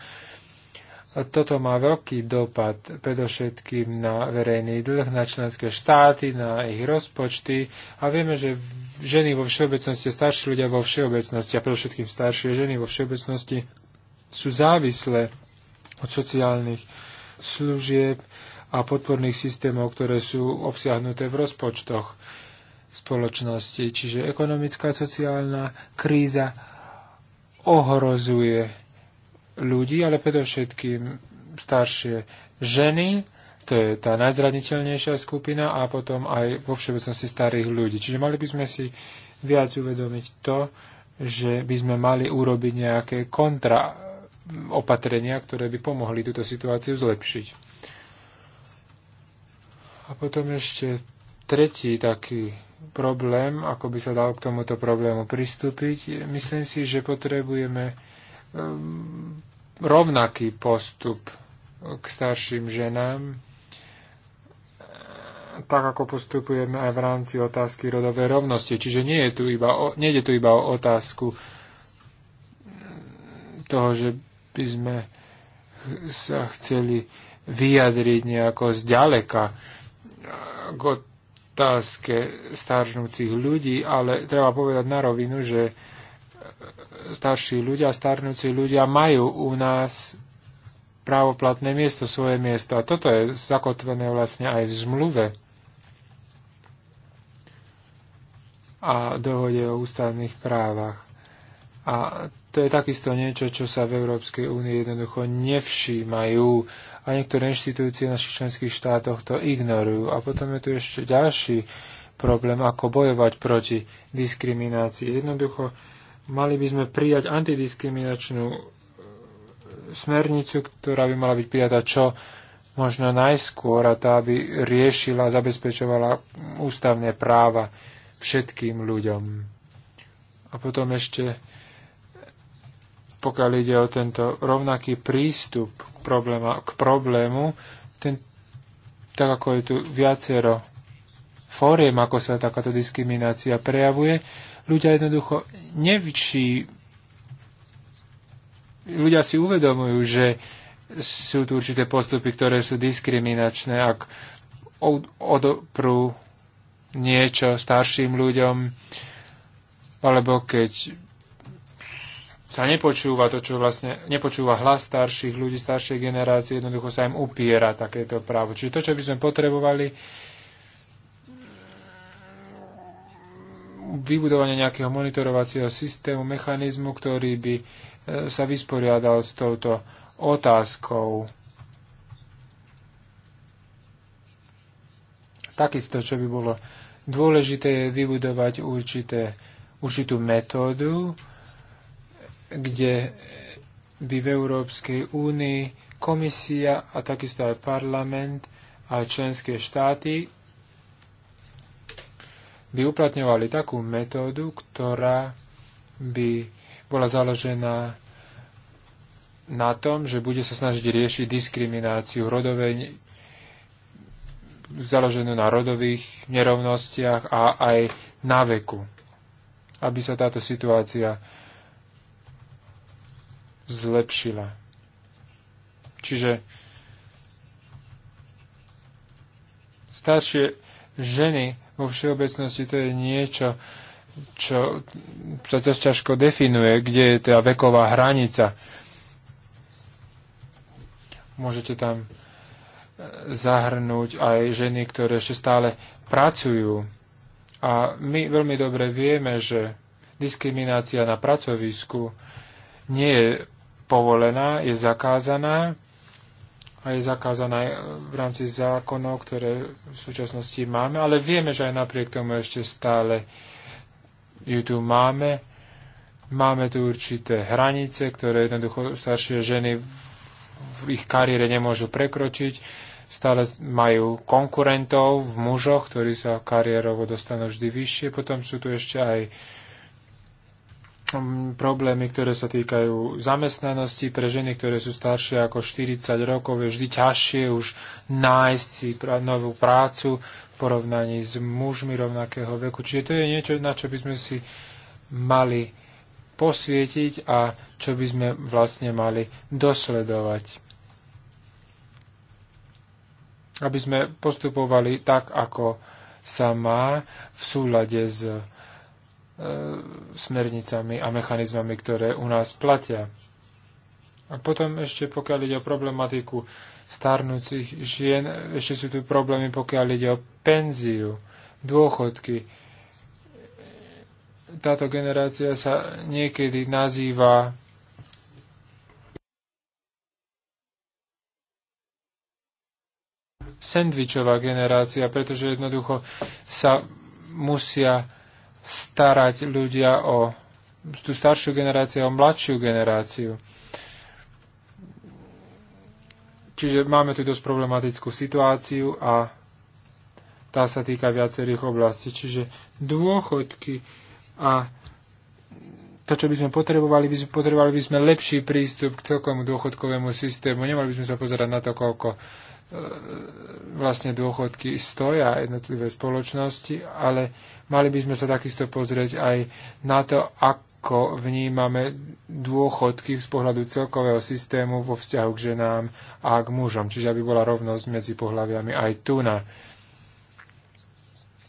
[SPEAKER 4] Toto má veľký dopad predovšetkým na verejný dlh, na členské štáty, na ich rozpočty a vieme, že ženy vo všeobecnosti, starší ľudia vo všeobecnosti a predovšetkým staršie ženy vo všeobecnosti sú závislé od sociálnych služieb a podporných systémov, ktoré sú obsiahnuté v rozpočtoch spoločnosti. Čiže ekonomická a sociálna kríza ohrozuje ľudí, ale predovšetkým staršie ženy, to je tá najzraniteľnejšia skupina a potom aj vo všeobecnosti starých ľudí. Čiže mali by sme si viac uvedomiť to, že by sme mali urobiť nejaké kontra opatrenia, ktoré by pomohli túto situáciu zlepšiť. A potom ešte tretí taký problém, ako by sa dal k tomuto problému pristúpiť. Myslím si, že potrebujeme ehm, rovnaký postup k starším ženám, tak ako postupujeme aj v rámci otázky rodovej rovnosti. Čiže nie je tu iba o, nejde tu iba o otázku toho, že by sme sa chceli vyjadriť nejako zďaleka k otázke starnúcich ľudí, ale treba povedať na rovinu, že starší ľudia, starnúci ľudia majú u nás právoplatné miesto, svoje miesto. A toto je zakotvené vlastne aj v zmluve a dohode o ústavných právach. A to je takisto niečo, čo sa v Európskej únii jednoducho nevšímajú a niektoré inštitúcie v našich členských štátoch to ignorujú. A potom je tu ešte ďalší problém, ako bojovať proti diskriminácii. Jednoducho Mali by sme prijať antidiskriminačnú e, smernicu, ktorá by mala byť prijatá čo možno najskôr a tá by riešila, zabezpečovala ústavné práva všetkým ľuďom. A potom ešte, pokiaľ ide o tento rovnaký prístup k, probléma, k problému, ten, tak ako je tu viacero fóriem, ako sa takáto diskriminácia prejavuje, ľudia jednoducho nevyčí, ľudia si uvedomujú, že sú tu určité postupy, ktoré sú diskriminačné, ak odoprú niečo starším ľuďom, alebo keď sa nepočúva to, čo vlastne nepočúva hlas starších ľudí, staršej generácie, jednoducho sa im upiera takéto právo. Čiže to, čo by sme potrebovali, vybudovanie nejakého monitorovacieho systému, mechanizmu, ktorý by e, sa vysporiadal s touto otázkou. Takisto, čo by bolo dôležité, je vybudovať určité, určitú metódu, kde by v Európskej únii komisia a takisto aj parlament, aj členské štáty by uplatňovali takú metódu, ktorá by bola založená na tom, že bude sa snažiť riešiť diskrimináciu rodovej, založenú na rodových nerovnostiach a aj na veku, aby sa táto situácia zlepšila. Čiže staršie ženy vo všeobecnosti to je niečo, čo sa to ťažko definuje, kde je tá veková hranica. Môžete tam e, zahrnúť aj ženy, ktoré ešte stále pracujú. A my veľmi dobre vieme, že diskriminácia na pracovisku nie je povolená, je zakázaná a je zakázaná v rámci zákonov, ktoré v súčasnosti máme, ale vieme, že aj napriek tomu ešte stále ju tu máme. Máme tu určité hranice, ktoré jednoducho staršie ženy v ich kariére nemôžu prekročiť. Stále majú konkurentov v mužoch, ktorí sa kariérovo dostanú vždy vyššie. Potom sú tu ešte aj uh, problémy, ktoré sa týkajú zamestnanosti pre ženy, ktoré sú staršie ako 40 rokov, je vždy ťažšie už nájsť si novú prácu v porovnaní s mužmi rovnakého veku. Čiže to je niečo, na čo by sme si mali posvietiť a čo by sme vlastne mali dosledovať. Aby sme postupovali tak, ako sa má v súlade s E, smernicami a mechanizmami, ktoré u nás platia. A potom ešte, pokiaľ ide o problematiku starnúcich žien, ešte sú tu problémy, pokiaľ ide o penziu, dôchodky. Táto generácia sa niekedy nazýva sendvičová generácia, pretože jednoducho sa musia starať ľudia o tú staršiu generáciu o mladšiu generáciu. Čiže máme tu dosť problematickú situáciu a tá sa týka viacerých oblastí. Čiže dôchodky a to, čo by sme potrebovali, by sme potrebovali by sme lepší prístup k celkomu dôchodkovému systému. Nemali by sme sa pozerať na to, koľko E, vlastne dôchodky stoja jednotlivé spoločnosti, ale mali by sme sa takisto pozrieť aj na to, ako vnímame dôchodky z pohľadu celkového systému vo vzťahu k ženám a k mužom, čiže aby bola rovnosť medzi pohľaviami aj tu na.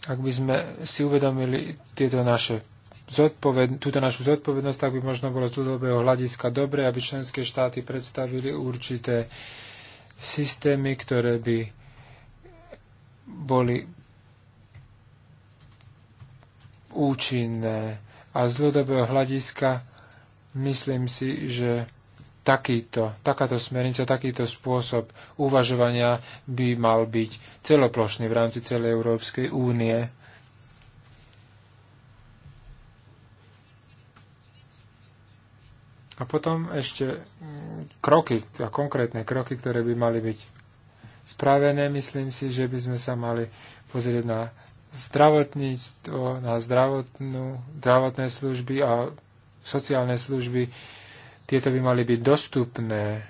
[SPEAKER 4] Ak by sme si uvedomili tieto naše zodpoved- túto našu zodpovednosť, tak by možno bolo z dlhodobého hľadiska dobre, aby členské štáty predstavili určité uh, systémy, ktoré by boli účinné. A z ľudobého hľadiska myslím si, že takýto, takáto smernica, takýto spôsob uvažovania by mal byť celoplošný v rámci celej Európskej únie. A potom ešte mm, kroky, a konkrétne kroky, ktoré by mali byť spravené, myslím si, že by sme sa mali pozrieť na zdravotníctvo, na zdravotnú, zdravotné služby a sociálne služby. Tieto by mali byť dostupné.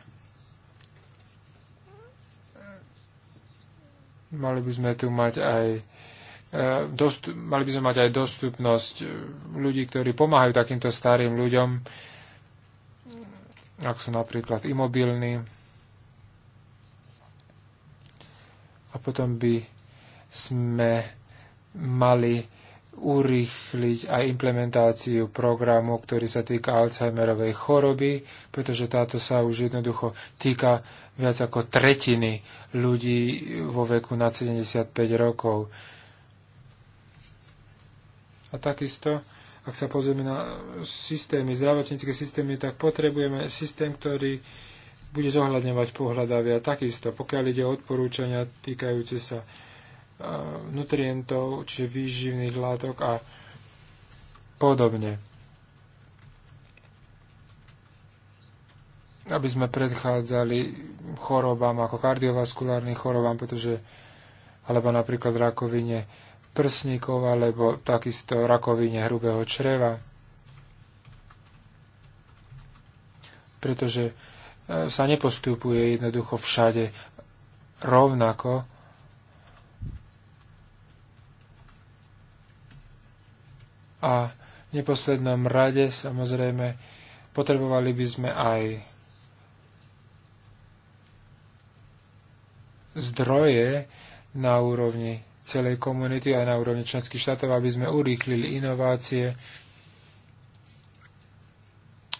[SPEAKER 4] Mali by sme tu mať aj e, Dostup, mali by sme mať aj dostupnosť ľudí, ktorí pomáhajú takýmto starým ľuďom, ako sú napríklad imobilní. A potom by sme mali urýchliť aj implementáciu programu, ktorý sa týka Alzheimerovej choroby, pretože táto sa už jednoducho týka viac ako tretiny ľudí vo veku nad 75 rokov. A takisto ak sa pozrieme na systémy, zdravotnícke systémy, tak potrebujeme systém, ktorý bude zohľadňovať pohľadavia takisto, pokiaľ ide o odporúčania týkajúce sa e, nutrientov, čiže výživných látok a podobne. Aby sme predchádzali chorobám ako kardiovaskulárnym chorobám, pretože alebo napríklad rakovine, prsníkov alebo takisto rakovine hrubého čreva. Pretože e, sa nepostupuje jednoducho všade rovnako. A v neposlednom rade samozrejme potrebovali by sme aj zdroje na úrovni celej komunity aj na úrovni členských štátov, aby sme urýchlili inovácie,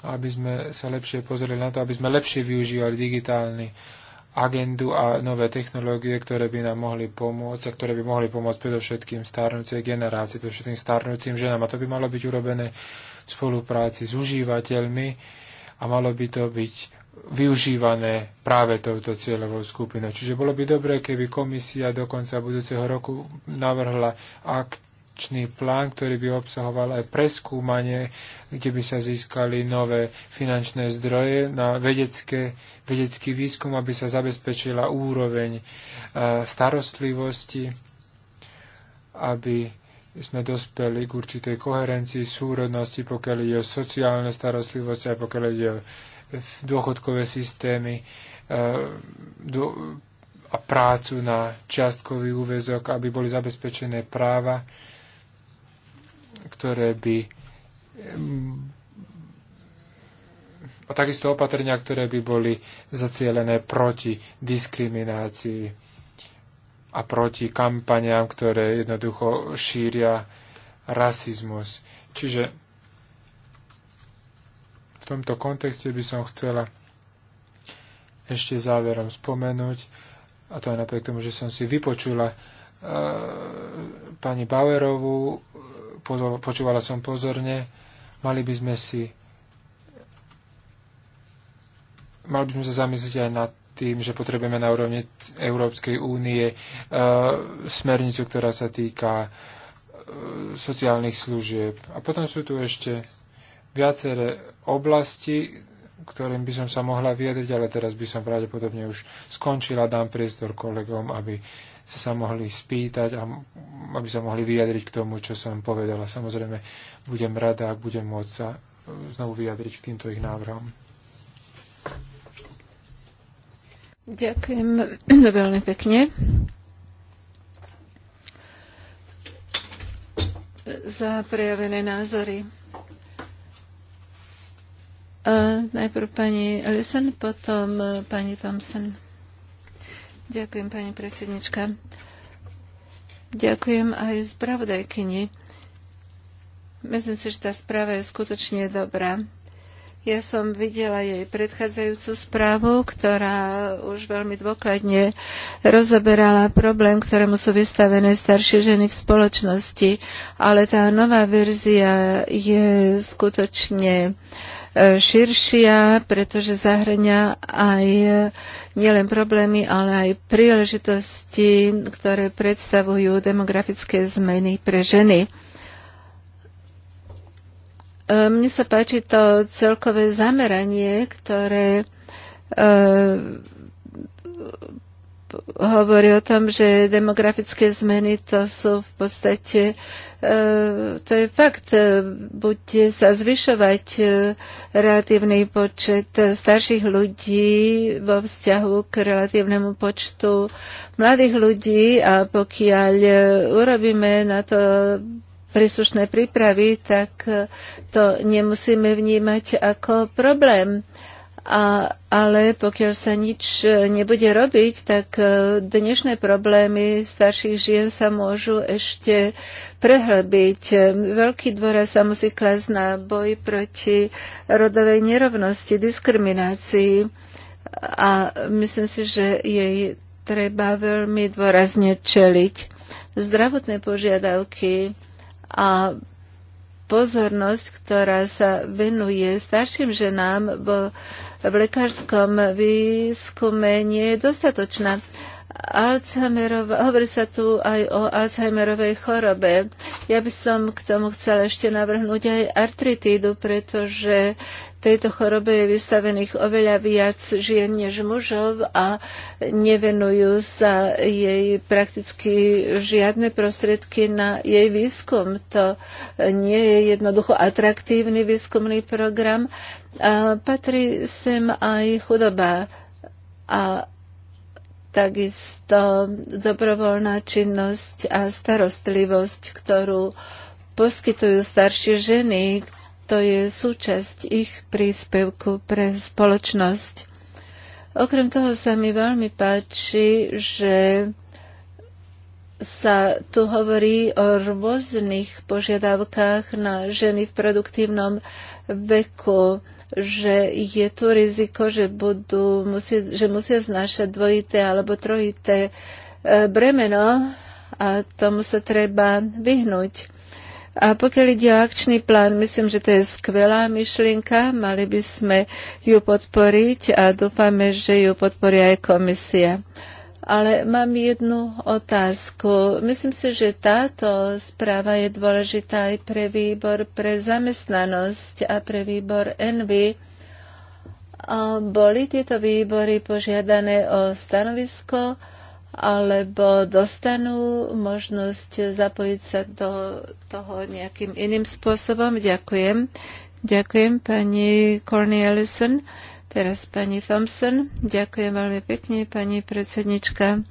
[SPEAKER 4] aby sme sa lepšie pozreli na to, aby sme lepšie využívali digitálny agendu a nové technológie, ktoré by nám mohli pomôcť a ktoré by mohli pomôcť predovšetkým starnúcej generácii, predovšetkým starnúcim ženám. A to by malo byť urobené v spolupráci s užívateľmi a malo by to byť využívané práve touto cieľovou skupinou. Čiže bolo by dobré, keby komisia do konca budúceho roku navrhla akčný plán, ktorý by obsahoval aj preskúmanie, kde by sa získali nové finančné zdroje na vedecké, vedecký výskum, aby sa zabezpečila úroveň e, starostlivosti, aby sme dospeli k určitej koherencii, súrodnosti, pokiaľ ide o sociálne starostlivosť a pokiaľ ide o dôchodkové systémy e, a prácu na čiastkový úvezok, aby boli zabezpečené práva, ktoré by a takisto opatrenia, ktoré by boli zacielené proti diskriminácii a proti kampaniám, ktoré jednoducho šíria rasizmus. Čiže v tomto kontexte by som chcela ešte záverom spomenúť, a to aj napriek tomu, že som si vypočula e, pani Bauerovú, pozor, počúvala som pozorne, mali by sme si mali by sme sa zamyslieť aj nad tým, že potrebujeme na úrovni Európskej únie e, smernicu, ktorá sa týka e, sociálnych služieb. A potom sú tu ešte viaceré oblasti, ktorým by som sa mohla vyjadriť, ale teraz by som pravdepodobne už skončila, dám priestor kolegom, aby sa mohli spýtať a aby sa mohli vyjadriť k tomu, čo som povedala. Samozrejme, budem rada, ak budem môcť sa e, znovu vyjadriť k týmto ich návrhom.
[SPEAKER 3] Ďakujem veľmi pekne za prejavené názory. E, najprv pani Lisen, potom e, pani Thompson. Ďakujem, pani predsednička. Ďakujem aj spravodajkyni. Myslím si, že tá správa je skutočne dobrá. Ja som videla jej predchádzajúcu správu, ktorá už veľmi dôkladne rozoberala problém, ktorému sú vystavené staršie ženy v spoločnosti, ale tá nová verzia je skutočne uh, širšia, pretože zahrňa aj nielen problémy, ale aj príležitosti, ktoré predstavujú demografické zmeny pre ženy. E, mne sa páči to celkové zameranie, ktoré e, hovorí o tom, že demografické zmeny to sú v podstate, e, to je fakt, e, bude sa zvyšovať e, relatívny počet starších ľudí vo vzťahu k relatívnemu počtu mladých ľudí a pokiaľ urobíme na to príslušné prípravy, tak to nemusíme vnímať ako problém. A, ale pokiaľ sa nič e, nebude robiť, tak e, dnešné problémy starších žien sa môžu ešte prehlbiť. E, veľký dôraz sa musí klasť na boj proti rodovej nerovnosti, diskriminácii a myslím si, že jej treba veľmi dôrazne čeliť. Zdravotné požiadavky a pozornosť, ktorá sa venuje starším ženám, bo v lekárskom výskume nie je dostatočná. Alzheimerov, hovorí sa tu aj o Alzheimerovej chorobe. Ja by som k tomu chcela ešte navrhnúť aj artritídu, pretože tejto chorobe je vystavených oveľa viac žien než mužov a nevenujú sa jej prakticky žiadne prostriedky na jej výskum. To nie je jednoducho atraktívny výskumný program. A patrí sem aj chudoba a takisto dobrovoľná činnosť a starostlivosť, ktorú poskytujú staršie ženy, to je súčasť ich príspevku pre spoločnosť. Okrem toho sa mi veľmi páči, že sa tu hovorí o rôznych požiadavkách na ženy v produktívnom veku, že je tu riziko, že, budú musieť, že musia znášať dvojité alebo trojité eh, bremeno a tomu sa treba vyhnúť. A pokiaľ ide o akčný plán, myslím, že to je skvelá myšlienka, mali by sme ju podporiť a dúfame, že ju podporia aj komisia. Ale mám jednu otázku. Myslím si, že táto správa je dôležitá aj pre výbor pre zamestnanosť a pre výbor Envy. Boli tieto výbory požiadané o stanovisko? alebo dostanú možnosť zapojiť sa do toho nejakým iným spôsobom. Ďakujem. Ďakujem pani Cornelison. Teraz pani Thompson. Ďakujem veľmi pekne, pani predsednička.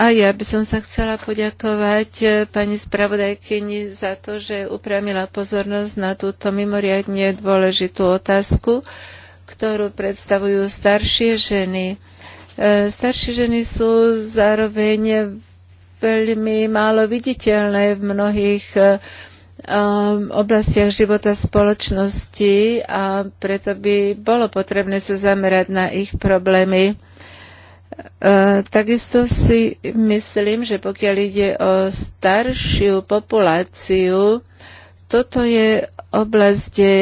[SPEAKER 3] A ja by som sa chcela poďakovať eh, pani spravodajkyni za to, že upravila pozornosť na túto mimoriadne dôležitú otázku, ktorú predstavujú staršie ženy E, staršie ženy sú zároveň veľmi málo viditeľné v mnohých e, um, oblastiach života spoločnosti a preto by bolo potrebné sa zamerať na ich problémy. E, takisto si myslím, že pokiaľ ide o staršiu populáciu, toto je oblasť, kde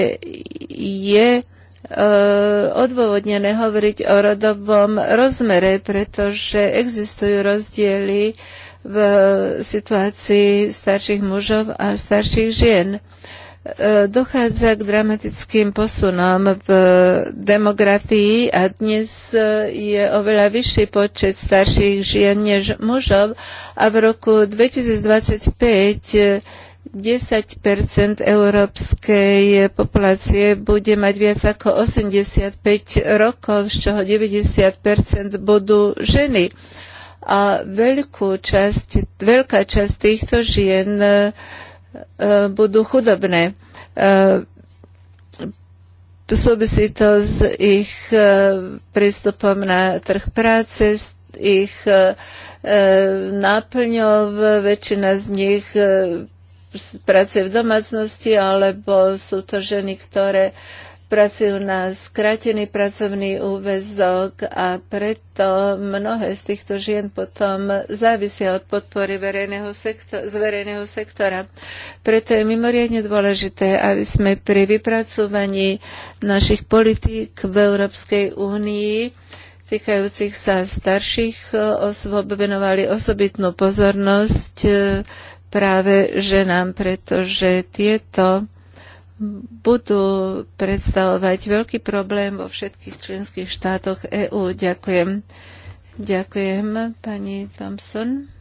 [SPEAKER 3] je Eh, odôvodnené hovoriť o rodovom rozmere, pretože existujú rozdiely v situácii starších mužov a starších žien. Eh, dochádza k dramatickým posunom v demografii a dnes eh, je oveľa vyšší počet starších žien než mužov a v roku 2025 10 európskej populácie bude mať viac ako 85 rokov, z čoho 90 budú ženy. A veľkú časť, veľká časť týchto žien e, budú chudobné. E, súvisí to s ich e, prístupom na trh práce, s ich náplňov. Väčšina z nich práce v domácnosti, alebo sú to ženy, ktoré pracujú na skrátený pracovný úvezok a preto mnohé z týchto žien potom závisia od podpory verejného sektor- z verejného sektora. Preto je mimoriadne dôležité, aby sme pri vypracovaní našich politík v Európskej únii týkajúcich sa starších eh, osôb venovali osobitnú pozornosť eh, práve ženám, pretože tieto budú predstavovať veľký problém vo všetkých členských štátoch EÚ. Ďakujem. Ďakujem, pani Thompson.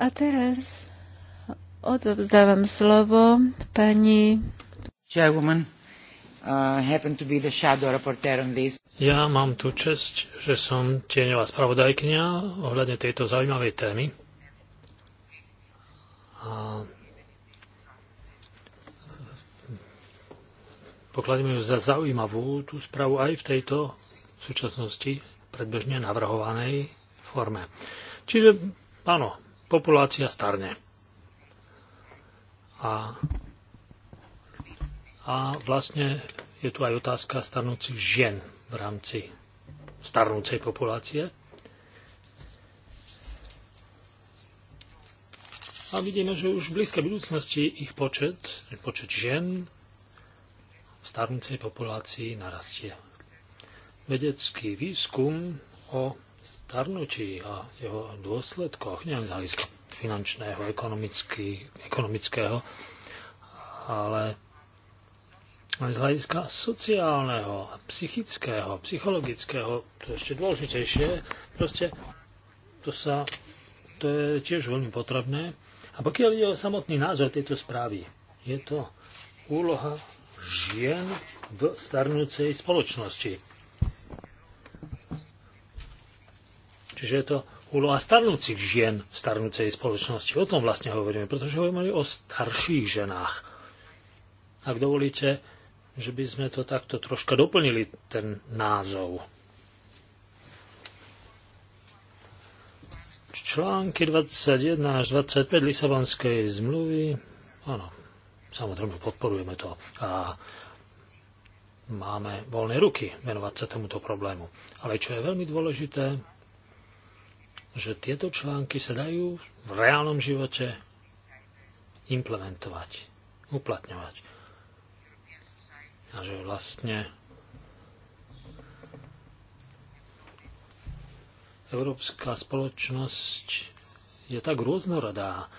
[SPEAKER 3] A teraz odovzdávam slovo pani
[SPEAKER 1] Chairwoman. Uh, to be the shadow reporter on this.
[SPEAKER 2] Ja mám tú čest, že som tieňová spravodajkňa ohľadne tejto zaujímavej témy a ju za zaujímavú tú správu aj v tejto v súčasnosti predbežne navrhovanej forme. Čiže áno, populácia starne. A, a vlastne je tu aj otázka starnúcich žien v rámci starnúcej populácie. A vidíme, že už v blízkej budúcnosti ich počet, počet žien v starnúcej populácii narastie. Vedecký výskum o starnutí a jeho dôsledkoch, neviem z hľadiska finančného, ekonomického, ale aj z hľadiska sociálneho, psychického, psychologického, to je ešte dôležitejšie, proste to sa, to je tiež veľmi potrebné a pokiaľ ide o samotný názor tejto správy, je to úloha žien v starnúcej spoločnosti. Čiže je to úloha starnúcich žien v starnúcej spoločnosti. O tom vlastne hovoríme, pretože hovoríme o starších ženách. Ak dovolíte, že by sme to takto troška doplnili, ten názov. články 21 až 25 Lisabonskej zmluvy, áno, samozrejme podporujeme to a máme voľné ruky venovať sa tomuto problému. Ale čo je veľmi dôležité, že tieto články sa dajú v reálnom živote implementovať, uplatňovať. A že vlastne európska spoločnosť je tak rôznorodá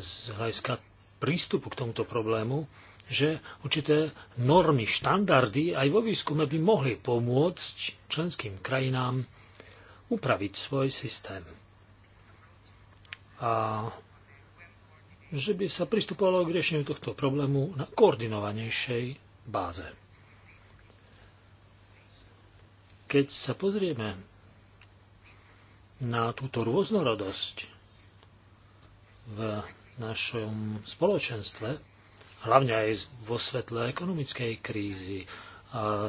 [SPEAKER 2] z hľadiska prístupu k tomuto problému, že určité normy, štandardy aj vo výskume by mohli pomôcť členským krajinám upraviť svoj systém. A že by sa pristupovalo k riešeniu tohto problému na koordinovanejšej báze. Keď sa pozrieme na túto rôznorodosť v našom spoločenstve, hlavne aj vo svetle ekonomickej krízy a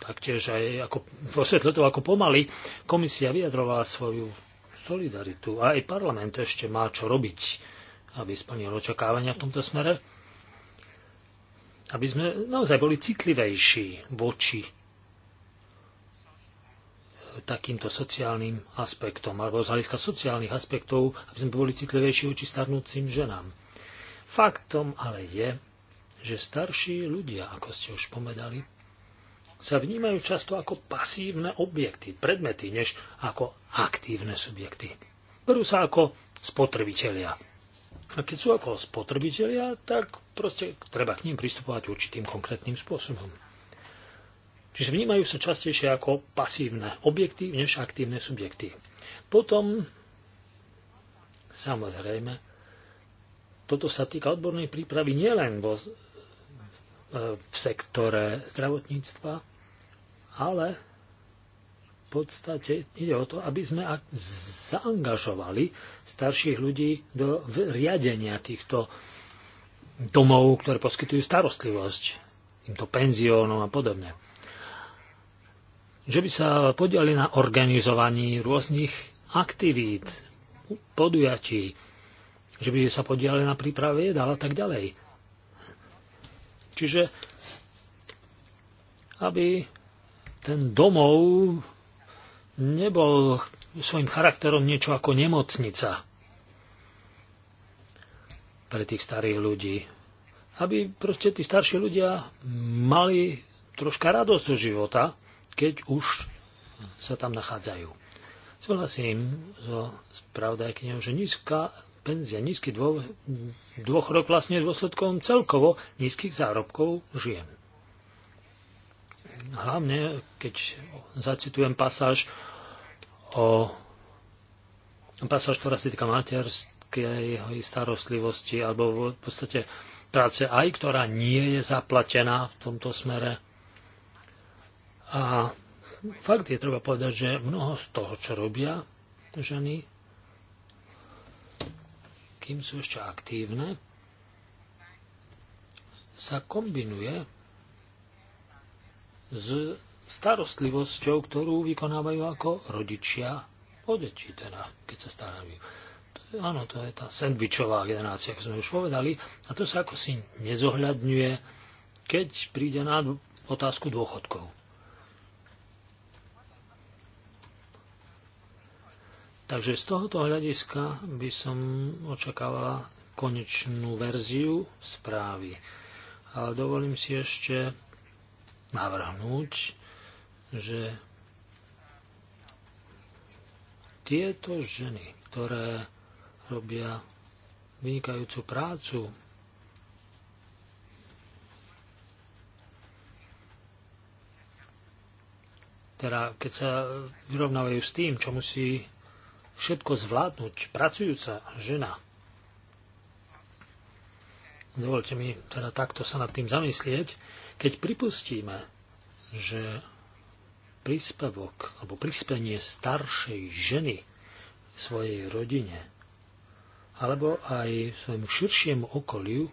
[SPEAKER 2] taktiež aj ako, vo svetle toho, ako pomaly komisia vyjadrovala svoju solidaritu a aj parlament ešte má čo robiť, aby splnil očakávania v tomto smere, aby sme naozaj boli citlivejší voči takýmto sociálnym aspektom, alebo z hľadiska sociálnych aspektov, aby sme boli citlivejší voči starnúcim ženám. Faktom ale je, že starší ľudia, ako ste už povedali, sa vnímajú často ako pasívne objekty, predmety, než ako aktívne subjekty. Berú sa ako spotrebitelia. A keď sú ako spotrebitelia, tak proste treba k ním pristupovať určitým konkrétnym spôsobom. Čiže vnímajú sa častejšie ako pasívne objekty než aktívne subjekty. Potom, samozrejme, toto sa týka odbornej prípravy nielen vo, e, v sektore zdravotníctva, ale v podstate ide o to, aby sme zaangažovali starších ľudí do riadenia týchto domov, ktoré poskytujú starostlivosť, týmto penziónom a podobne že by sa podiali na organizovaní rôznych aktivít, podujatí, že by sa podiali na príprave jedál a tak ďalej. Čiže aby ten domov nebol svojim charakterom niečo ako nemocnica pre tých starých ľudí. Aby proste tí starší ľudia mali troška radosť zo života keď už sa tam nachádzajú. Súhlasím so spravodajkyňou, že nízka penzia, nízky dô, dôchodok vlastne dôsledkom celkovo nízkych zárobkov žien. Hlavne, keď zacitujem pasáž o pasáž, ktorá sa týka materskej starostlivosti alebo v podstate práce aj, ktorá nie je zaplatená v tomto smere a fakt je treba povedať, že mnoho z toho, čo robia ženy, kým sú ešte aktívne, sa kombinuje s starostlivosťou, ktorú vykonávajú ako rodičia o deti, teda, keď sa starajú. To je, áno, to je tá sandvičová generácia, ako sme už povedali, a to sa ako si nezohľadňuje, keď príde na otázku dôchodkov. Takže z tohoto hľadiska by som očakávala konečnú verziu správy. Ale dovolím si ešte navrhnúť, že tieto ženy, ktoré robia vynikajúcu prácu, teda keď sa vyrovnávajú s tým, čo musí všetko zvládnuť pracujúca žena. Dovolte mi teda takto sa nad tým zamyslieť, keď pripustíme, že príspevok alebo prispenie staršej ženy svojej rodine alebo aj svojmu širšiemu okoliu,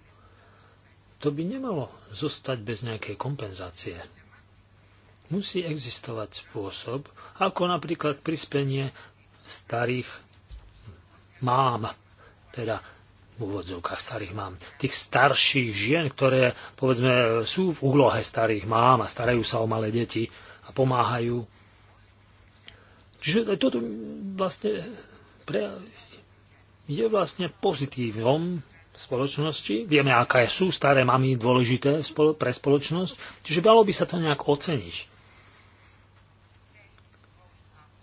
[SPEAKER 2] to by nemalo zostať bez nejakej kompenzácie. Musí existovať spôsob, ako napríklad prispenie starých mám, teda v úvodzovkách starých mám, tých starších žien, ktoré povedzme sú v úlohe starých mám a starajú sa o malé deti a pomáhajú. Čiže toto vlastne pre, je vlastne pozitívom spoločnosti. Vieme, aká sú staré mami dôležité pre spoločnosť. Čiže dalo by sa to nejak oceniť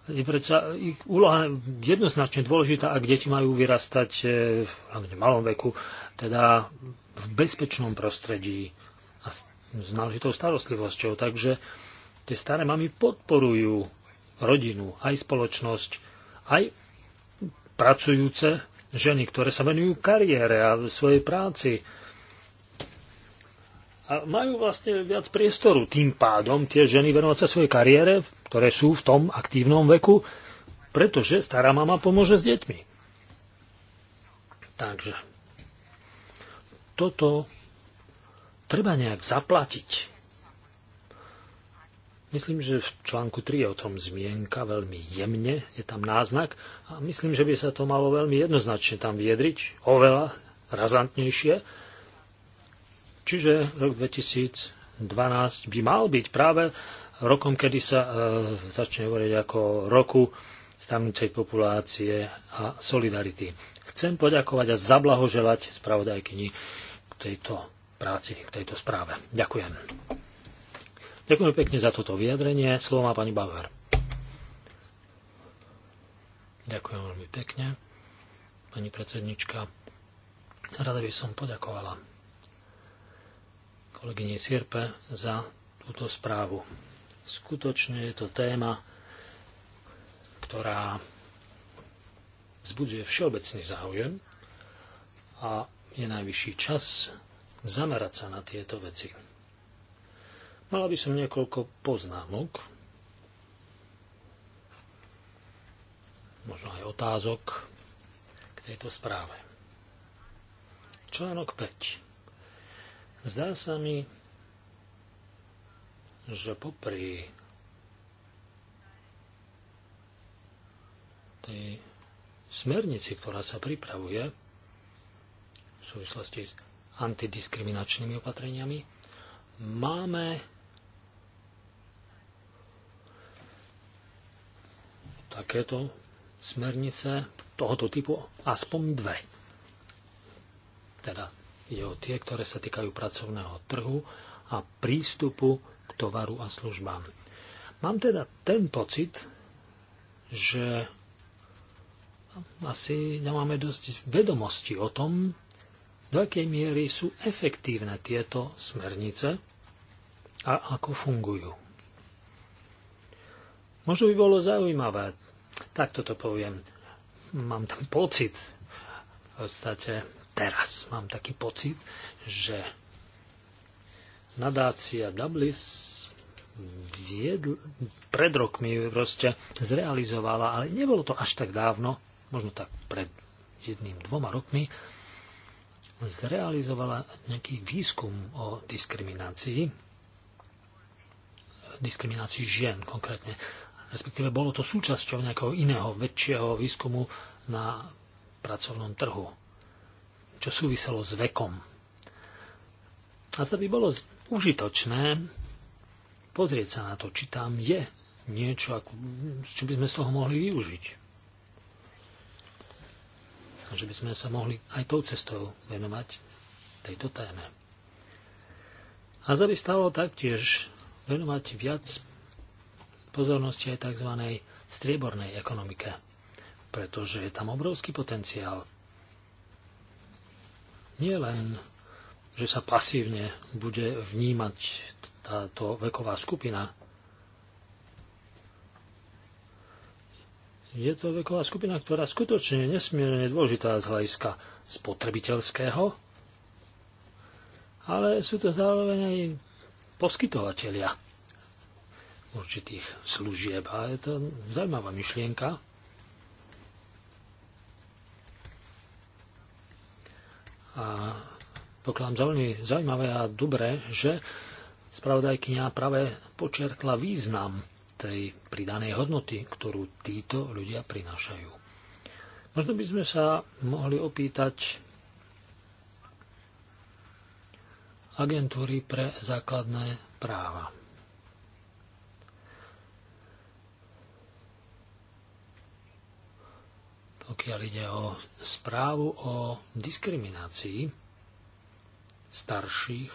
[SPEAKER 2] je predsa ich úloha jednoznačne dôležitá, ak deti majú vyrastať e, v malom veku, teda v bezpečnom prostredí a s náležitou starostlivosťou. Takže tie staré mamy podporujú rodinu, aj spoločnosť, aj pracujúce ženy, ktoré sa venujú kariére a svojej práci a majú vlastne viac priestoru tým pádom tie ženy venovať sa svojej kariére, ktoré sú v tom aktívnom veku, pretože stará mama pomôže s deťmi. Takže toto treba nejak zaplatiť. Myslím, že v článku 3 je o tom zmienka veľmi jemne, je tam náznak a myslím, že by sa to malo veľmi jednoznačne tam viedriť, oveľa razantnejšie, Čiže rok 2012 by mal byť práve rokom, kedy sa e, začne hovoriť ako roku stanúcej populácie a solidarity. Chcem poďakovať a zablahoželať spravodajkyni k tejto práci, k tejto správe. Ďakujem. Ďakujem pekne za toto vyjadrenie. Slovo má pani Bauer. Ďakujem veľmi pekne, pani predsednička. Rada by som poďakovala kolegyni Sirpe za túto správu. Skutočne je to téma, ktorá vzbudzuje všeobecný záujem a je najvyšší čas zamerať sa na tieto veci. Mala by som niekoľko poznámok, možno aj otázok k tejto správe. Článok 5. Zdá sa mi, že popri tej smernici, ktorá sa pripravuje v súvislosti s antidiskriminačnými opatreniami, máme takéto smernice tohoto typu aspoň dve. Teda Ide o tie, ktoré sa týkajú pracovného trhu a prístupu k tovaru a službám. Mám teda ten pocit, že asi nemáme dosť vedomosti o tom, do akej miery sú efektívne tieto smernice a ako fungujú. Možno by bolo zaujímavé, tak toto poviem, mám tam pocit, v podstate teraz mám taký pocit, že nadácia Dublis viedl, pred rokmi proste zrealizovala, ale nebolo to až tak dávno, možno tak pred jedným, dvoma rokmi, zrealizovala nejaký výskum o diskriminácii, diskriminácii žien konkrétne. Respektíve bolo to súčasťou nejakého iného, väčšieho výskumu na pracovnom trhu čo súviselo s vekom. A to by bolo užitočné pozrieť sa na to, či tam je niečo, čo by sme z toho mohli využiť. A že by sme sa mohli aj tou cestou venovať tejto téme. A zda by stalo taktiež venovať viac pozornosti aj tzv. striebornej ekonomike, pretože je tam obrovský potenciál nie len, že sa pasívne bude vnímať táto veková skupina. Je to veková skupina, ktorá skutočne je nesmierne dôležitá z hľadiska spotrebiteľského, ale sú to zároveň aj poskytovateľia určitých služieb. A je to zaujímavá myšlienka, A pokladám za veľmi zaujímavé a dobré, že spravodajkynia práve počerkla význam tej pridanej hodnoty, ktorú títo ľudia prinášajú. Možno by sme sa mohli opýtať agentúry pre základné práva. pokiaľ ide o správu o diskriminácii starších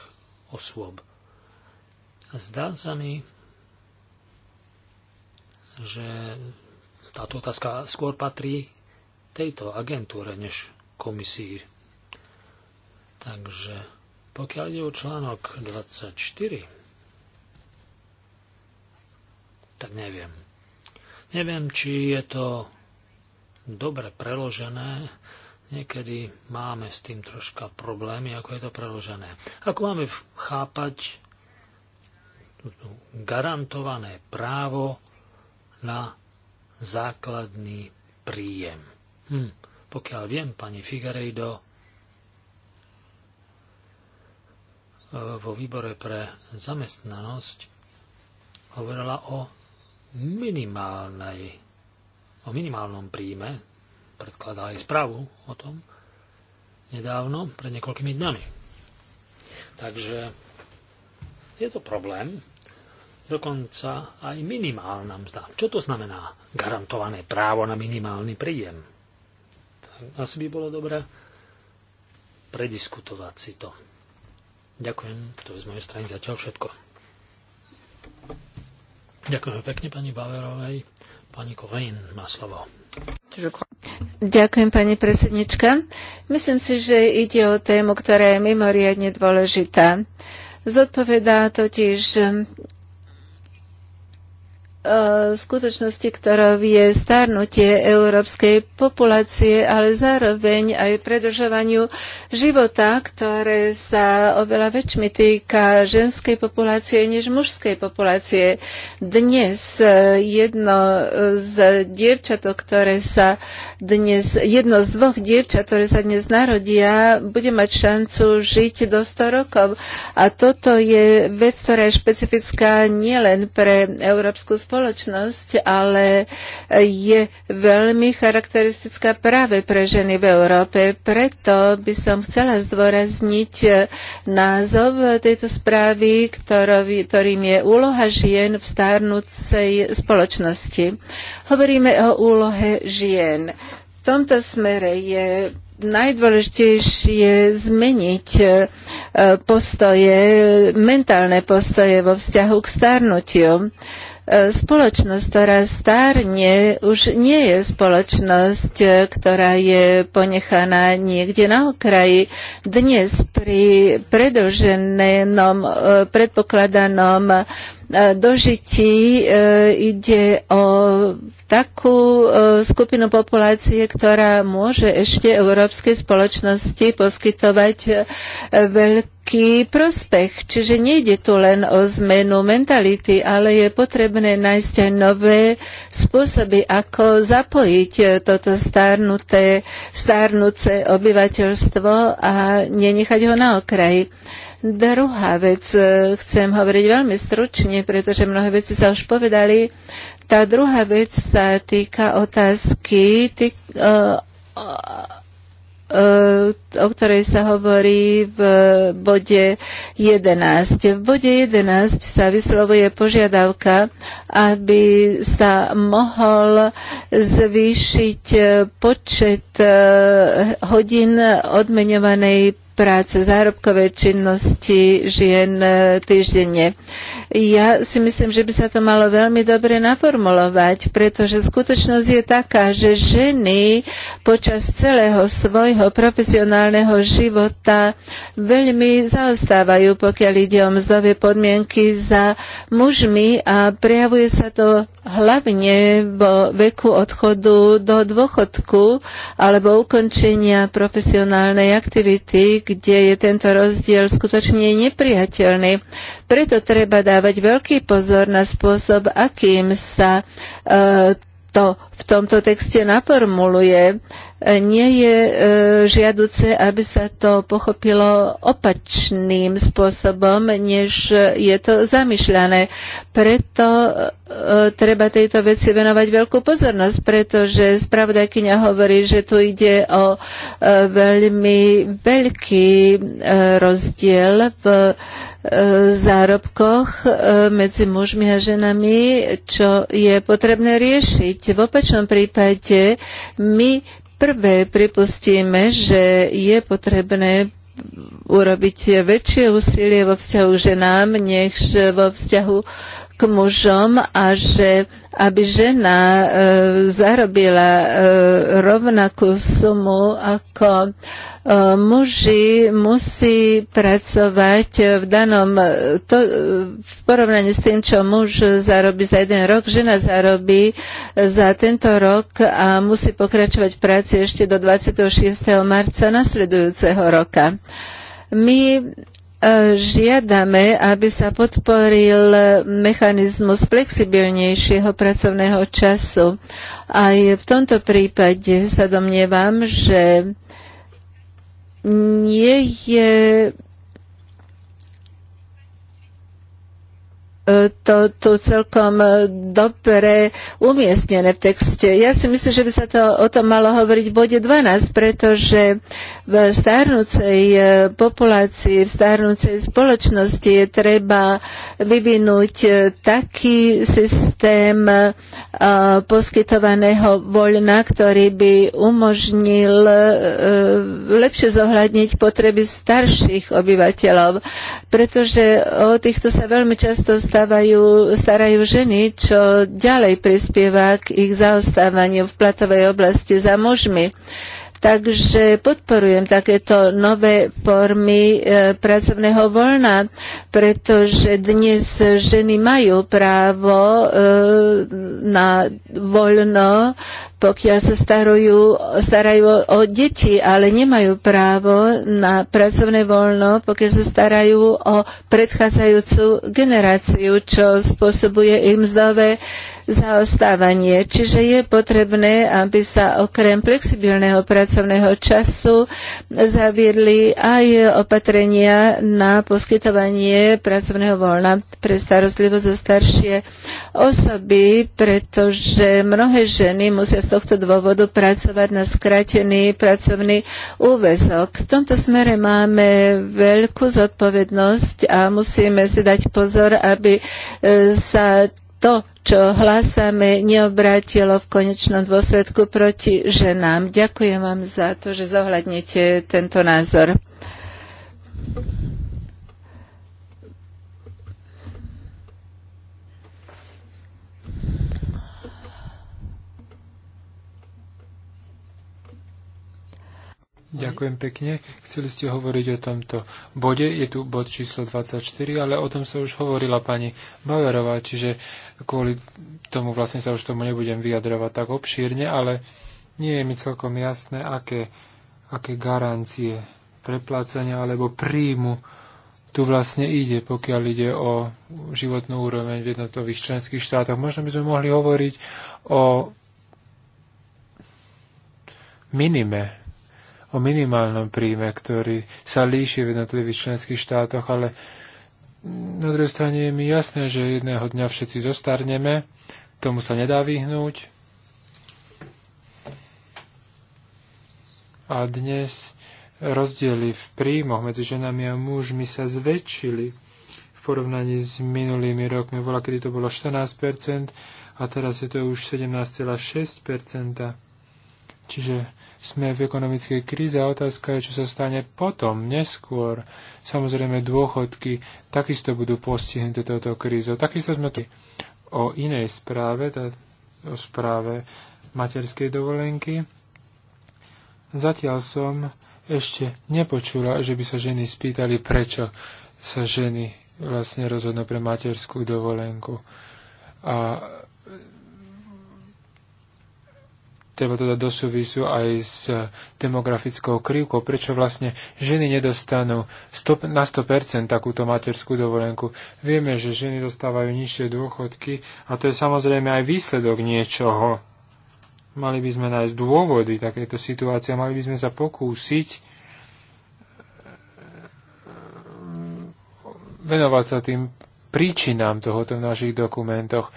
[SPEAKER 2] osôb. Zdá sa mi, že táto otázka skôr patrí tejto agentúre než komisii. Takže pokiaľ ide o článok 24, tak neviem. Neviem, či je to dobre preložené, niekedy máme s tým troška problémy, ako je to preložené. Ako máme chápať garantované právo na základný príjem. Hm, pokiaľ viem, pani Figarejdo, vo výbore pre zamestnanosť hovorila o minimálnej o minimálnom príjme, predkladá aj správu o tom nedávno, pred niekoľkými dňami. Takže je to problém, dokonca aj minimálna mzda. Čo to znamená garantované právo na minimálny príjem? Tak asi by bolo dobré prediskutovať si to. Ďakujem, to je z mojej strany zatiaľ všetko. Ďakujem pekne pani Baverovej Pani Kovain má slovo.
[SPEAKER 3] Ďakujem, pani predsednička. Myslím si, že ide o tému, ktorá je mimoriadne dôležitá. Zodpovedá totiž Eh, skutočnosti, ktorou je starnutie európskej populácie, ale zároveň aj predržovaniu života, ktoré sa oveľa väčšmi týka ženskej populácie než mužskej populácie. Dnes eh, jedno z dievčatok, ktoré sa dnes, jedno z dvoch dievčat, ktoré sa dnes narodia, bude mať šancu žiť do 100 rokov. A toto je vec, ktorá je špecifická nielen pre európsku spoločnosť, spoločnosť, ale je veľmi charakteristická práve pre ženy v Európe. Preto by som chcela zdôrazniť názov tejto správy, ktorým je úloha žien v stárnúcej spoločnosti. Hovoríme o úlohe žien. V tomto smere je najdôležitejšie zmeniť e, postoje, mentálne postoje vo vzťahu k starnutiu. E, spoločnosť, ktorá starne, už nie je spoločnosť, e, ktorá je ponechaná niekde na okraji. Dnes pri predĺženom e, predpokladanom dožití e, ide o takú e, skupinu populácie, ktorá môže ešte európskej spoločnosti poskytovať e, veľký prospech. Čiže nejde tu len o zmenu mentality, ale je potrebné nájsť aj nové spôsoby, ako zapojiť toto starnuté, starnúce obyvateľstvo a nenechať ho na okraji. Druhá vec, e, chcem hovoriť veľmi stručne, pretože mnohé veci sa už povedali. Tá druhá vec sa týka otázky, tý, uh, uh, o ktorej sa hovorí v bode 11. V bode 11 sa vyslovuje požiadavka, aby sa mohol zvýšiť počet e, hodín odmenovanej práce, zárobkové činnosti žien e, týždenne. Ja si myslím, že by sa to malo veľmi dobre naformulovať, pretože skutočnosť je taká, že ženy počas celého svojho profesionálneho života veľmi zaostávajú, pokiaľ ide o mzdové podmienky za mužmi a prejavuje sa to hlavne vo veku odchodu do dôchodku alebo ukončenia profesionálnej aktivity, kde je tento rozdiel skutočne nepriateľný. Preto treba dávať veľký pozor na spôsob, akým sa e, to v tomto texte naformuluje. E, nie je e, žiaduce, aby sa to pochopilo opačným spôsobom, než je to zamýšľané. Preto e, treba tejto veci venovať veľkú pozornosť, pretože spravodajkyňa hovorí, že tu ide o e, veľmi veľký rozdiel v zárobkoch medzi mužmi a ženami, čo je potrebné riešiť. V opačnom prípade my prvé pripustíme, že je potrebné urobiť väčšie úsilie vo vzťahu k ženám, než vo vzťahu k mužom a že aby žena e, zarobila e, rovnakú sumu ako e, muži, musí pracovať v danom, to, v porovnaní s tým, čo muž zarobí za jeden rok, žena zarobí za tento rok a musí pokračovať v práci ešte do 26. marca nasledujúceho roka. E, my e, žiadame, aby sa podporil mechanizmus flexibilnejšieho pracovného času. Aj v tomto prípade sa domnievam, že nie je E, to tu celkom e, dobre umiestnené v texte. Ja si myslím, že by sa to o tom malo hovoriť v bode 12, pretože v starnúcej e, populácii, v starnúcej spoločnosti je treba vyvinúť taký systém poskytovaného voľna, ktorý by umožnil lepšie zohľadniť potreby starších obyvateľov, pretože o týchto sa veľmi často stávajú, starajú ženy, čo ďalej prispieva k ich zaostávaniu v platovej oblasti za mužmi. Takže podporujem takéto nové formy e, pracovného voľna, pretože dnes ženy majú právo e, na voľno pokiaľ sa starujú, starajú o deti, ale nemajú právo na pracovné voľno, pokiaľ sa starajú o predchádzajúcu generáciu, čo spôsobuje im mzdové zaostávanie. Čiže je potrebné, aby sa okrem flexibilného pracovného času zaviedli aj opatrenia na poskytovanie pracovného voľna pre starostlivosť za staršie osoby, pretože mnohé ženy musia tohto dôvodu pracovať na skratený pracovný úvezok. V tomto smere máme veľkú zodpovednosť a musíme si dať pozor, aby e, sa to, čo hlásame, neobrátilo v konečnom dôsledku proti ženám. Ďakujem vám za to, že zohľadnete tento názor.
[SPEAKER 4] Ďakujem pekne. Chceli ste hovoriť o tomto bode. Je tu bod číslo 24, ale o tom sa už hovorila pani Baverová, čiže kvôli tomu vlastne sa už tomu nebudem vyjadrovať tak obšírne, ale nie je mi celkom jasné, aké, aké garancie preplácania alebo príjmu tu vlastne ide, pokiaľ ide o životnú úroveň v jednotových členských štátoch. Možno by sme mohli hovoriť o minime o minimálnom príjme, ktorý sa líši v jednotlivých členských štátoch, ale na druhej strane je mi jasné, že jedného dňa všetci zostarneme, tomu sa nedá vyhnúť. A dnes rozdiely v príjmoch medzi ženami a mužmi sa zväčšili v porovnaní s minulými rokmi. Bola, kedy to bolo 14% a teraz je to už 17,6%. Čiže sme v ekonomickej kríze a otázka je, čo sa stane potom, neskôr. Samozrejme dôchodky takisto budú postihnuté touto krízou. Takisto sme tu o inej správe, tá, o správe materskej dovolenky. Zatiaľ som ešte nepočula, že by sa ženy spýtali, prečo sa ženy vlastne rozhodnú pre materskú dovolenku. A treba to dať do súvisu aj s e, demografickou krivkou, prečo vlastne ženy nedostanú 100, na 100% takúto materskú dovolenku. Vieme, že ženy dostávajú nižšie dôchodky a to je samozrejme aj výsledok niečoho. Mali by sme nájsť dôvody takéto situácie, mali by sme sa pokúsiť e, venovať sa tým príčinám tohoto v našich dokumentoch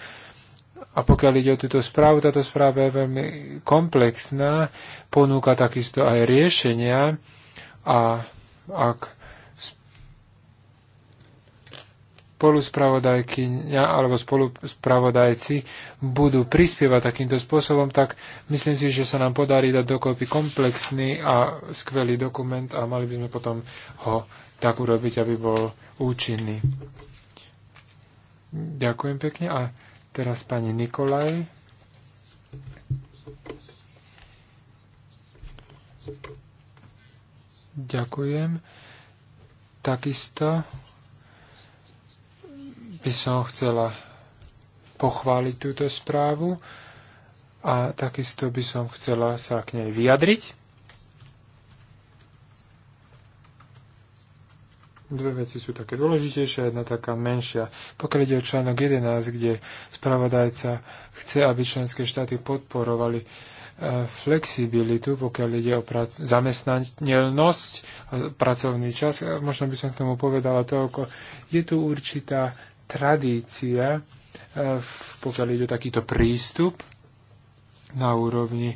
[SPEAKER 4] a pokiaľ ide o túto správu, táto správa je veľmi komplexná, ponúka takisto aj riešenia a ak spoluspravodajky alebo spoluspravodajci budú prispievať takýmto spôsobom, tak myslím si, že sa nám podarí dať dokopy komplexný a skvelý dokument a mali by sme potom ho tak urobiť, aby bol účinný. Ďakujem pekne a Teraz pani Nikolaj. Ďakujem. Takisto by som chcela pochváliť túto správu a takisto by som chcela sa k nej vyjadriť. dve veci sú také dôležitejšie, jedna taká menšia. Pokiaľ ide o článok 11, kde spravodajca chce, aby členské štáty podporovali e, flexibilitu, pokiaľ ide o prac- a e, pracovný čas. E, možno by som k tomu povedala toľko. Je tu určitá tradícia, pokiaľ ide o takýto prístup na úrovni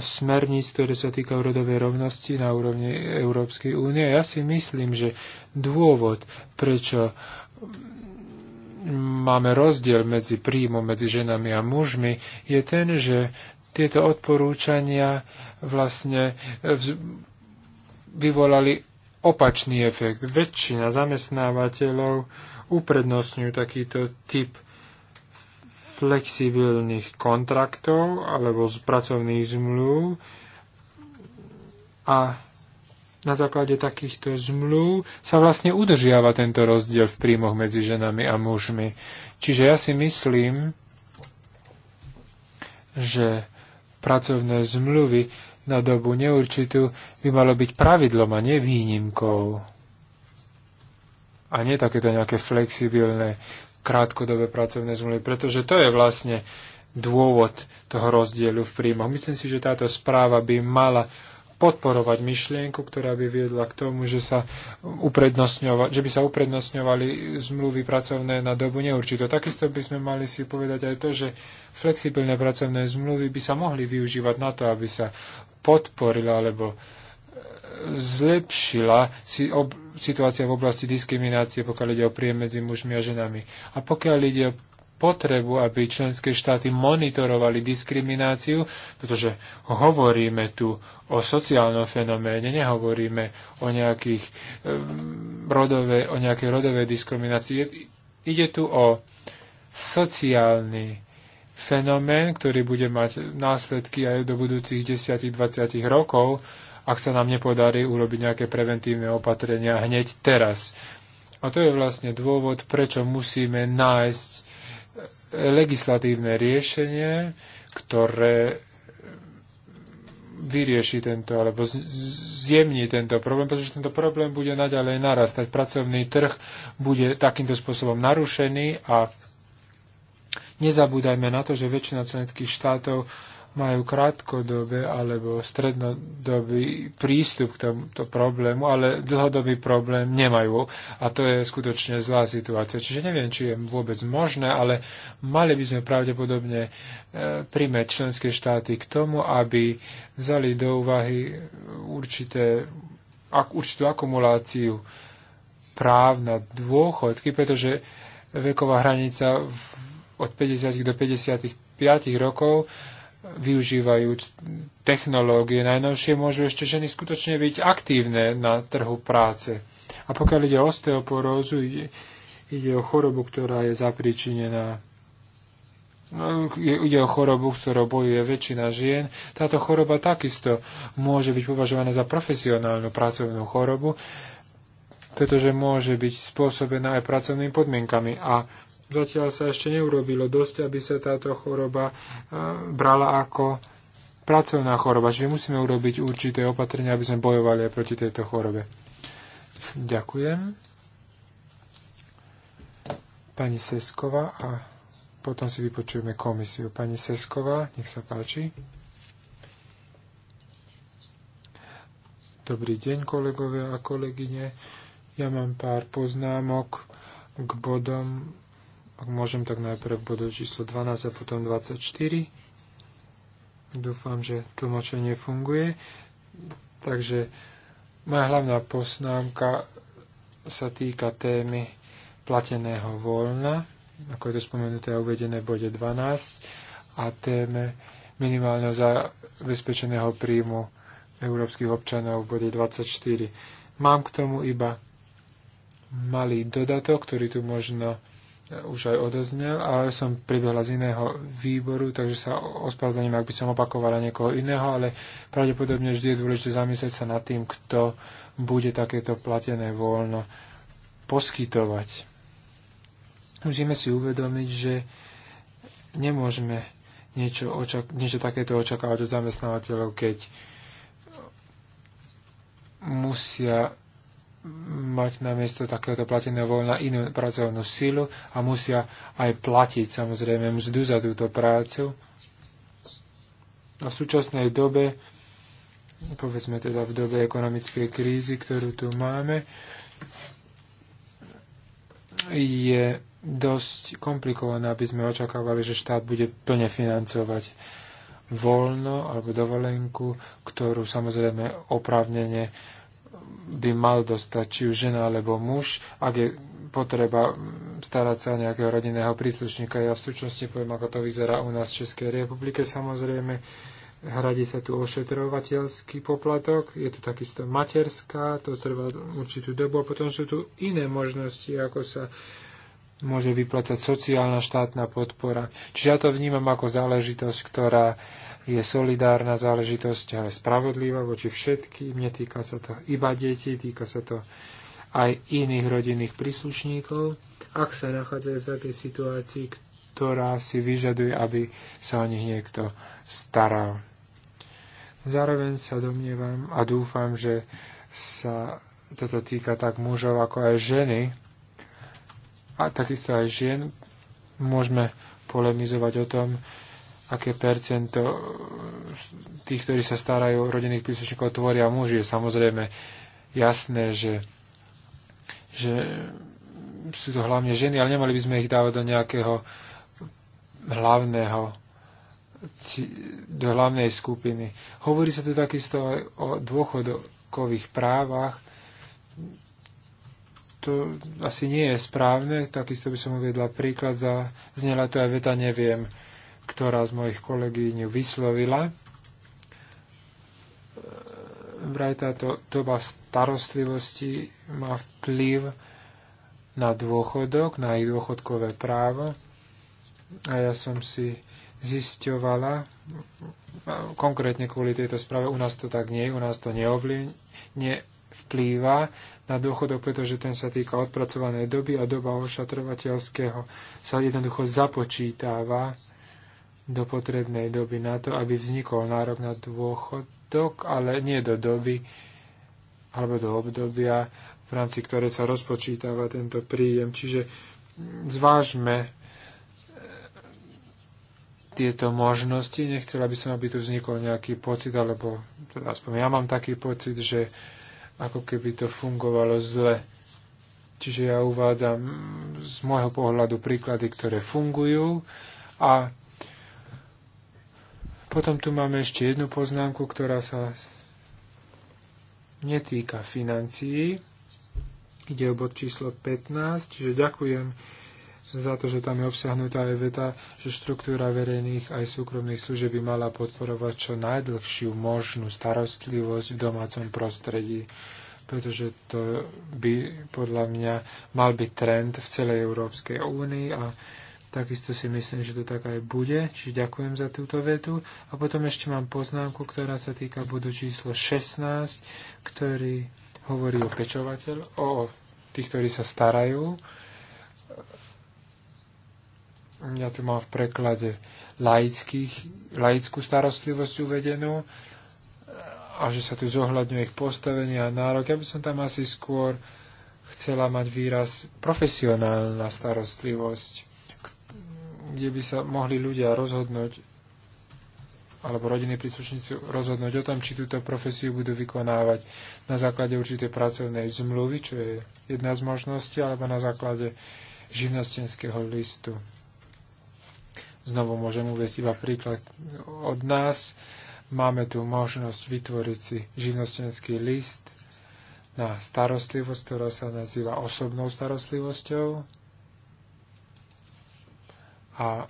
[SPEAKER 4] smerníc, ktoré sa týkajú rodovej rovnosti na úrovni Európskej únie. Ja si myslím, že dôvod, prečo máme rozdiel medzi príjmom medzi ženami a mužmi, je ten, že tieto odporúčania vlastne vyvolali opačný efekt. Väčšina zamestnávateľov uprednostňujú takýto typ flexibilných kontraktov alebo z pracovných zmluv a na základe takýchto zmluv sa vlastne udržiava tento rozdiel v príjmoch medzi ženami a mužmi. Čiže ja si myslím, že pracovné zmluvy na dobu neurčitú by malo byť pravidlom a nie výnimkou. A nie takéto nejaké flexibilné krátkodobé pracovné zmluvy, pretože to je vlastne dôvod toho rozdielu v príjmoch. Myslím si, že táto správa by mala podporovať myšlienku, ktorá by viedla k tomu, že, sa že by sa uprednostňovali zmluvy pracovné na dobu neurčito. Takisto by sme mali si povedať aj to, že flexibilné pracovné zmluvy by sa mohli využívať na to, aby sa podporila alebo uh, zlepšila si ob, situácia v oblasti diskriminácie, pokiaľ ide o príjem medzi mužmi a ženami. A pokiaľ ide o potrebu, aby členské štáty monitorovali diskrimináciu, pretože hovoríme tu o sociálnom fenoméne, nehovoríme o, nejakých, um, rodové, o nejakej rodovej diskriminácii. Ide tu o sociálny fenomén, ktorý bude mať následky aj do budúcich 10-20 rokov ak sa nám nepodarí urobiť nejaké preventívne opatrenia hneď teraz. A to je vlastne dôvod, prečo musíme nájsť eh, legislatívne riešenie, ktoré vyrieši tento alebo zjemní tento problém, pretože tento problém bude naďalej narastať. Pracovný trh bude takýmto spôsobom narušený a nezabúdajme na to, že väčšina členských štátov majú krátkodobé alebo strednodobý prístup k tomuto problému, ale dlhodobý problém nemajú. A to je skutočne zlá situácia. Čiže neviem, či je vôbec možné, ale mali by sme pravdepodobne e, primeť členské štáty k tomu, aby vzali do úvahy určité, ak, určitú akumuláciu práv na dôchodky, pretože veková hranica od 50 do 55 rokov využívajú technológie najnovšie, môžu ešte ženy skutočne byť aktívne na trhu práce. A pokiaľ ide o osteoporózu, ide, ide o chorobu, ktorá je zapríčinená No, ide o chorobu, s ktorou bojuje väčšina žien. Táto choroba takisto môže byť považovaná za profesionálnu pracovnú chorobu, pretože môže byť spôsobená aj pracovnými podmienkami. A Zatiaľ sa ešte neurobilo dosť, aby sa táto choroba brala ako pracovná choroba, čiže musíme urobiť určité opatrenia, aby sme bojovali aj proti tejto chorobe. Ďakujem. Pani Sesková a potom si vypočujeme komisiu. Pani Sesková, nech sa páči. Dobrý deň, kolegovia a kolegyne. Ja mám pár poznámok k bodom ak môžem, tak najprv bodu číslo 12 a potom 24. Dúfam, že tlmočenie funguje. Takže moja hlavná poznámka sa týka témy plateného voľna, ako je to spomenuté a uvedené v bode 12, a téme minimálneho zabezpečeného príjmu európskych občanov v bode 24. Mám k tomu iba malý dodatok, ktorý tu možno už aj odeznel, ale som pribehla z iného výboru, takže sa ospravedlňujem, ak by som opakovala niekoho iného, ale pravdepodobne vždy je dôležité zamyslieť sa nad tým, kto bude takéto platené voľno poskytovať. Musíme si uvedomiť, že nemôžeme niečo, očak- niečo takéto očakávať od zamestnávateľov, keď musia mať namiesto takéhoto plateného voľna inú pracovnú silu a musia aj platiť samozrejme mzdu za túto prácu. A v súčasnej dobe, povedzme teda v dobe ekonomickej krízy, ktorú tu máme, je dosť komplikované, aby sme očakávali, že štát bude plne financovať voľno alebo dovolenku, ktorú samozrejme oprávnene by mal dostať či už žena alebo muž, ak je potreba starať sa o nejakého rodinného príslušníka. Ja v súčasnosti poviem, ako to vyzerá u nás v Českej republike. Samozrejme, hradí sa tu ošetrovateľský poplatok, je tu takisto materská, to trvá určitú dobu a potom sú tu iné možnosti, ako sa môže vyplácať sociálna štátna podpora. Čiže ja to vnímam ako záležitosť, ktorá je solidárna záležitosť, ale spravodlivá voči všetkým. Netýka sa to iba detí, týka sa to aj iných rodinných príslušníkov, ak sa nachádzajú v takej situácii, ktorá si vyžaduje, aby sa o nich niekto staral. Zároveň sa domnievam a dúfam, že sa toto týka tak mužov ako aj ženy a takisto aj žien môžeme polemizovať o tom, aké percento tých, ktorí sa starajú o rodinných príslušníkov, tvoria muži. Je samozrejme jasné, že, že sú to hlavne ženy, ale nemali by sme ich dávať do nejakého hlavného do hlavnej skupiny. Hovorí sa tu takisto aj o dôchodkových právach. To asi nie je správne, takisto by som uviedla príklad za znela to aj veta neviem ktorá z mojich kolegyň vyslovila. Vraj táto doba starostlivosti má vplyv na dôchodok, na ich dôchodkové právo. A ja som si zisťovala, konkrétne kvôli tejto správe, u nás to tak nie, u nás to nevplýva na dôchodok, pretože ten sa týka odpracovanej doby a doba ošatrovateľského sa jednoducho započítava do potrebnej doby na to, aby vznikol nárok na dôchodok, ale nie do doby alebo do obdobia, v rámci ktoré sa rozpočítava tento príjem. Čiže zvážme e, tieto možnosti. Nechcela by som, aby tu vznikol nejaký pocit, alebo teda aspoň ja mám taký pocit, že ako keby to fungovalo zle. Čiže ja uvádzam z môjho pohľadu príklady, ktoré fungujú a potom tu máme ešte jednu poznámku, ktorá sa netýka financií. Ide o bod číslo 15, čiže ďakujem za to, že tam je obsiahnutá aj veta, že štruktúra verejných aj súkromných služeb by mala podporovať čo najdlhšiu možnú starostlivosť v domácom prostredí pretože to by podľa mňa mal byť trend v celej Európskej únii a Takisto si myslím, že to tak aj bude, čiže ďakujem za túto vetu. A potom ešte mám poznámku, ktorá sa týka bodu číslo 16, ktorý hovorí o pečovateľ, o tých, ktorí sa starajú. Ja tu mám v preklade laických, laickú starostlivosť uvedenú a že sa tu zohľadňuje ich postavenie a nárok. Ja by som tam asi skôr chcela mať výraz profesionálna starostlivosť kde by sa mohli ľudia rozhodnúť, alebo rodinní príslušníci rozhodnúť o tom, či túto profesiu budú vykonávať na základe určitej pracovnej zmluvy, čo je jedna z možností, alebo na základe živnostenského listu. Znovu môžem uvieť iba príklad od nás. Máme tu možnosť vytvoriť si živnostenský list na starostlivosť, ktorá sa nazýva osobnou starostlivosťou a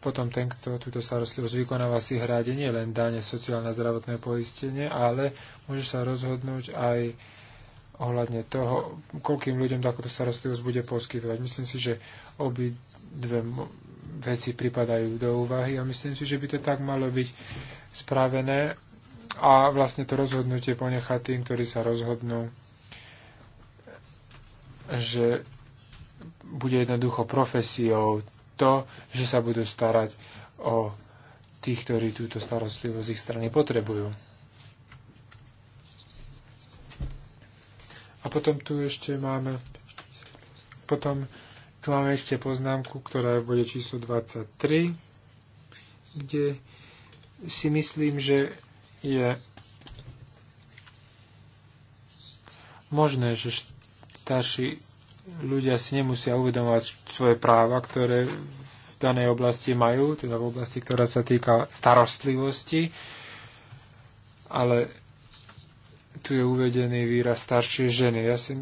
[SPEAKER 4] potom ten, kto túto starostlivosť vykonáva, si hráde nie len dane, sociálne a zdravotné poistenie, ale môže sa rozhodnúť aj ohľadne toho, koľkým ľuďom takúto starostlivosť bude poskytovať. Myslím si, že obi dve veci pripadajú do úvahy a myslím si, že by to tak malo byť spravené a vlastne to rozhodnutie ponechať tým, ktorí sa rozhodnú, že bude jednoducho profesiou to, že sa budú starať o tých, ktorí túto starostlivosť z ich strany potrebujú. A potom tu ešte máme potom tu máme ešte poznámku, ktorá bude číslo 23, kde si myslím, že je možné, že starší ľudia si nemusia uvedomovať svoje práva, ktoré v danej oblasti majú, teda v oblasti, ktorá sa týka starostlivosti, ale tu je uvedený výraz staršie ženy. Ja si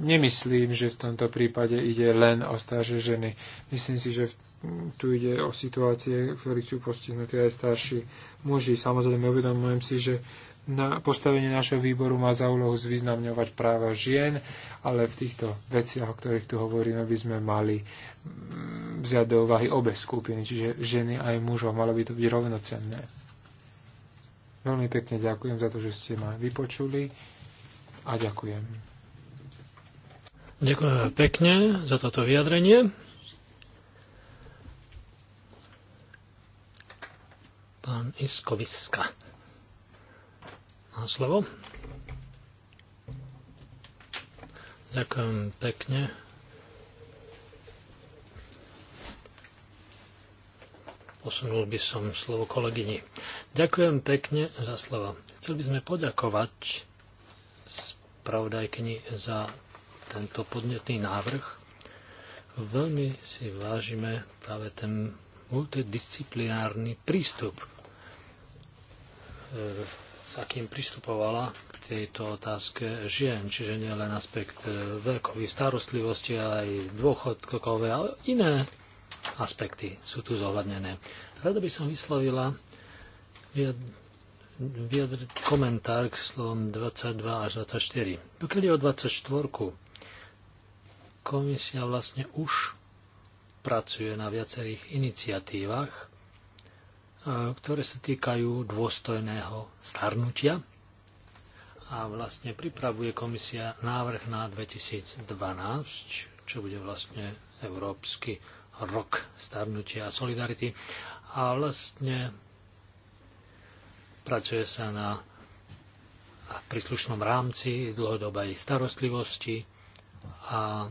[SPEAKER 4] nemyslím, že v tomto prípade ide len o staršie ženy. Myslím si, že tu ide o situácie, v ktorých sú postihnutí aj starší muži. Samozrejme, uvedomujem si, že na postavenie našho výboru má za úlohu zvýznamňovať práva žien, ale v týchto veciach, o ktorých tu hovoríme, by sme mali mm, vziať do úvahy obe skupiny, čiže ženy aj mužov, malo by to byť rovnocenné. Veľmi pekne ďakujem za to, že ste ma vypočuli a ďakujem. Ďakujem pekne za toto vyjadrenie. Pán
[SPEAKER 2] Iskoviska má slovo. Ďakujem pekne. Posunul by som slovo kolegyni. Ďakujem pekne za slovo. Chcel by sme poďakovať spravodajkyni za tento podnetný návrh. Veľmi si vážime práve ten multidisciplinárny prístup v e, s akým pristupovala k tejto otázke žien, čiže nie len aspekt e, veľkovej starostlivosti, ale aj dôchodkové, ale iné aspekty sú tu zohľadnené. Rada by som vyslovila vyjadriť komentár k slovom 22 až 24. Pokiaľ je o 24, komisia vlastne už pracuje na viacerých iniciatívach, ktoré sa týkajú dôstojného starnutia a vlastne pripravuje komisia návrh na 2012, čo bude vlastne Európsky rok starnutia a solidarity a vlastne pracuje sa na príslušnom rámci dlhodobej starostlivosti a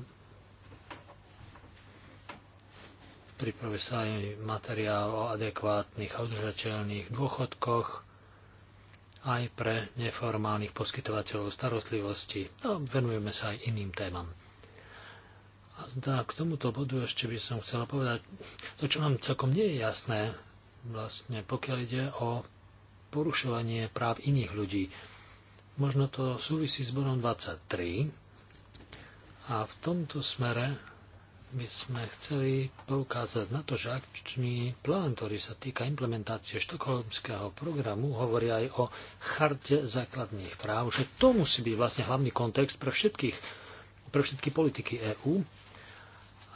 [SPEAKER 2] pripravuje sa aj materiál o adekvátnych a udržateľných dôchodkoch aj pre neformálnych poskytovateľov starostlivosti No venujeme sa aj iným témam. A zda k tomuto bodu ešte by som chcela povedať to, čo nám celkom nie je jasné, vlastne pokiaľ ide o porušovanie práv iných ľudí. Možno to súvisí s bodom 23 a v tomto smere by sme chceli poukázať na to, že akčný plán, ktorý sa týka implementácie štokholmského programu, hovorí aj o charte základných práv, že to musí byť vlastne hlavný kontext pre všetkých, pre všetky politiky EÚ.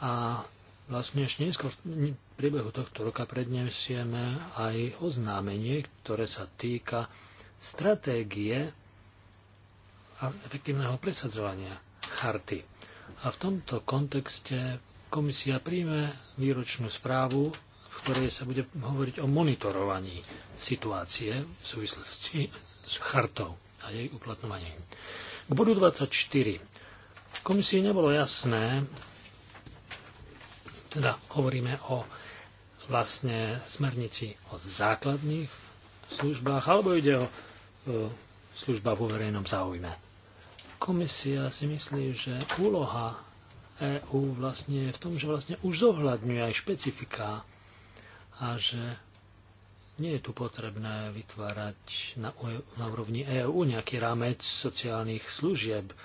[SPEAKER 2] A vlastne ešte neskôr v priebehu tohto roka prednesieme aj oznámenie, ktoré sa týka stratégie a efektívneho presadzovania charty a v tomto kontexte komisia príjme výročnú správu, v ktorej sa bude hovoriť o monitorovaní situácie v súvislosti s chartou a jej uplatňovaním. K bodu 24. Komisii nebolo jasné, teda hovoríme o vlastne smernici o základných službách, alebo ide o e, služba vo verejnom záujme. Komisia si myslí, že úloha EÚ vlastne je v tom, že vlastne už zohľadňuje aj špecifiká a že nie je tu potrebné vytvárať na, na úrovni EÚ nejaký rámec sociálnych služieb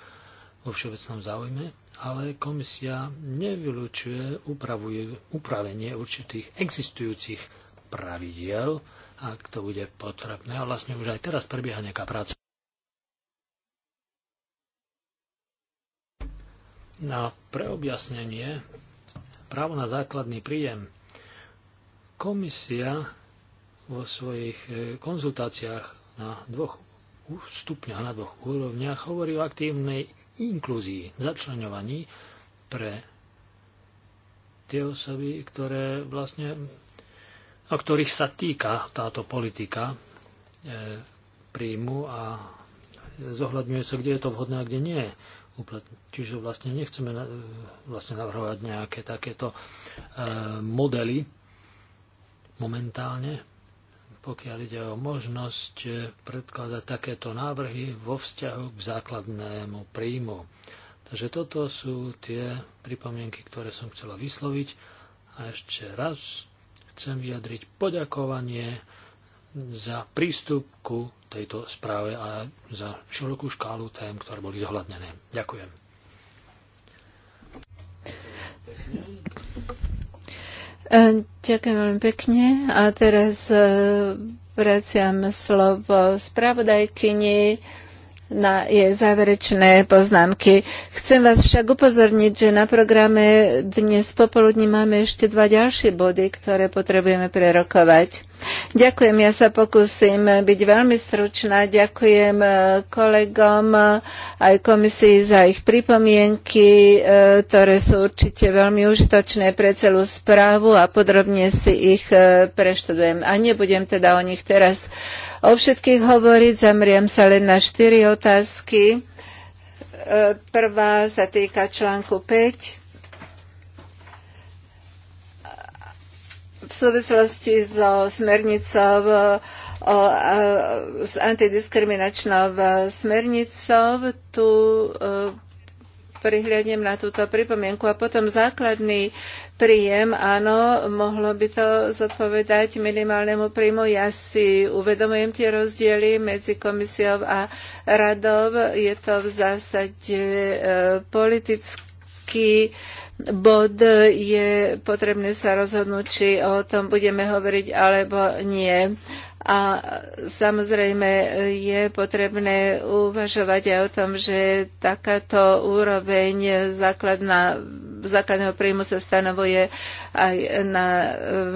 [SPEAKER 2] vo všeobecnom záujme, ale komisia nevylučuje upravuje, upravenie určitých existujúcich pravidiel, ak to bude potrebné. A vlastne už aj teraz prebieha nejaká práca. na preobjasnenie právo na základný príjem. Komisia vo svojich e, konzultáciách na dvoch stupňoch, na dvoch úrovniach hovorí o aktívnej inklúzii, začlenovaní pre tie osoby, ktoré vlastne, o ktorých sa týka táto politika e, príjmu a zohľadňuje sa, kde je to vhodné a kde nie uplatniť. Čiže vlastne nechceme vlastne navrhovať nejaké takéto e, modely momentálne, pokiaľ ide o možnosť e, predkladať takéto návrhy vo vzťahu k základnému príjmu. Takže toto sú tie pripomienky, ktoré som chcela vysloviť a ešte raz chcem vyjadriť poďakovanie za prístup ku tejto správe a za širokú škálu tém, ktoré boli zohľadnené. Ďakujem.
[SPEAKER 3] E, ďakujem veľmi pekne. A teraz e, vraciam slovo spravodajkyni na jej záverečné poznámky. Chcem vás však upozorniť, že na programe dnes popoludní máme ešte dva ďalšie body, ktoré potrebujeme prerokovať. Ďakujem, ja sa pokúsim byť veľmi stručná. Ďakujem e, kolegom e, aj komisii za ich pripomienky, e, ktoré sú určite veľmi užitočné pre celú správu a podrobne si ich preštudujem. A nebudem teda o nich teraz o všetkých hovoriť. zamriem sa len na štyri otázky. E, prvá sa týka článku 5 v súvislosti so smernicou e, o, s antidiskriminačnou e, smernicou tu prihliadnem na túto pripomienku. A potom základný príjem, áno, mohlo by to zodpovedať minimálnemu príjmu. Ja si uvedomujem tie rozdiely medzi komisiou a radov. Je to v zásade e, politický bod je potrebné sa rozhodnúť, či o tom budeme hovoriť alebo nie. A samozrejme je potrebné uvažovať aj o tom, že takáto úroveň základná, základného príjmu sa stanovuje aj na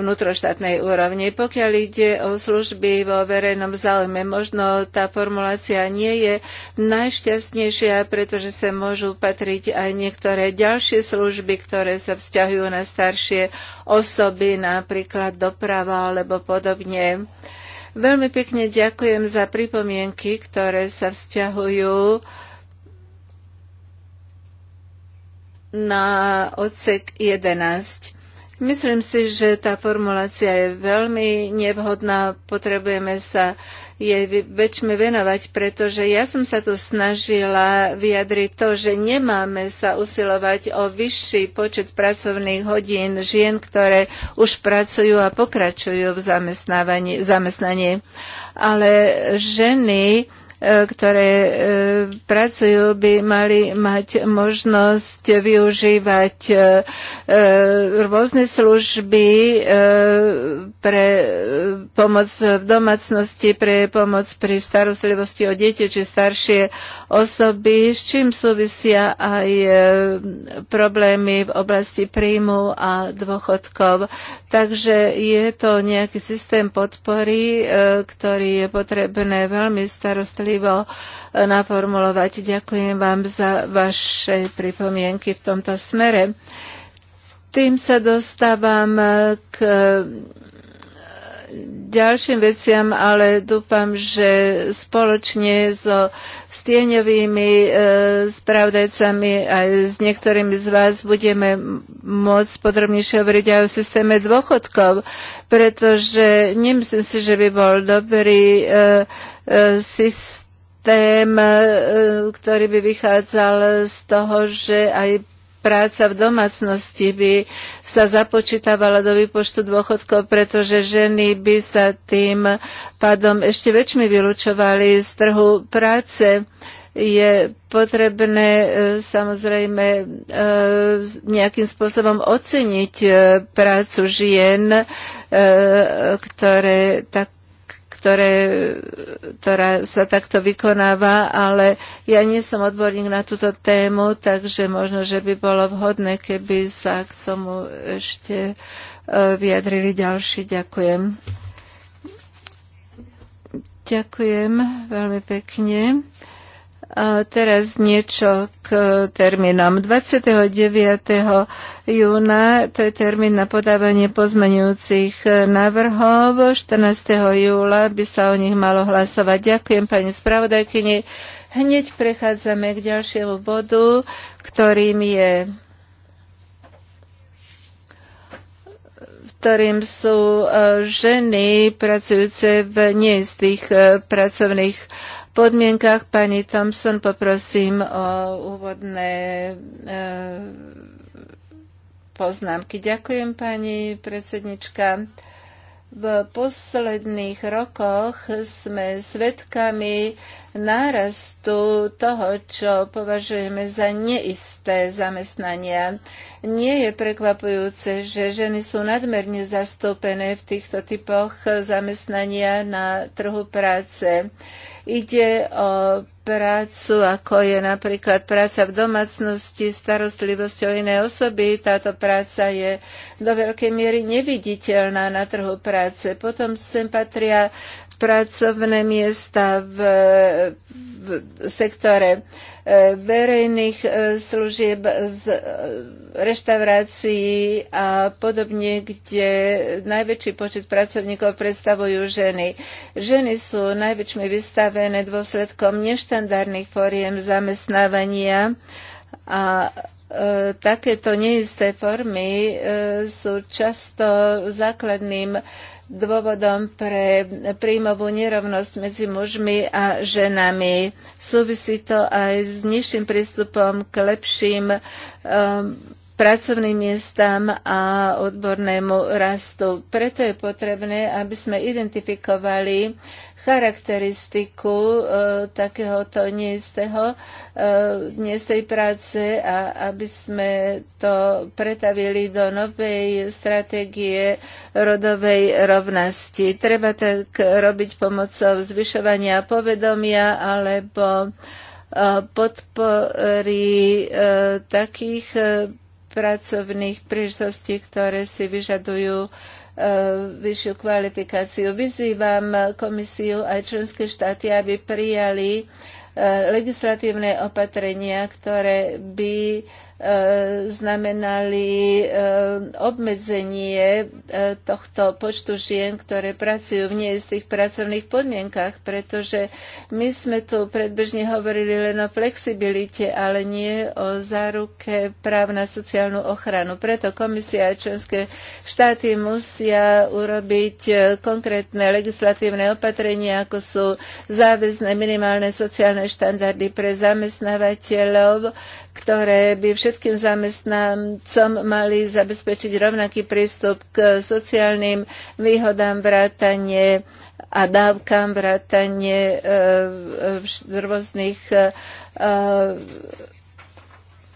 [SPEAKER 3] vnútroštátnej úrovni. Pokiaľ ide o služby vo verejnom záujme, možno tá formulácia nie je najšťastnejšia, pretože sa môžu patriť aj niektoré ďalšie služby, ktoré sa vzťahujú na staršie osoby, napríklad doprava alebo podobne. Veľmi pekne ďakujem za pripomienky, ktoré sa vzťahujú na odsek 11. Myslím si, že tá formulácia je veľmi nevhodná, potrebujeme sa jej väčšmi venovať, pretože ja som sa tu snažila vyjadriť to, že nemáme sa usilovať o vyšší počet pracovných hodín žien, ktoré už pracujú a pokračujú v zamestnaní, ale ženy E, ktoré e, pracujú, by mali mať možnosť využívať e, rôzne služby pre pomoc v domácnosti, pre pomoc pri starostlivosti o dieťa či staršie osoby, s čím súvisia aj problémy v oblasti príjmu a dôchodkov. Takže je to nejaký systém podpory, ktorý je potrebné veľmi starostlivosti trpezlivo eh, naformulovať. Ďakujem vám za vaše pripomienky v tomto smere. Tým sa dostávam eh, k ďalším veciam, ale dúfam, že spoločne so stieňovými e, spravdajcami aj s niektorými z vás budeme môcť podrobnejšie hovoriť aj o systéme dôchodkov, pretože nemyslím si, že by bol dobrý e, e, systém, e, ktorý by vychádzal z toho, že aj práca v domácnosti by sa započítavala do výpočtu dôchodkov, pretože ženy by sa tým pádom ešte väčšmi vylúčovali z trhu práce je potrebné e, samozrejme e, nejakým spôsobom oceniť e, prácu žien, ktoré tak ktoré, ktorá sa takto vykonáva, ale ja nie som odborník na túto tému, takže možno, že by bolo vhodné, keby sa k tomu ešte e, vyjadrili ďalší. Ďakujem. Ďakujem veľmi pekne. A teraz niečo k termínom. 29. júna to je termín na podávanie pozmenujúcich návrhov. 14. júla by sa o nich malo hlasovať. Ďakujem pani spravodajkyni. Hneď prechádzame k ďalšiemu bodu, ktorým je ktorým sú e, ženy pracujúce v neistých e, pracovných podmienkach. Pani Thompson, poprosím o úvodné e, poznámky. Ďakujem, pani predsednička. V posledných rokoch sme svedkami nárastu toho, čo považujeme za neisté zamestnania. Nie je prekvapujúce, že ženy sú nadmerne zastúpené v týchto typoch zamestnania na trhu práce. Ide o prácu, ako je napríklad práca v domácnosti, starostlivosť o iné osoby. Táto práca je do veľkej miery neviditeľná na trhu práce. Potom sem patria pracovné miesta v, v sektore e, verejných e, služieb z e, reštaurácií a podobne, kde najväčší počet pracovníkov predstavujú ženy. Ženy sú najväčšmi vystavené dôsledkom neštandardných foriem zamestnávania a takéto neisté formy sú často základným dôvodom pre príjmovú nerovnosť medzi mužmi a ženami. Súvisí to aj s nižším prístupom k lepším um, pracovným miestam a odbornému rastu. Preto je potrebné, aby sme identifikovali charakteristiku e, takéhoto neistého, e, neistej práce a aby sme to pretavili do novej stratégie rodovej rovnosti. Treba tak robiť pomocou zvyšovania povedomia alebo e, podpory e, takých e, pracovných príležitostí, ktoré si vyžadujú Eh, vyššiu kvalifikáciu. Vyzývam komisiu aj členské štáty, aby prijali eh, legislatívne opatrenia, ktoré by E, znamenali e, obmedzenie e, tohto počtu žien, ktoré pracujú v neistých pracovných podmienkach, pretože my sme tu predbežne hovorili len o flexibilite, ale nie o záruke práv na sociálnu ochranu. Preto komisia a členské štáty musia urobiť konkrétne legislatívne opatrenia, ako sú záväzné minimálne sociálne štandardy pre zamestnávateľov, ktoré by všetkým zamestnancom mali zabezpečiť rovnaký prístup k sociálnym výhodám vrátanie a dávkam vrátanie e, e, rôznych e,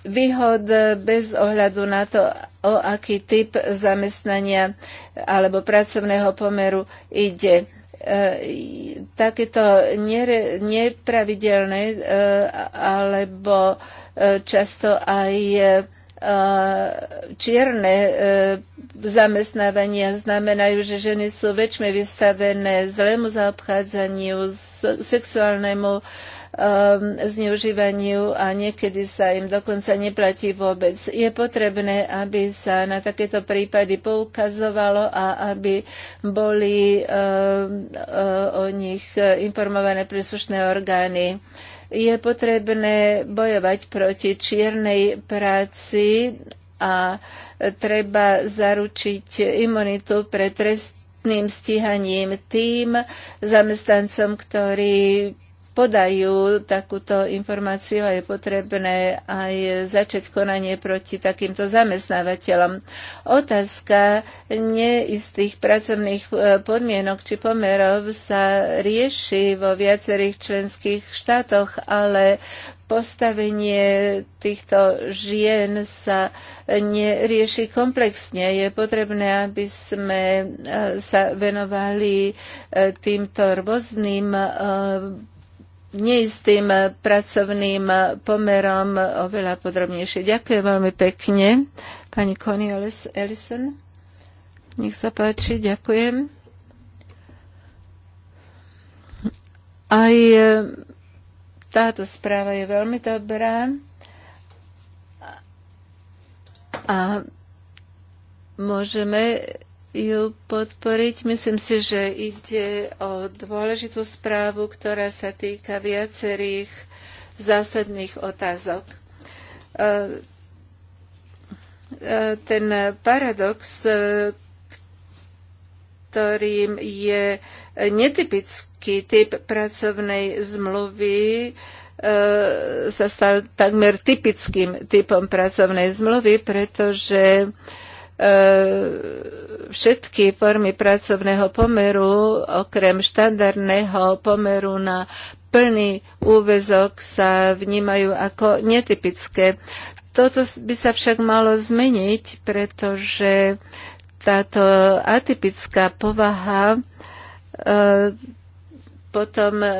[SPEAKER 3] výhod bez ohľadu na to, o aký typ zamestnania alebo pracovného pomeru ide E, takéto nepravidelné e, alebo e, často aj čierne zamestnávania znamenajú, že ženy sú väčšie vystavené zlému zaobchádzaniu, sexuálnemu Um, zneužívaniu a niekedy sa im dokonca neplatí vôbec. Je potrebné, aby sa na takéto prípady poukazovalo a aby boli um, uh, o nich informované príslušné orgány je potrebné bojovať proti čiernej práci a treba zaručiť imunitu pre trestným stíhaním tým zamestnancom, ktorí podajú takúto informáciu a je potrebné aj začať konanie proti takýmto zamestnávateľom. Otázka neistých pracovných e, podmienok či pomerov sa rieši vo viacerých členských štátoch, ale postavenie týchto žien sa nerieši komplexne. Je potrebné, aby sme e, sa venovali e, týmto rôznym neistým pracovným pomerom oveľa podrobnejšie. Ďakujem veľmi pekne. Pani Connie Ellison, nech sa páči, ďakujem. Aj e, táto správa je veľmi dobrá a môžeme ju podporiť. Myslím si, že ide o dôležitú správu, ktorá sa týka viacerých zásadných otázok. E, e, ten paradox, e, ktorým je netypický typ pracovnej zmluvy, sa stal takmer typickým typom pracovnej zmluvy, pretože E, všetky formy pracovného pomeru, okrem štandardného pomeru na plný úvezok, sa vnímajú ako netypické. Toto by sa však malo zmeniť, pretože táto atypická povaha e, potom e,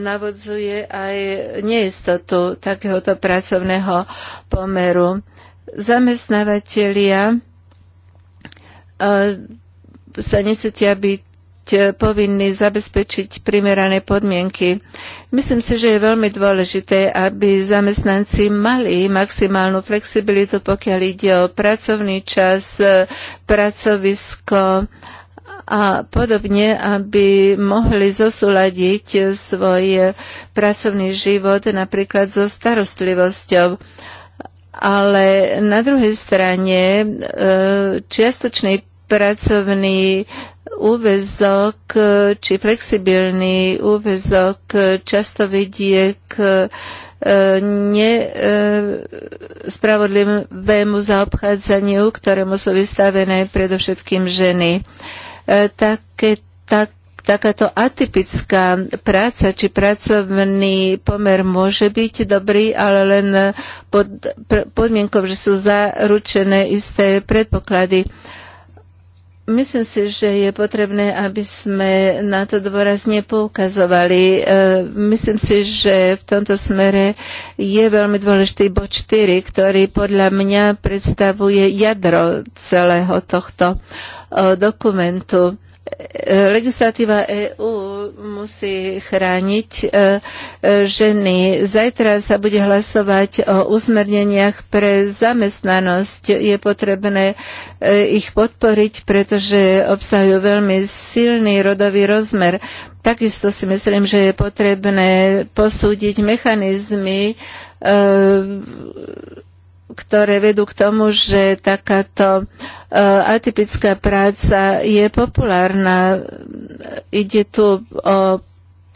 [SPEAKER 3] navodzuje aj neistotu takéhoto pracovného pomeru. Zamestnávateľia sa necítia byť e, povinní zabezpečiť primerané podmienky. Myslím si, že je veľmi dôležité, aby zamestnanci mali maximálnu flexibilitu, pokiaľ ide o pracovný čas, e, pracovisko a podobne, aby mohli zosúľadiť svoj e, pracovný život napríklad so starostlivosťou ale na druhej strane e, čiastočný pracovný úvezok e, či flexibilný úvezok e, často vedie k nespravodlivému zaobchádzaniu, ktorému sú vystavené predovšetkým ženy. Také, tak, takáto atypická práca či pracovný pomer môže byť dobrý, ale len pod podmienkou, že sú zaručené isté predpoklady. Myslím si, že je potrebné, aby sme na to dôrazne poukazovali. E, myslím si, že v tomto smere je veľmi dôležitý bod 4, ktorý podľa mňa predstavuje jadro celého tohto e, dokumentu legislatíva EÚ musí chrániť e, e, ženy. Zajtra sa bude hlasovať o usmerneniach pre zamestnanosť. Je potrebné e, ich podporiť, pretože obsahujú veľmi silný rodový rozmer. Takisto si myslím, že je potrebné posúdiť mechanizmy ktoré vedú k tomu, že takáto eh, atypická práca je populárna. Ide tu o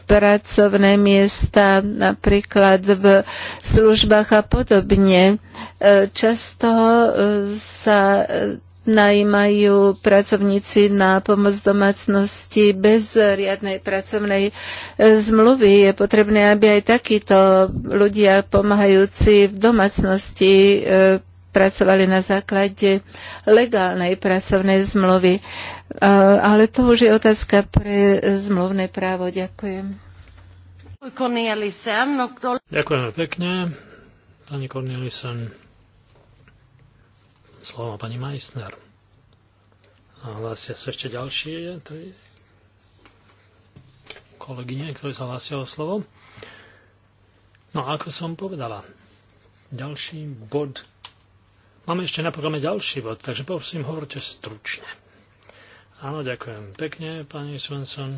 [SPEAKER 3] pracovné miesta, napríklad v službách a podobne. Eh, často eh, sa najímajú pracovníci na pomoc domácnosti bez riadnej pracovnej e, zmluvy. Je potrebné, aby aj takíto ľudia pomáhajúci v domácnosti e, pracovali na základe legálnej pracovnej zmluvy. E, ale to už je otázka pre zmluvné právo. Ďakujem.
[SPEAKER 2] Ďakujeme pekne, pani Cornelisen slovo pani Majsner. A hlásia sa ešte ďalšie tri kolegyne, ktoré sa hlásia o slovo. No a ako som povedala, ďalší bod. Máme ešte na programe ďalší bod, takže prosím, hovorte stručne. Áno, ďakujem pekne, pani Svensson,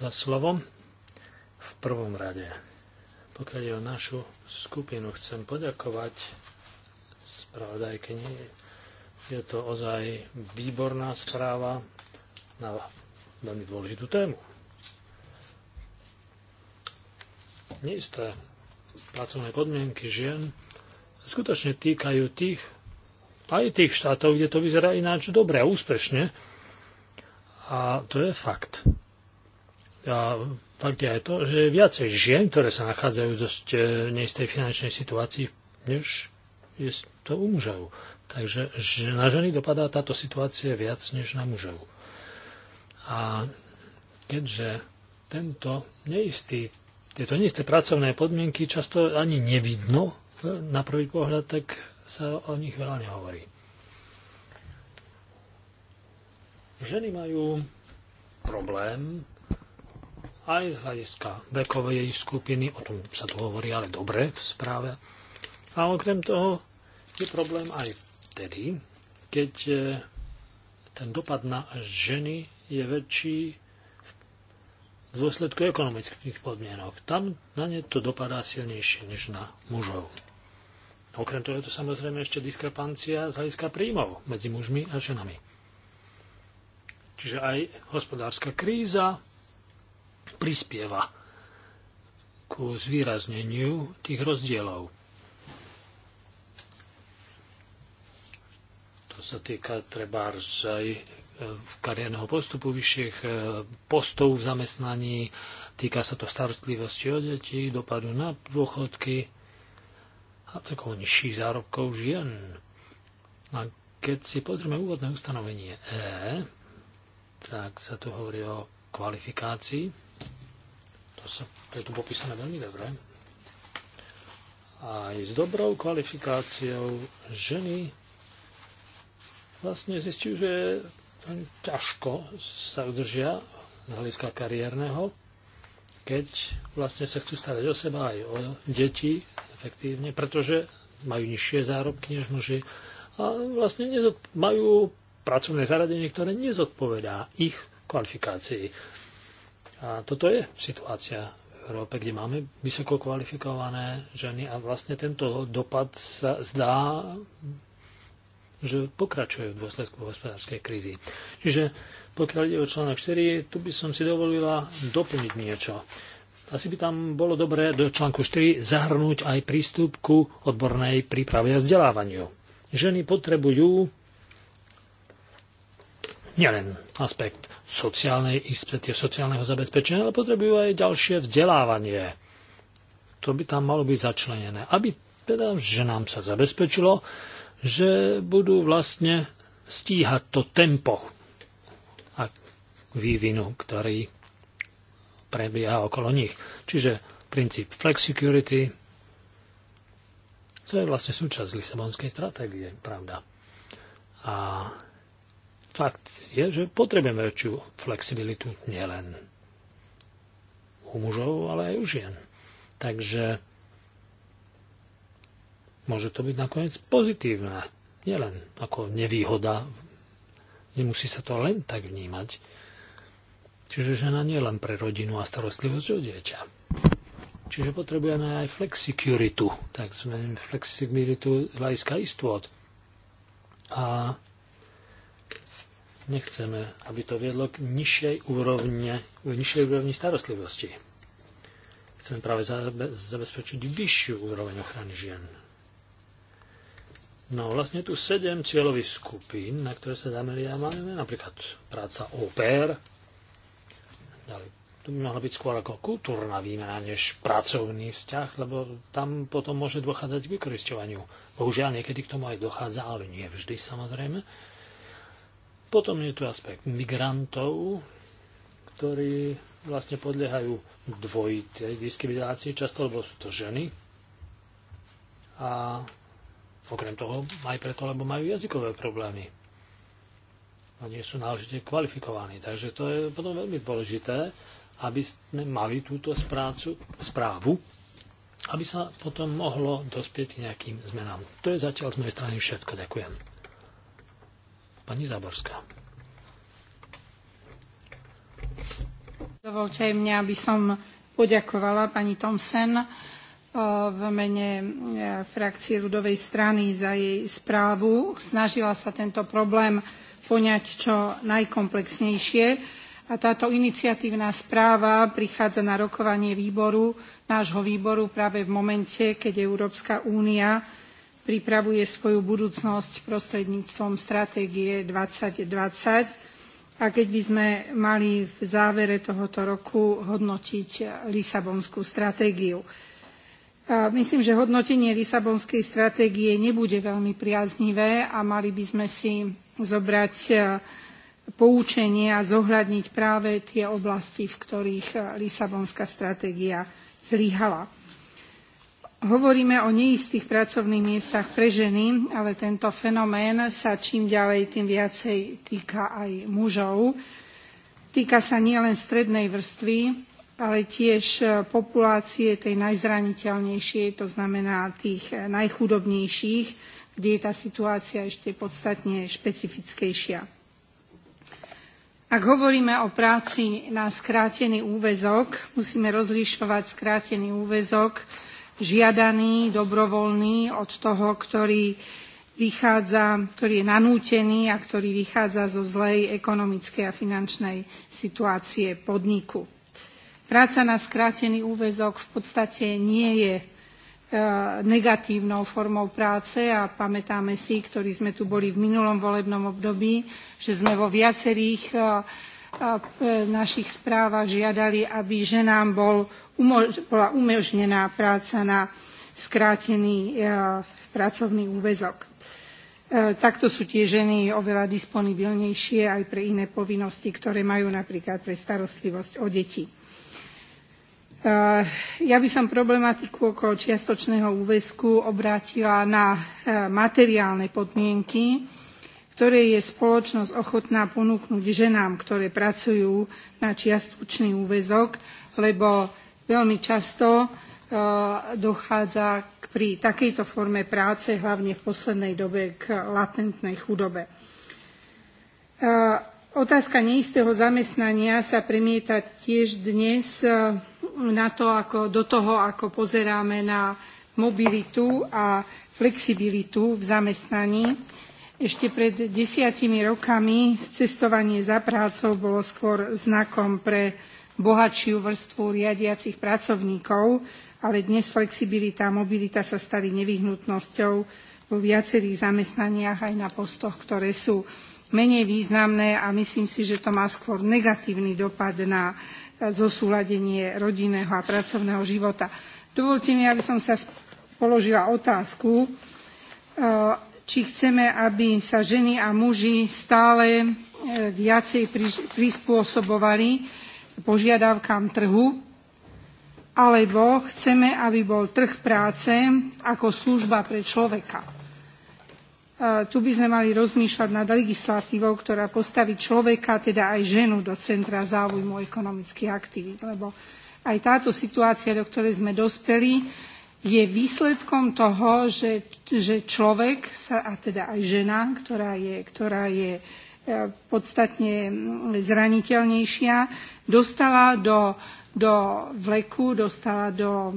[SPEAKER 2] za slovo. V prvom rade, pokiaľ je o našu skupinu, chcem poďakovať spravodajkyni. Je to ozaj výborná správa na veľmi dôležitú tému. Neisté pracovné podmienky žien sa skutočne týkajú tých, aj tých štátov, kde to vyzerá ináč dobre a úspešne. A to je fakt. A fakt je aj to, že je viacej žien, ktoré sa nachádzajú v dosť eh, neistej finančnej situácii, než je to u mužov. Takže na ženy dopadá táto situácia viac než na mužov. A keďže tento neistý, tieto neisté pracovné podmienky často ani nevidno na prvý pohľad, tak sa o nich veľa nehovorí. Ženy majú problém aj z hľadiska vekovej skupiny, o tom sa tu hovorí ale dobre v správe. A okrem toho je problém aj vtedy, keď e, ten dopad na ženy je väčší v dôsledku ekonomických podmienok. Tam na ne to dopadá silnejšie než na mužov. Okrem toho je to samozrejme ešte diskrepancia z hľadiska príjmov medzi mužmi a ženami. Čiže aj hospodárska kríza prispieva ku zvýrazneniu tých rozdielov. čo sa týka treba aj e, kariérneho postupu vyšších e, postov v zamestnaní, týka sa to starostlivosti o deti, dopadu na dôchodky a celkovo nižších zárobkov žien. A keď si pozrieme úvodné ustanovenie E, tak sa tu hovorí o kvalifikácii. To, sa, to je tu popísané veľmi dobre. Aj s dobrou kvalifikáciou ženy vlastne zistil, že ťažko sa udržia z hľadiska kariérneho, keď vlastne sa chcú starať o seba aj o deti efektívne, pretože majú nižšie zárobky než muži a vlastne majú pracovné zaradenie, ktoré nezodpovedá ich kvalifikácii. A toto je situácia v Európe, kde máme vysoko kvalifikované ženy a vlastne tento dopad sa zdá že pokračuje v dôsledku hospodárskej krízy. Čiže pokiaľ ide o článok 4, tu by som si dovolila doplniť niečo. Asi by tam bolo dobré do článku 4 zahrnúť aj prístup ku odbornej príprave a vzdelávaniu. Ženy potrebujú nielen aspekt sociálnej istoty, sociálneho zabezpečenia, ale potrebujú aj ďalšie vzdelávanie. To by tam malo byť začlenené, aby teda ženám sa zabezpečilo, že budú vlastne stíhať to tempo a vývinu, ktorý prebieha okolo nich. Čiže princíp flexicurity, to je vlastne súčasť Lisabonskej stratégie, pravda. A fakt je, že potrebujeme väčšiu flexibilitu nielen u mužov, ale aj u žien. Takže Môže to byť nakoniec pozitívne, nielen ako nevýhoda. Nemusí sa to len tak vnímať. Čiže žena nie len pre rodinu a starostlivosť o dieťa. Čiže potrebujeme aj flexikuritu, takzvanú flexibilitu hľadiska istôt. A nechceme, aby to viedlo k nižšej, úrovne, k nižšej úrovni starostlivosti. Chceme práve zabezpečiť vyššiu úroveň ochrany žien No vlastne tu sedem cieľových skupín, na ktoré sa zameriavame, napríklad práca OPR, ďalej to by mohla byť skôr ako kultúrna výmena než pracovný vzťah, lebo tam potom môže dochádzať k vykoristovaniu. Bohužiaľ, niekedy k tomu aj dochádza, ale nie vždy samozrejme. Potom je tu aspekt migrantov, ktorí vlastne podliehajú dvojitej diskriminácii často, lebo sú to ženy. A Okrem toho aj preto, lebo majú jazykové problémy. A nie sú náležite kvalifikovaní. Takže to je potom veľmi dôležité, aby sme mali túto správcu, správu, aby sa potom mohlo dospieť k nejakým zmenám. To je zatiaľ z mojej strany všetko. Ďakujem. Pani Záborská.
[SPEAKER 5] Dovolte mňa, aby som poďakovala pani Thomsen v mene e, frakcie ľudovej strany za jej správu. Snažila sa tento problém poňať čo najkomplexnejšie a táto iniciatívna správa prichádza na rokovanie výboru, nášho výboru práve v momente, keď Európska únia pripravuje svoju budúcnosť prostredníctvom stratégie 2020 a keď by sme mali v závere tohoto roku hodnotiť Lisabonskú stratégiu. Myslím, že hodnotenie Lisabonskej stratégie nebude veľmi priaznivé a mali by sme si zobrať e, poučenie a zohľadniť práve tie oblasti, v ktorých e, Lisabonská stratégia zlyhala. Hovoríme o neistých pracovných miestach pre ženy, ale tento fenomén sa čím ďalej tým viacej týka aj mužov. Týka sa nielen strednej vrstvy, ale tiež e, populácie tej najzraniteľnejšej, to znamená tých e, najchudobnejších, kde je tá situácia ešte podstatne špecifickejšia. Ak hovoríme o práci na skrátený úväzok, musíme rozlišovať skrátený úväzok žiadaný, dobrovoľný od toho, ktorý, vychádza, ktorý je nanútený a ktorý vychádza zo zlej ekonomickej a finančnej situácie podniku Práca na skrátený úväzok v podstate nie je e, negatívnou formou práce a pamätáme si, ktorí sme tu boli v minulom volebnom období, že sme vo viacerých e, e, našich správach žiadali, aby ženám bol, bola umožnená práca na skrátený pracovný úväzok. Takto sú tie ženy oveľa disponibilnejšie aj pre iné povinnosti, ktoré majú napríklad pre starostlivosť o deti Eh, ja by som problematiku okolo čiastočného úväzku obrátila na eh, materiálne podmienky, ktoré je spoločnosť ochotná ponúknuť ženám, ktoré pracujú na čiastočný úväzok, lebo veľmi často eh, dochádza pri takejto forme práce, hlavne v poslednej dobe, k latentnej chudobe. Otázka neistého zamestnania sa premieta tiež dnes na to, ako, do toho, ako pozeráme na mobilitu a flexibilitu v zamestnaní. Ešte pred desiatimi rokami cestovanie za prácou bolo skôr znakom pre bohatšiu vrstvu riadiacich pracovníkov, ale dnes flexibilita a mobilita sa stali nevyhnutnosťou vo viacerých zamestnaniach aj na postoch, ktoré sú menej významné a myslím si, že to má skôr negatívny dopad na zosúladenie rodinného a pracovného života. Dovolte mi, aby som sa položila otázku, e, či chceme, aby sa ženy a muži stále e, viacej prispôsobovali požiadavkám trhu, alebo chceme, aby bol trh práce ako služba pre človeka tu by sme mali rozmýšľať nad legislatívou, ktorá postaví človeka, teda aj ženu, do centra záujmu ekonomických aktivít. Lebo aj táto situácia, do ktorej sme dospeli, je výsledkom toho, že, že človek, sa, a teda aj žena, ktorá je, ktorá je e, podstatne zraniteľnejšia, dostala do, do vleku, dostala do e,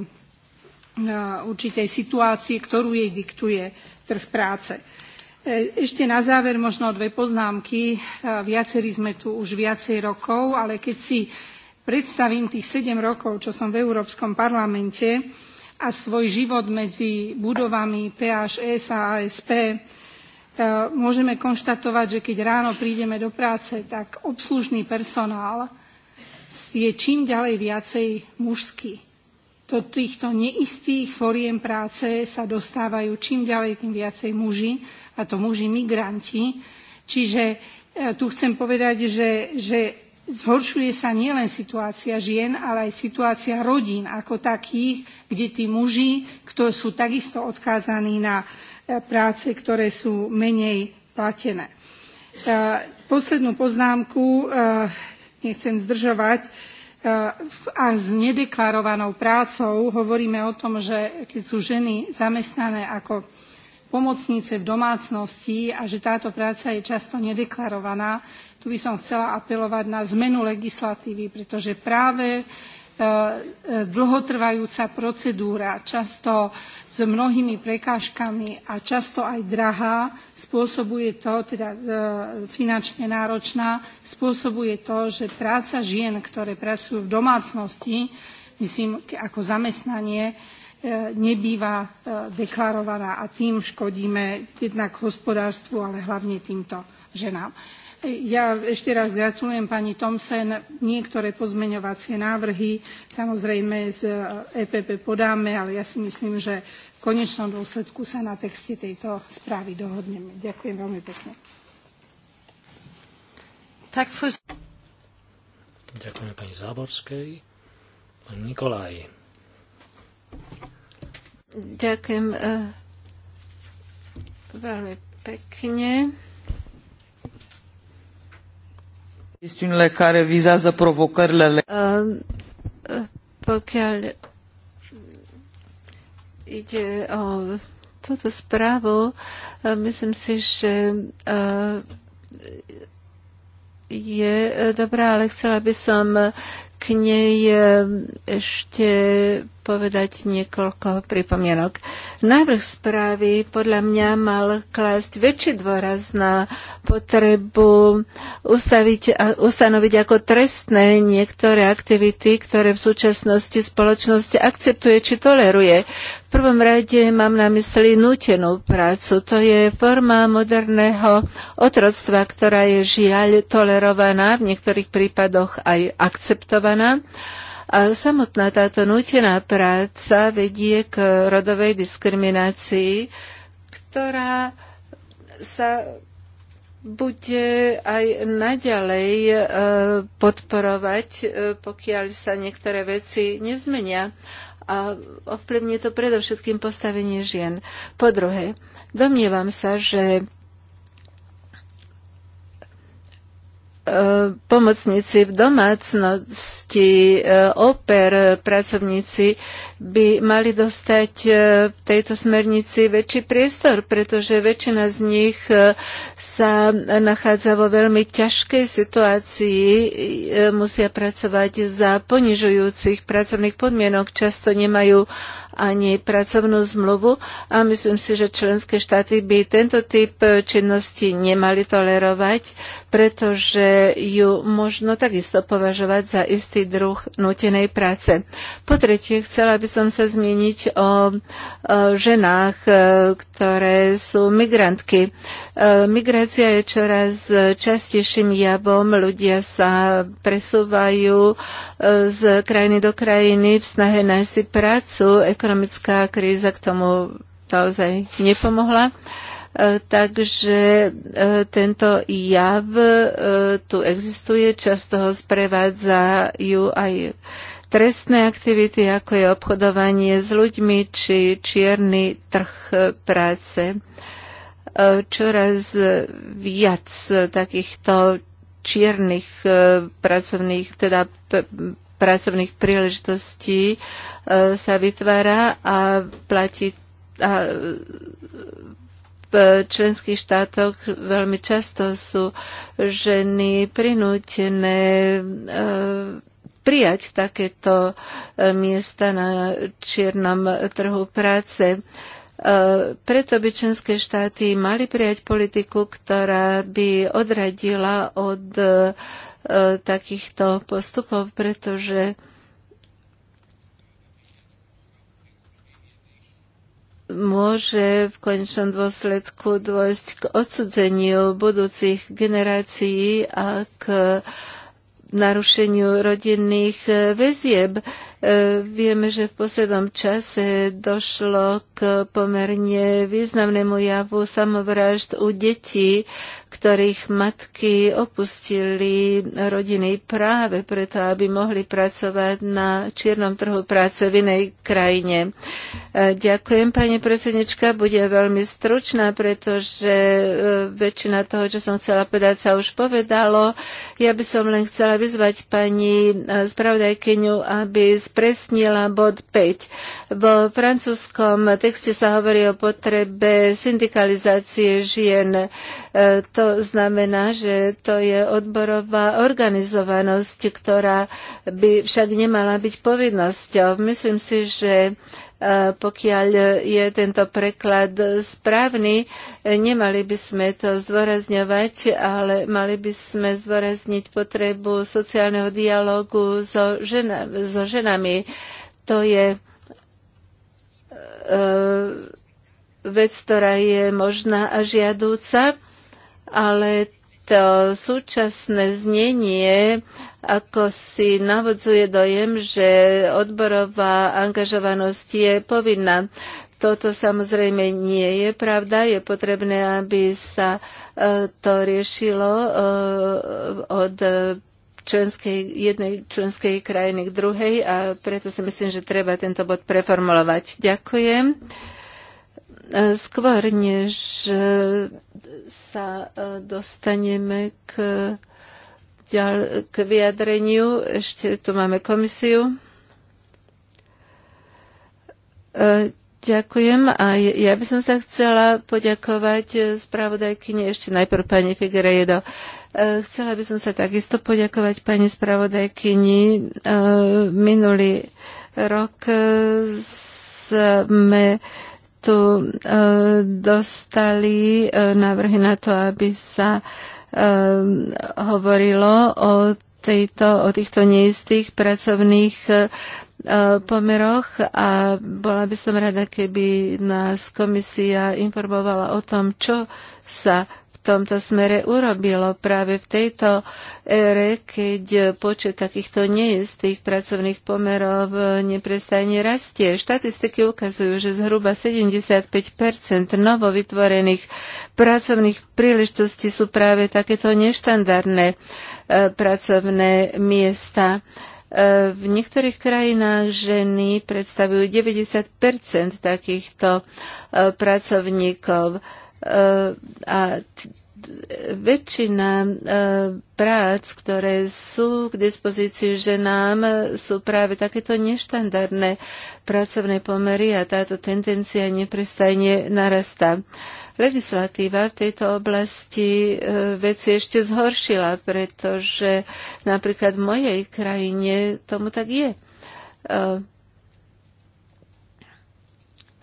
[SPEAKER 5] určitej situácie, ktorú jej diktuje trh práce E, ešte na záver možno dve poznámky. E, viacerí sme tu už viacej rokov, ale keď si predstavím tých sedem rokov, čo som v Európskom parlamente a svoj život medzi budovami PHS a ASP, e, môžeme konštatovať, že keď ráno prídeme do práce, tak obslužný personál je čím ďalej viacej mužský do týchto neistých foriem práce sa dostávajú čím ďalej, tým viacej muži, a to muži migranti. Čiže e, tu chcem povedať, že, že zhoršuje sa nielen situácia žien, ale aj situácia rodín ako takých, kde tí muži, ktorí sú takisto odkázaní na e, práce, ktoré sú menej platené. E, poslednú poznámku, nechcem zdržovať, E, a s nedeklarovanou prácou. Hovoríme o tom, že keď sú ženy zamestnané ako pomocnice v domácnosti a že táto práca je často nedeklarovaná, tu by som chcela apelovať na zmenu legislatívy, pretože práve E, e, dlhotrvajúca procedúra, často s mnohými prekážkami a často aj drahá, spôsobuje to, teda e, finančne náročná, spôsobuje to, že práca žien, ktoré pracujú v domácnosti, myslím, ako zamestnanie, nebýva deklarovaná a tým škodíme jednak hospodárstvu, ale hlavne týmto ženám. Ja ešte raz gratulujem pani Thomsen. Niektoré pozmeňovacie návrhy samozrejme z EPP podáme, ale ja si myslím, že v konečnom dôsledku sa na texte tejto správy dohodneme. Ďakujem veľmi pekne.
[SPEAKER 2] Ďakujem pani Záborskej. Pán Nikolaj.
[SPEAKER 3] Ďakujem eh, veľmi pekne.
[SPEAKER 2] Chestiunile care vizează provocările. Ehm,
[SPEAKER 3] eh, pokiaľ ide o túto správu, eh, myslím si, že eh, je dobrá, ale chcela by som k nej ešte povedať niekoľko pripomienok. Návrh správy podľa mňa mal klásť väčší dôraz na potrebu ustaviť, ustanoviť ako trestné niektoré aktivity, ktoré v súčasnosti spoločnosť akceptuje či toleruje. V prvom rade mám na mysli nutenú prácu. To je forma moderného otroctva, ktorá je žiaľ tolerovaná, v niektorých prípadoch aj akceptovaná. A samotná táto nutená práca vedie k rodovej diskriminácii, ktorá sa bude aj naďalej e, podporovať, e, pokiaľ sa niektoré veci nezmenia. A ovplyvní to predovšetkým postavenie žien. Po druhé, domnievam sa, že E, pomocníci v domácnosti, e, oper, pracovníci by mali dostať e, v tejto smernici väčší priestor, pretože väčšina z nich sa nachádza vo veľmi ťažkej situácii, musia pracovať za ponižujúcich pracovných podmienok, často nemajú ani pracovnú zmluvu a myslím si, že členské štáty by tento typ činnosti nemali tolerovať, pretože ju možno takisto považovať za istý druh nutenej práce. Po tretie, chcela by som sa zmieniť o, o ženách, e, ktoré sú migrantky. E, migrácia je čoraz častejším javom, ľudia sa presúvajú e, z krajiny do krajiny v snahe nájsť si prácu, ekonomická kríza k tomu naozaj nepomohla. E, takže e, tento jav e, tu existuje, často ho sprevádzajú aj trestné aktivity, ako je obchodovanie s ľuďmi či čierny trh práce. Čoraz viac takýchto čiernych pracovných, teda pracovných príležitostí e, sa vytvára a platí a v členských štátoch veľmi často sú ženy prinútené e, prijať takéto e, miesta na čiernom trhu práce. Preto by členské štáty mali prijať politiku, ktorá by odradila od takýchto postupov, pretože môže v konečnom dôsledku dôjsť k odsudzeniu budúcich generácií a k narušeniu rodinných väzieb. E, vieme, že v poslednom čase došlo k pomerne významnému javu samovražd u detí, ktorých matky opustili rodiny práve preto, aby mohli pracovať na čiernom trhu práce v inej krajine. E, ďakujem, pani predsednička, bude veľmi stručná, pretože e, väčšina toho, čo som chcela povedať, sa už povedalo. Ja by som len chcela vyzvať pani spravodajkyňu, aby spresnila bod 5. Vo francúzskom texte sa hovorí o potrebe syndikalizácie žien. E, to znamená, že to je odborová organizovanosť, ktorá by však nemala byť povinnosťou. Myslím si, že pokiaľ je tento preklad správny, nemali by sme to zdôrazňovať, ale mali by sme zdôrazniť potrebu sociálneho dialogu so, žena, so ženami. To je e, vec, ktorá je možná a žiadúca, ale to súčasné znenie ako si navodzuje dojem, že odborová angažovanosť je povinná. Toto samozrejme nie je pravda. Je potrebné, aby sa e, to riešilo e, od členskej, jednej členskej krajiny k druhej a preto si myslím, že treba tento bod preformulovať. Ďakujem. Skôr než e, sa e, dostaneme k, k vyjadreniu, ešte tu máme komisiu. E, ďakujem a ja by som sa chcela poďakovať spravodajkyni ešte najprv pani Figueredo. Chcela by som sa takisto poďakovať pani spravodajkyni. Minulý rok sme tu e, dostali e, návrhy na to, aby sa e, hovorilo o, tejto, o týchto neistých pracovných pomeroch a bola by som rada, keby nás komisia informovala o tom, čo sa tomto smere urobilo práve v tejto ére, keď počet takýchto neistých pracovných pomerov neprestajne rastie. Štatistiky ukazujú, že zhruba 75 novovytvorených pracovných príležitostí sú práve takéto neštandardné e, pracovné miesta. E, v niektorých krajinách ženy predstavujú 90 takýchto e, pracovníkov. Eh, a väčšina eh, prác, ktoré sú k dispozícii ženám, sú práve takéto neštandardné pracovné pomery a táto tendencia neprestajne narastá. Legislatíva v tejto oblasti eh, veci ešte zhoršila, pretože napríklad v mojej krajine tomu tak je.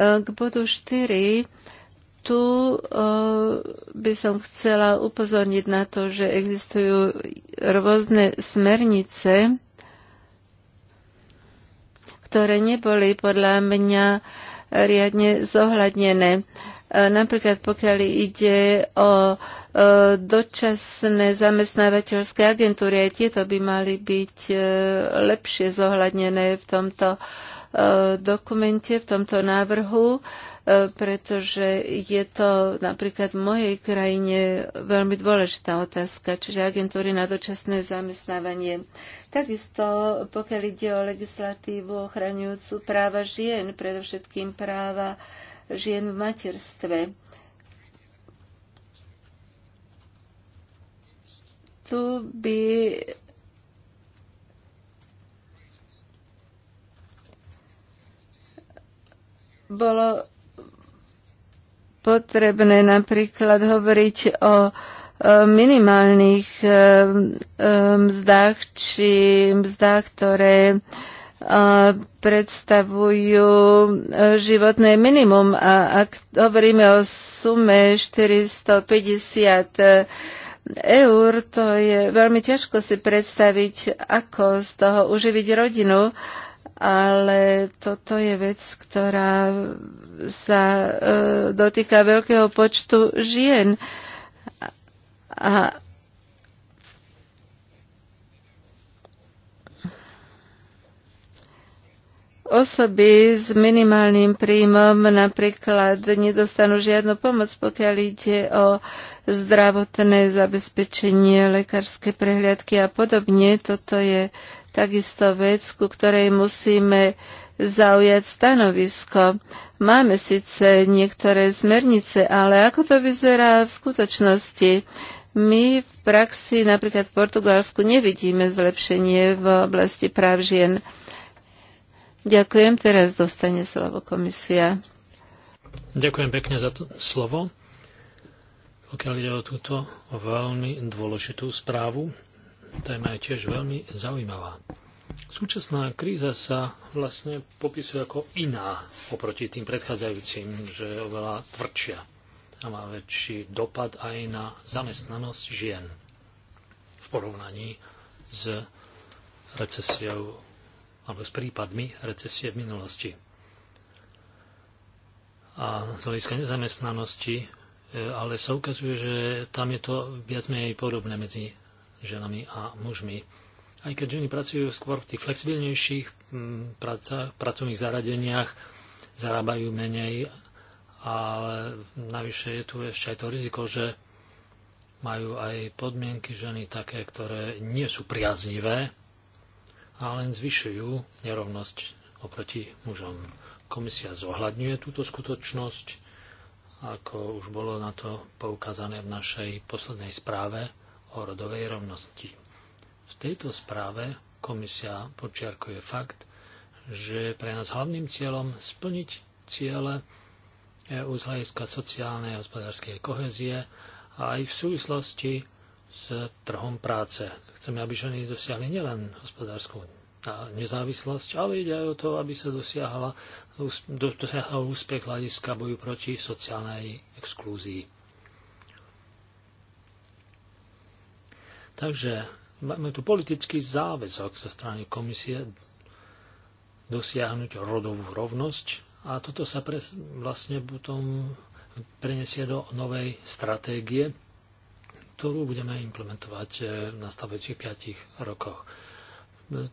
[SPEAKER 3] K bodu 4 tu eh, by som chcela upozorniť na to, že existujú rôzne smernice, ktoré neboli podľa mňa riadne zohľadnené. Eh, napríklad pokiaľ ide o eh, dočasné zamestnávateľské agentúry, aj tieto by mali byť lepšie zohľadnené v tomto dokumente, v tomto návrhu E, pretože je to napríklad v mojej krajine veľmi dôležitá otázka, čiže agentúry na dočasné zamestnávanie. Takisto, pokiaľ ide o legislatívu ochraňujúcu práva žien, predovšetkým práva žien v materstve. Tu by bolo potrebné napríklad hovoriť o minimálnych e, e, mzdách či mzdách, ktoré e, predstavujú životné minimum. A ak hovoríme o sume 450 eur, to je veľmi ťažko si predstaviť, ako z toho uživiť rodinu ale toto je vec, ktorá sa e, dotýka veľkého počtu žien. A, Osoby s minimálnym príjmom napríklad nedostanú žiadnu pomoc, pokiaľ ide o zdravotné zabezpečenie, lekárske prehliadky a podobne. Toto je takisto vec, ku ktorej musíme zaujať stanovisko. Máme síce niektoré smernice, ale ako to vyzerá v skutočnosti? My v praxi napríklad v Portugalsku nevidíme zlepšenie v oblasti práv žien. Ďakujem, teraz dostane slovo komisia.
[SPEAKER 2] Ďakujem pekne za to slovo. Pokiaľ ide o túto veľmi dôležitú správu, téma je tiež veľmi zaujímavá. Súčasná kríza sa vlastne popisuje ako iná oproti tým predchádzajúcim, že je oveľa tvrdšia a má väčší dopad aj na zamestnanosť žien v porovnaní s recesiou alebo s prípadmi recesie v minulosti. A z hľadiska nezamestnanosti e, ale sa ukazuje, že tam je to viac menej podobné medzi ženami a mužmi. Aj keď ženy pracujú skôr v tých flexibilnejších mm, pracovných zaradeniach, zarábajú menej, ale navyše je tu ešte aj to riziko, že majú aj podmienky ženy také, ktoré nie sú priaznivé a len zvyšujú nerovnosť oproti mužom. Komisia zohľadňuje túto skutočnosť, ako už bolo na to poukázané v našej poslednej správe o rodovej rovnosti. V tejto správe komisia počiarkuje fakt, že pre nás hlavným cieľom splniť ciele EU z hľadiska sociálnej a hospodárskej kohezie a aj v súvislosti s trhom práce. Chceme, aby ženy dosiahli nielen hospodárskú nezávislosť, ale ide aj o to, aby sa dosiahla, dosiahla úspech hľadiska boju proti sociálnej exklúzii. Takže máme tu politický záväzok zo strany komisie dosiahnuť rodovú rovnosť a toto sa pre, vlastne potom prenesie do novej stratégie, ktorú budeme implementovať e, v nastavujúcich 5 rokoch.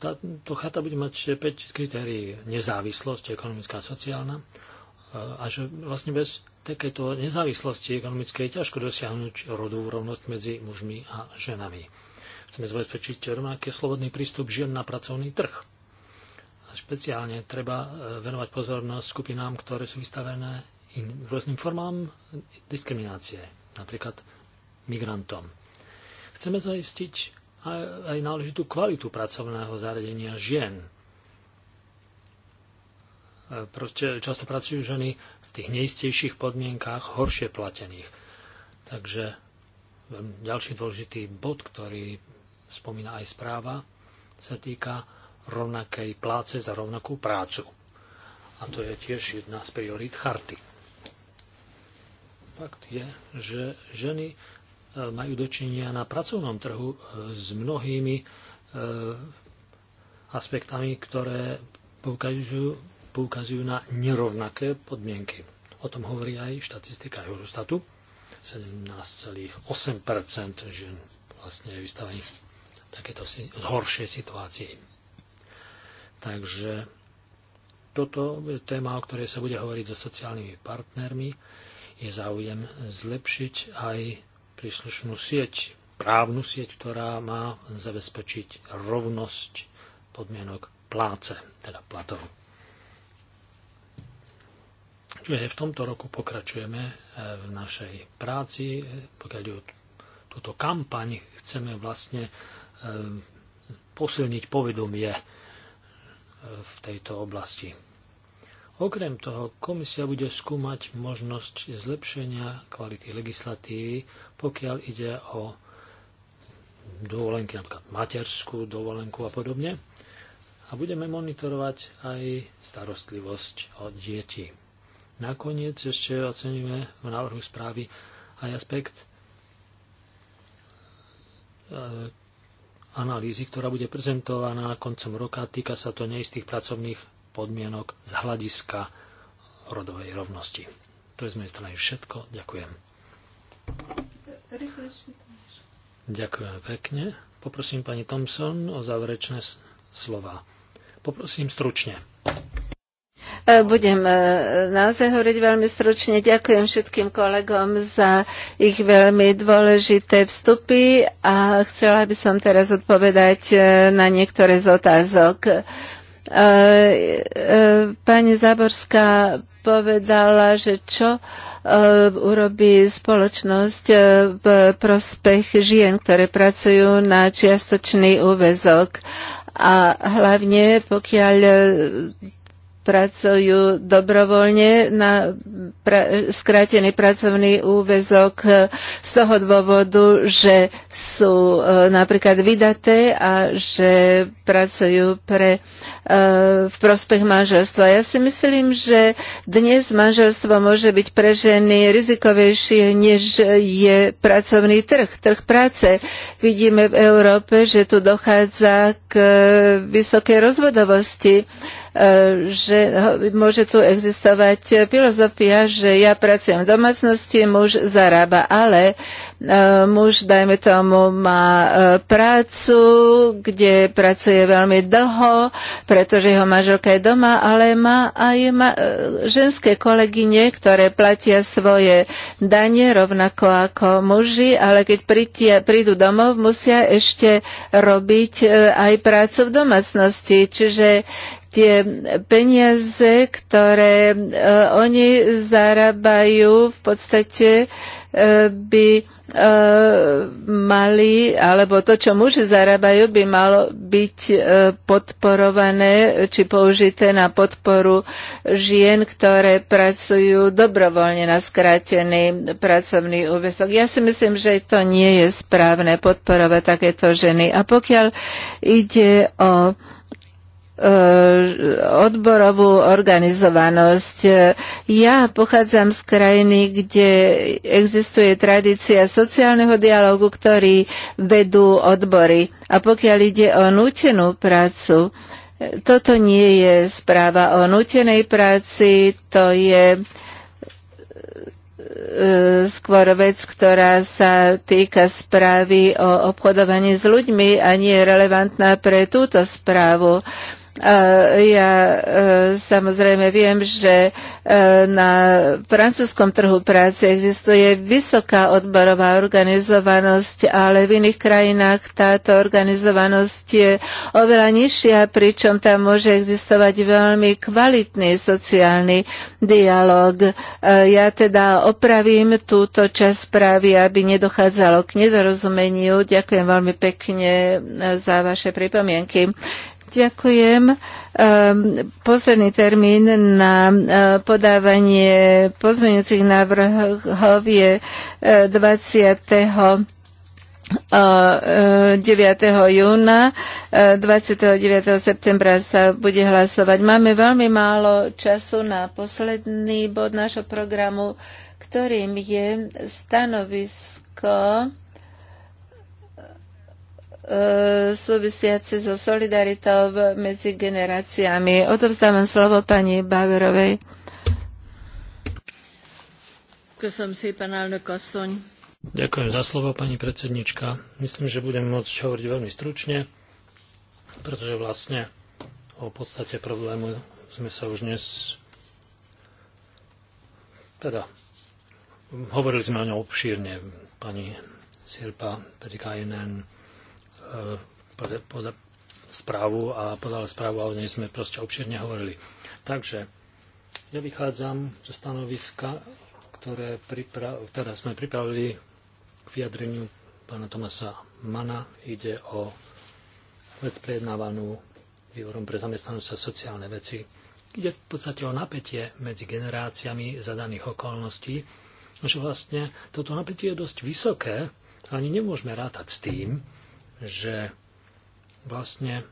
[SPEAKER 2] Táto chata bude mať 5 kritérií. Nezávislosť, ekonomická a sociálna. E, a že vlastne bez takéto nezávislosti ekonomické je ťažko dosiahnuť rodovú rovnosť medzi mužmi a ženami. Chceme zabezpečiť rovnaký slobodný prístup žien na pracovný trh. A špeciálne treba e, venovať pozornosť skupinám, ktoré sú vystavené in, rôznym formám diskriminácie, napríklad migrantom. Chceme zaistiť aj, aj náležitú kvalitu pracovného zariadenia žien, proste často pracujú ženy v tých neistejších podmienkách, horšie platených. Takže ďalší dôležitý bod, ktorý spomína aj správa, sa týka rovnakej pláce za rovnakú prácu. A to je tiež jedna z priorít charty. Fakt je, že ženy e, majú dočinenia na pracovnom trhu e, s mnohými e, aspektami, ktoré poukazujú poukazujú na nerovnaké podmienky. O tom hovorí aj štatistika Eurostatu. 17,8 žien vlastne je vystavených takéto horšej situácii. Takže toto je téma, o ktorej sa bude hovoriť so sociálnymi partnermi. Je záujem zlepšiť aj príslušnú sieť, právnu sieť, ktorá má zabezpečiť rovnosť podmienok pláce, teda platovú. Čiže v tomto roku pokračujeme eh, v našej práci, eh, pokiaľ túto kampaň chceme vlastne eh, posilniť povedomie v tejto oblasti. Okrem toho, komisia bude skúmať možnosť zlepšenia kvality legislatívy, pokiaľ ide o dovolenky, napríklad materskú dovolenku a podobne. A budeme monitorovať aj starostlivosť o deti. Nakoniec ešte oceníme v návrhu správy aj aspekt e, analýzy, ktorá bude prezentovaná koncom roka. Týka sa to neistých pracovných podmienok z hľadiska rodovej rovnosti. To je z mojej strany všetko. Ďakujem. Ďakujem pekne. Poprosím pani Thompson o záverečné slova. Poprosím stručne.
[SPEAKER 3] E, budem e, naozaj hovoriť veľmi stručne. Ďakujem všetkým kolegom za ich veľmi dôležité vstupy a chcela by som teraz odpovedať e, na niektoré z otázok. Pani Záborská povedala, že čo urobí spoločnosť v prospech žien, ktoré pracujú na čiastočný úvezok a hlavne pokiaľ pracujú dobrovoľne na pra- skrátený pracovný úvezok e, z toho dôvodu, že sú e, napríklad vydaté a že pracujú pre uh, v prospech manželstva. Ja si myslím, že dnes manželstvo môže byť pre ženy rizikovejšie, než je pracovný trh, trh práce. Vidíme v Európe, že tu dochádza k vysokej rozvodovosti e, že môže tu existovať filozofia, že ja pracujem v domácnosti, muž zarába, ale e, muž, dajme tomu, má e, prácu, kde pracuje veľmi dlho, pretože jeho manželka je doma, ale má aj ma- e, ženské kolegyne, ktoré platia svoje dane rovnako ako muži, ale keď prítia, prídu domov, musia ešte robiť e, aj prácu v domácnosti. Čiže tie peniaze, ktoré e, oni zarábajú, v podstate e, by e, mali, alebo to, čo muži zarábajú, by malo byť podporované či použité na podporu žien, ktoré pracujú dobrovoľne na skrátený pracovný úvesok. Ja si myslím, že to nie je správne podporovať takéto ženy. A pokiaľ ide o Eh, odborovú organizovanosť. Ja pochádzam z krajiny, kde existuje tradícia sociálneho dialogu, ktorý vedú odbory. A pokiaľ ide o nútenú prácu, toto nie je správa o nútenej práci, to je eh, skôr vec, ktorá sa týka správy o obchodovaní s ľuďmi a nie je relevantná pre túto správu. Ja e, samozrejme viem, že e, na francúzskom trhu práce existuje vysoká odborová organizovanosť, ale v iných krajinách táto organizovanosť je oveľa nižšia, pričom tam môže existovať veľmi kvalitný sociálny dialog. E, ja teda opravím túto časť správy, aby nedochádzalo k nedorozumeniu. Ďakujem veľmi pekne za vaše pripomienky. Ďakujem. Ehm, posledný termín na eh, podávanie pozmeňujúcich návrhov je 20. Eh, 9. Eh, júna, 29. septembra sa bude hlasovať. Máme veľmi málo času na posledný bod nášho programu, ktorým je stanovisko E, súvisiaci so solidaritou medzi generáciami. Odovzdávam slovo pani Báverovej.
[SPEAKER 2] Ďakujem za slovo, pani predsednička. Myslím, že budem môcť hovoriť veľmi stručne, pretože vlastne o podstate problému sme sa už dnes... Teda, hovorili sme o ňom obšírne, pani Sirpa pani Pedikajnen E, správu a podal správu, ale nie sme proste obširne hovorili. Takže ja vychádzam zo stanoviska, ktoré, pripra- ktoré sme pripravili k vyjadreniu pána Tomasa Mana. Ide o vec prejednávanú výborom pre zamestnanosť a sociálne veci. Ide v podstate o napätie medzi generáciami za daných okolností, že vlastne toto napätie je dosť vysoké, ani nemôžeme rátať s tým, že vlastne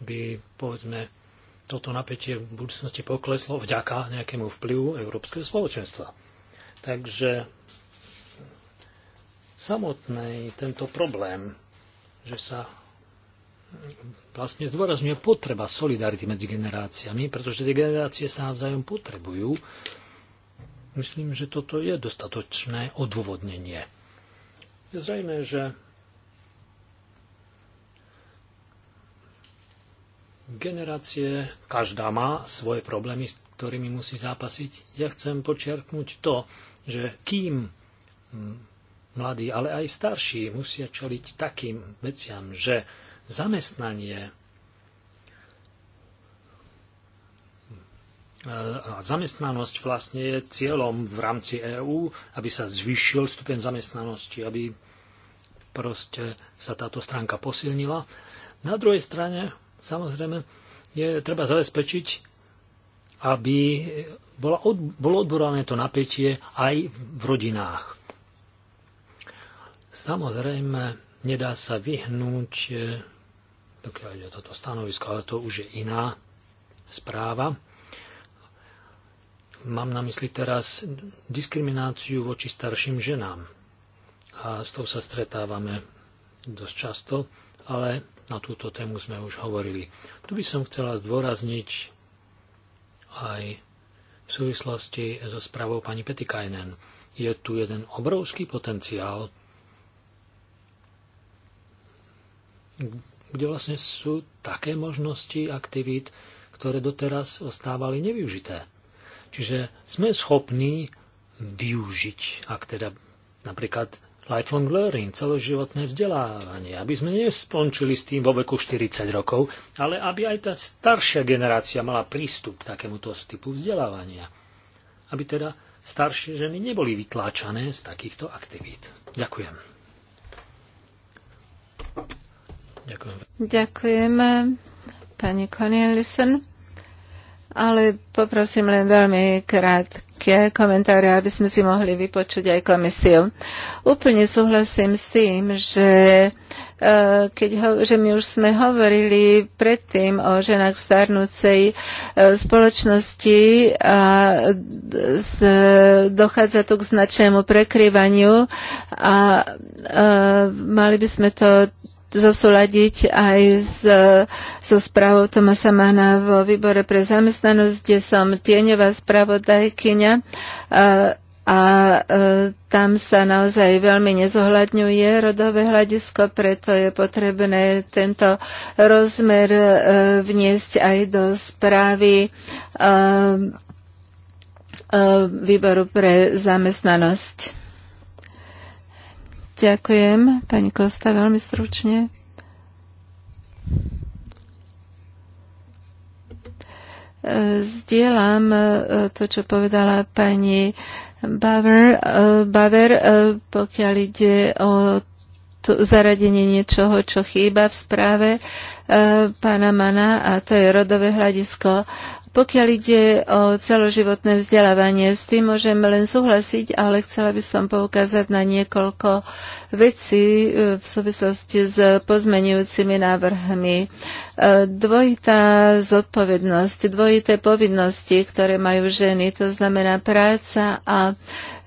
[SPEAKER 2] by, povedzme, toto napätie v budúcnosti pokleslo vďaka nejakému vplyvu Európskeho spoločenstva. Takže samotný tento problém, že sa vlastne zdôrazňuje potreba solidarity medzi generáciami, pretože tie generácie sa navzájom potrebujú. Myslím, že toto je dostatočné odôvodnenie. Je zrejme, že generácie, každá má svoje problémy, s ktorými musí zápasiť. Ja chcem počiarknúť to, že kým hm, mladí, ale aj starší musia čeliť takým veciam, že zamestnanie a zamestnanosť vlastne je cieľom v rámci EÚ, aby sa zvyšil stupeň zamestnanosti, aby proste sa táto stránka posilnila. Na druhej strane, samozrejme, je treba zabezpečiť, aby bola od, bolo odborané to napätie aj v rodinách. Samozrejme, nedá sa vyhnúť, e, pokiaľ ide toto stanovisko, ale to už je iná správa Mám na mysli teraz diskrimináciu voči starším ženám. A s tou sa stretávame dosť často, ale na túto tému sme už hovorili. Tu by som chcela zdôrazniť aj v súvislosti so správou pani Petikajnen. Je tu jeden obrovský potenciál, kde vlastne sú také možnosti aktivít, ktoré doteraz ostávali nevyužité. Čiže sme schopní využiť, ak teda napríklad lifelong learning, celoživotné vzdelávanie, aby sme nespončili s tým vo veku 40 rokov, ale aby aj tá staršia generácia mala prístup k takémuto typu vzdelávania. Aby teda staršie ženy neboli vytláčané z takýchto aktivít. Ďakujem. Ďakujem.
[SPEAKER 3] Ďakujeme pani Cornelissen ale poprosím len veľmi krátke komentáre, aby sme si mohli vypočuť aj komisiu. Úplne súhlasím s tým, že, e, keď ho, že my už sme hovorili predtým o ženách v starnúcej e, spoločnosti a z, dochádza tu k značnému prekryvaniu a, a e, mali by sme to zosúľadiť aj s, so správou Tomasa Mana vo výbore pre zamestnanosť, kde som tieňová spravodajkyňa. A, a e, tam sa naozaj veľmi nezohľadňuje rodové hľadisko, preto je potrebné tento rozmer e, vniesť aj do správy e, výboru pre zamestnanosť. Ďakujem, pani Kosta, veľmi stručne. Zdieľam e, to, čo povedala pani Baver, e, Baver e, pokiaľ ide o to zaradenie niečoho, čo chýba v správe e, pána Mana a to je rodové hľadisko. Pokiaľ ide o celoživotné vzdelávanie, s tým môžem len súhlasiť, ale chcela by som poukázať na niekoľko vecí e, v súvislosti s pozmenujúcimi návrhmi. Dvojitá zodpovednosť, dvojité povinnosti, ktoré majú ženy, to znamená práca a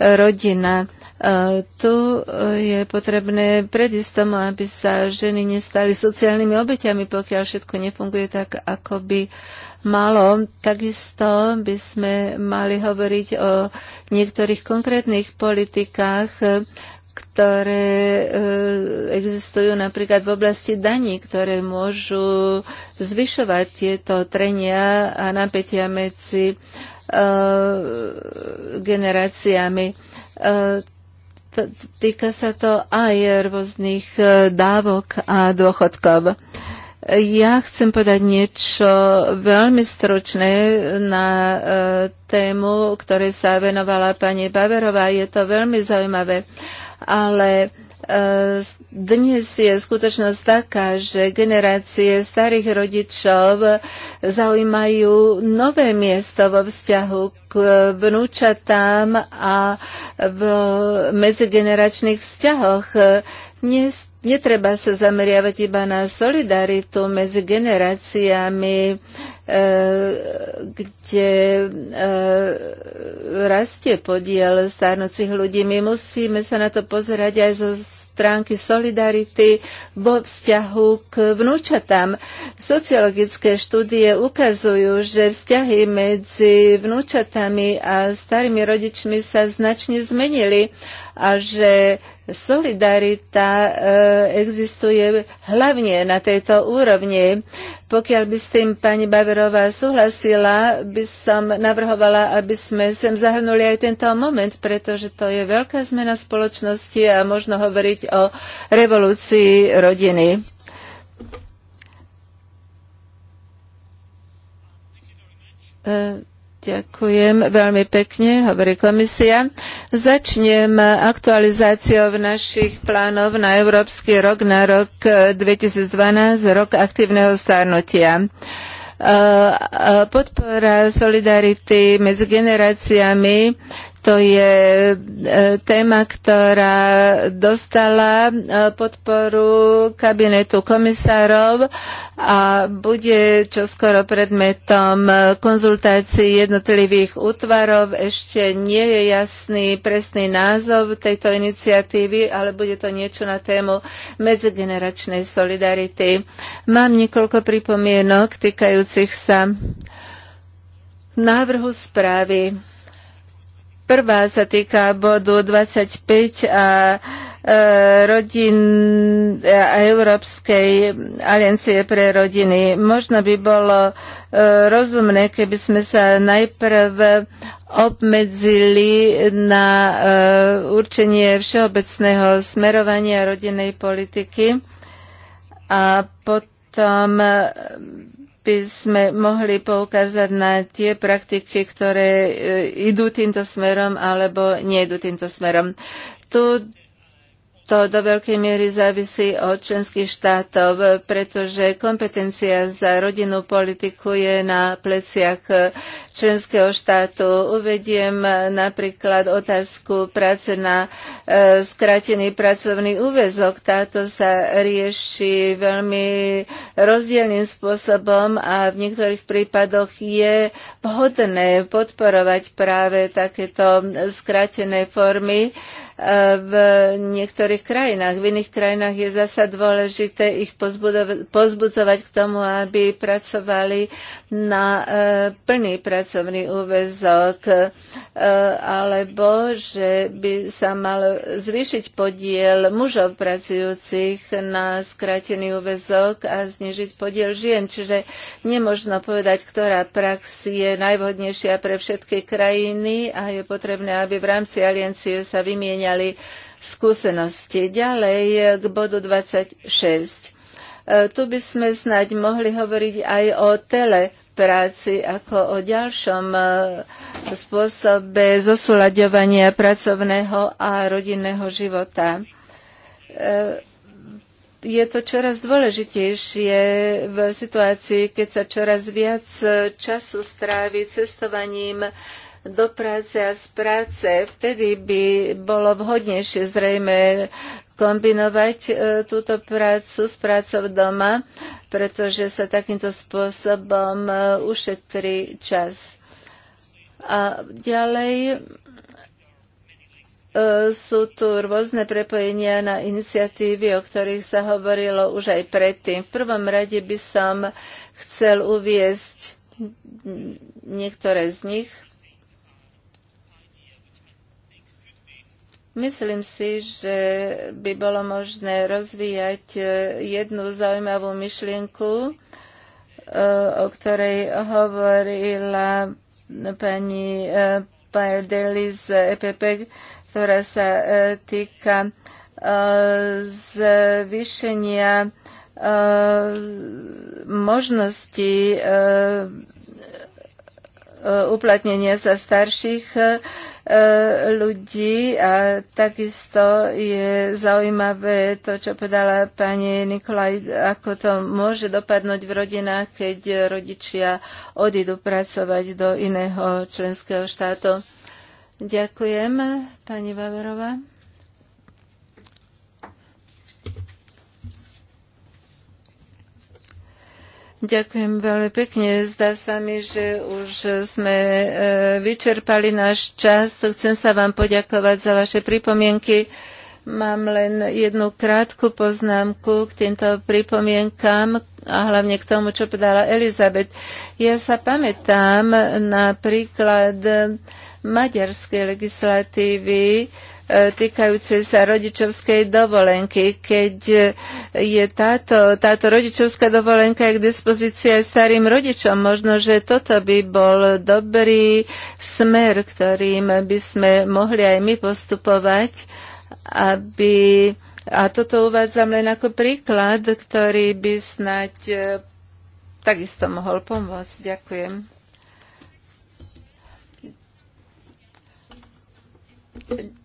[SPEAKER 3] rodina. E, tu je potrebné predísť tomu, aby sa ženy nestali sociálnymi obeťami, pokiaľ všetko nefunguje tak, ako by malo. Takisto by sme mali hovoriť o niektorých konkrétnych politikách, ktoré e, existujú napríklad v oblasti daní, ktoré môžu zvyšovať tieto trenia a napätia medzi e, generáciami. E, týka sa to aj rôznych dávok a dôchodkov. Ja chcem povedať niečo veľmi stručné na e, tému, ktoré sa venovala pani Baverová. Je to veľmi zaujímavé, ale e, dnes je skutočnosť taká, že generácie starých rodičov zaujímajú nové miesto vo vzťahu k vnúčatám a v medzigeneračných vzťahoch. Netreba sa zameriavať iba na solidaritu medzi generáciami, e, kde e, rastie podiel starnúcich ľudí. My musíme sa na to pozerať aj zo stránky solidarity vo vzťahu k vnúčatám. Sociologické štúdie ukazujú, že vzťahy medzi vnúčatami a starými rodičmi sa značne zmenili a že Solidarita e, existuje hlavne na tejto úrovni. Pokiaľ by s tým pani Baverová súhlasila, by som navrhovala, aby sme sem zahrnuli aj tento moment, pretože to je veľká zmena spoločnosti a možno hovoriť o revolúcii rodiny. E, Ďakujem veľmi pekne, hovorí komisia. Začnem aktualizáciou našich plánov na Európsky rok na rok 2012, eh, rok aktívneho starnutia eh, eh, podpora solidarity medzi generáciami to je e, téma, ktorá dostala e, podporu kabinetu komisárov a bude čoskoro predmetom e, konzultácií jednotlivých útvarov. Ešte nie je jasný presný názov tejto iniciatívy, ale bude to niečo na tému medzigeneračnej solidarity. Mám niekoľko pripomienok týkajúcich sa návrhu správy. Prvá sa týka bodu 25 a e, rodin e, a Európskej aliancie pre rodiny. Možno by bolo e, rozumné, keby sme sa najprv obmedzili na určenie všeobecného smerovania rodinnej politiky a potom by sme mohli poukázať na tie praktiky, ktoré e, idú týmto smerom alebo nejdu týmto smerom. Tu to do veľkej miery závisí od členských štátov, pretože kompetencia za rodinnú politiku je na pleciach členského štátu. Uvediem napríklad otázku práce na e, skrátený pracovný úvezok. Táto sa rieši veľmi rozdielným spôsobom a v niektorých prípadoch je vhodné podporovať práve takéto skrátené formy v niektorých krajinách. V iných krajinách je zasa dôležité ich pozbudzovať k tomu, aby pracovali na e, plný pracovný úvezok, e, alebo že by sa mal zvýšiť podiel mužov pracujúcich na skrátený úvezok a znižiť podiel žien. Čiže nemožno povedať, ktorá prax je najvhodnejšia pre všetky krajiny a je potrebné, aby v rámci aliancie sa vymienili vymieňali skúsenosti. Ďalej eh, k bodu 26. Eh, tu by sme snáď mohli hovoriť aj o telepráci ako o ďalšom eh, spôsobe zosúľadovania pracovného a rodinného života je to čoraz dôležitejšie v situácii, keď sa čoraz viac času strávi cestovaním do práce a z práce. Vtedy by bolo vhodnejšie zrejme kombinovať e, túto prácu s prácou doma, pretože sa takýmto spôsobom e, ušetrí čas. A ďalej e, sú tu rôzne prepojenia na iniciatívy, o ktorých sa hovorilo už aj predtým. V prvom rade by som chcel uviesť niektoré z nich. Myslím si, že by bolo možné rozvíjať e, jednu zaujímavú myšlienku, e, o ktorej hovorila pani e, Pardelli z EPP, ktorá sa týka zvýšenia možnosti uplatnenia sa starších e, ľudí a takisto je zaujímavé to, čo povedala pani Nikolaj, ako to môže dopadnúť v rodinách, keď rodičia odídu pracovať do iného členského štátu. Ďakujem, pani Baverová. Ďakujem veľmi pekne. Zdá sa mi, že už sme e, vyčerpali náš čas. Chcem sa vám poďakovať za vaše pripomienky. Mám len jednu krátku poznámku k týmto pripomienkám a hlavne k tomu, čo povedala Elizabet. Ja sa pamätám napríklad maďarskej legislatívy, E, týkajúce sa rodičovskej dovolenky. Keď e, je táto, táto rodičovská dovolenka je k dispozícii aj starým rodičom, možno, že toto by bol dobrý smer, ktorým by sme mohli aj my postupovať, aby a toto uvádzam len ako príklad, ktorý by snať e, takisto mohol pomôcť. Ďakujem. Thank you.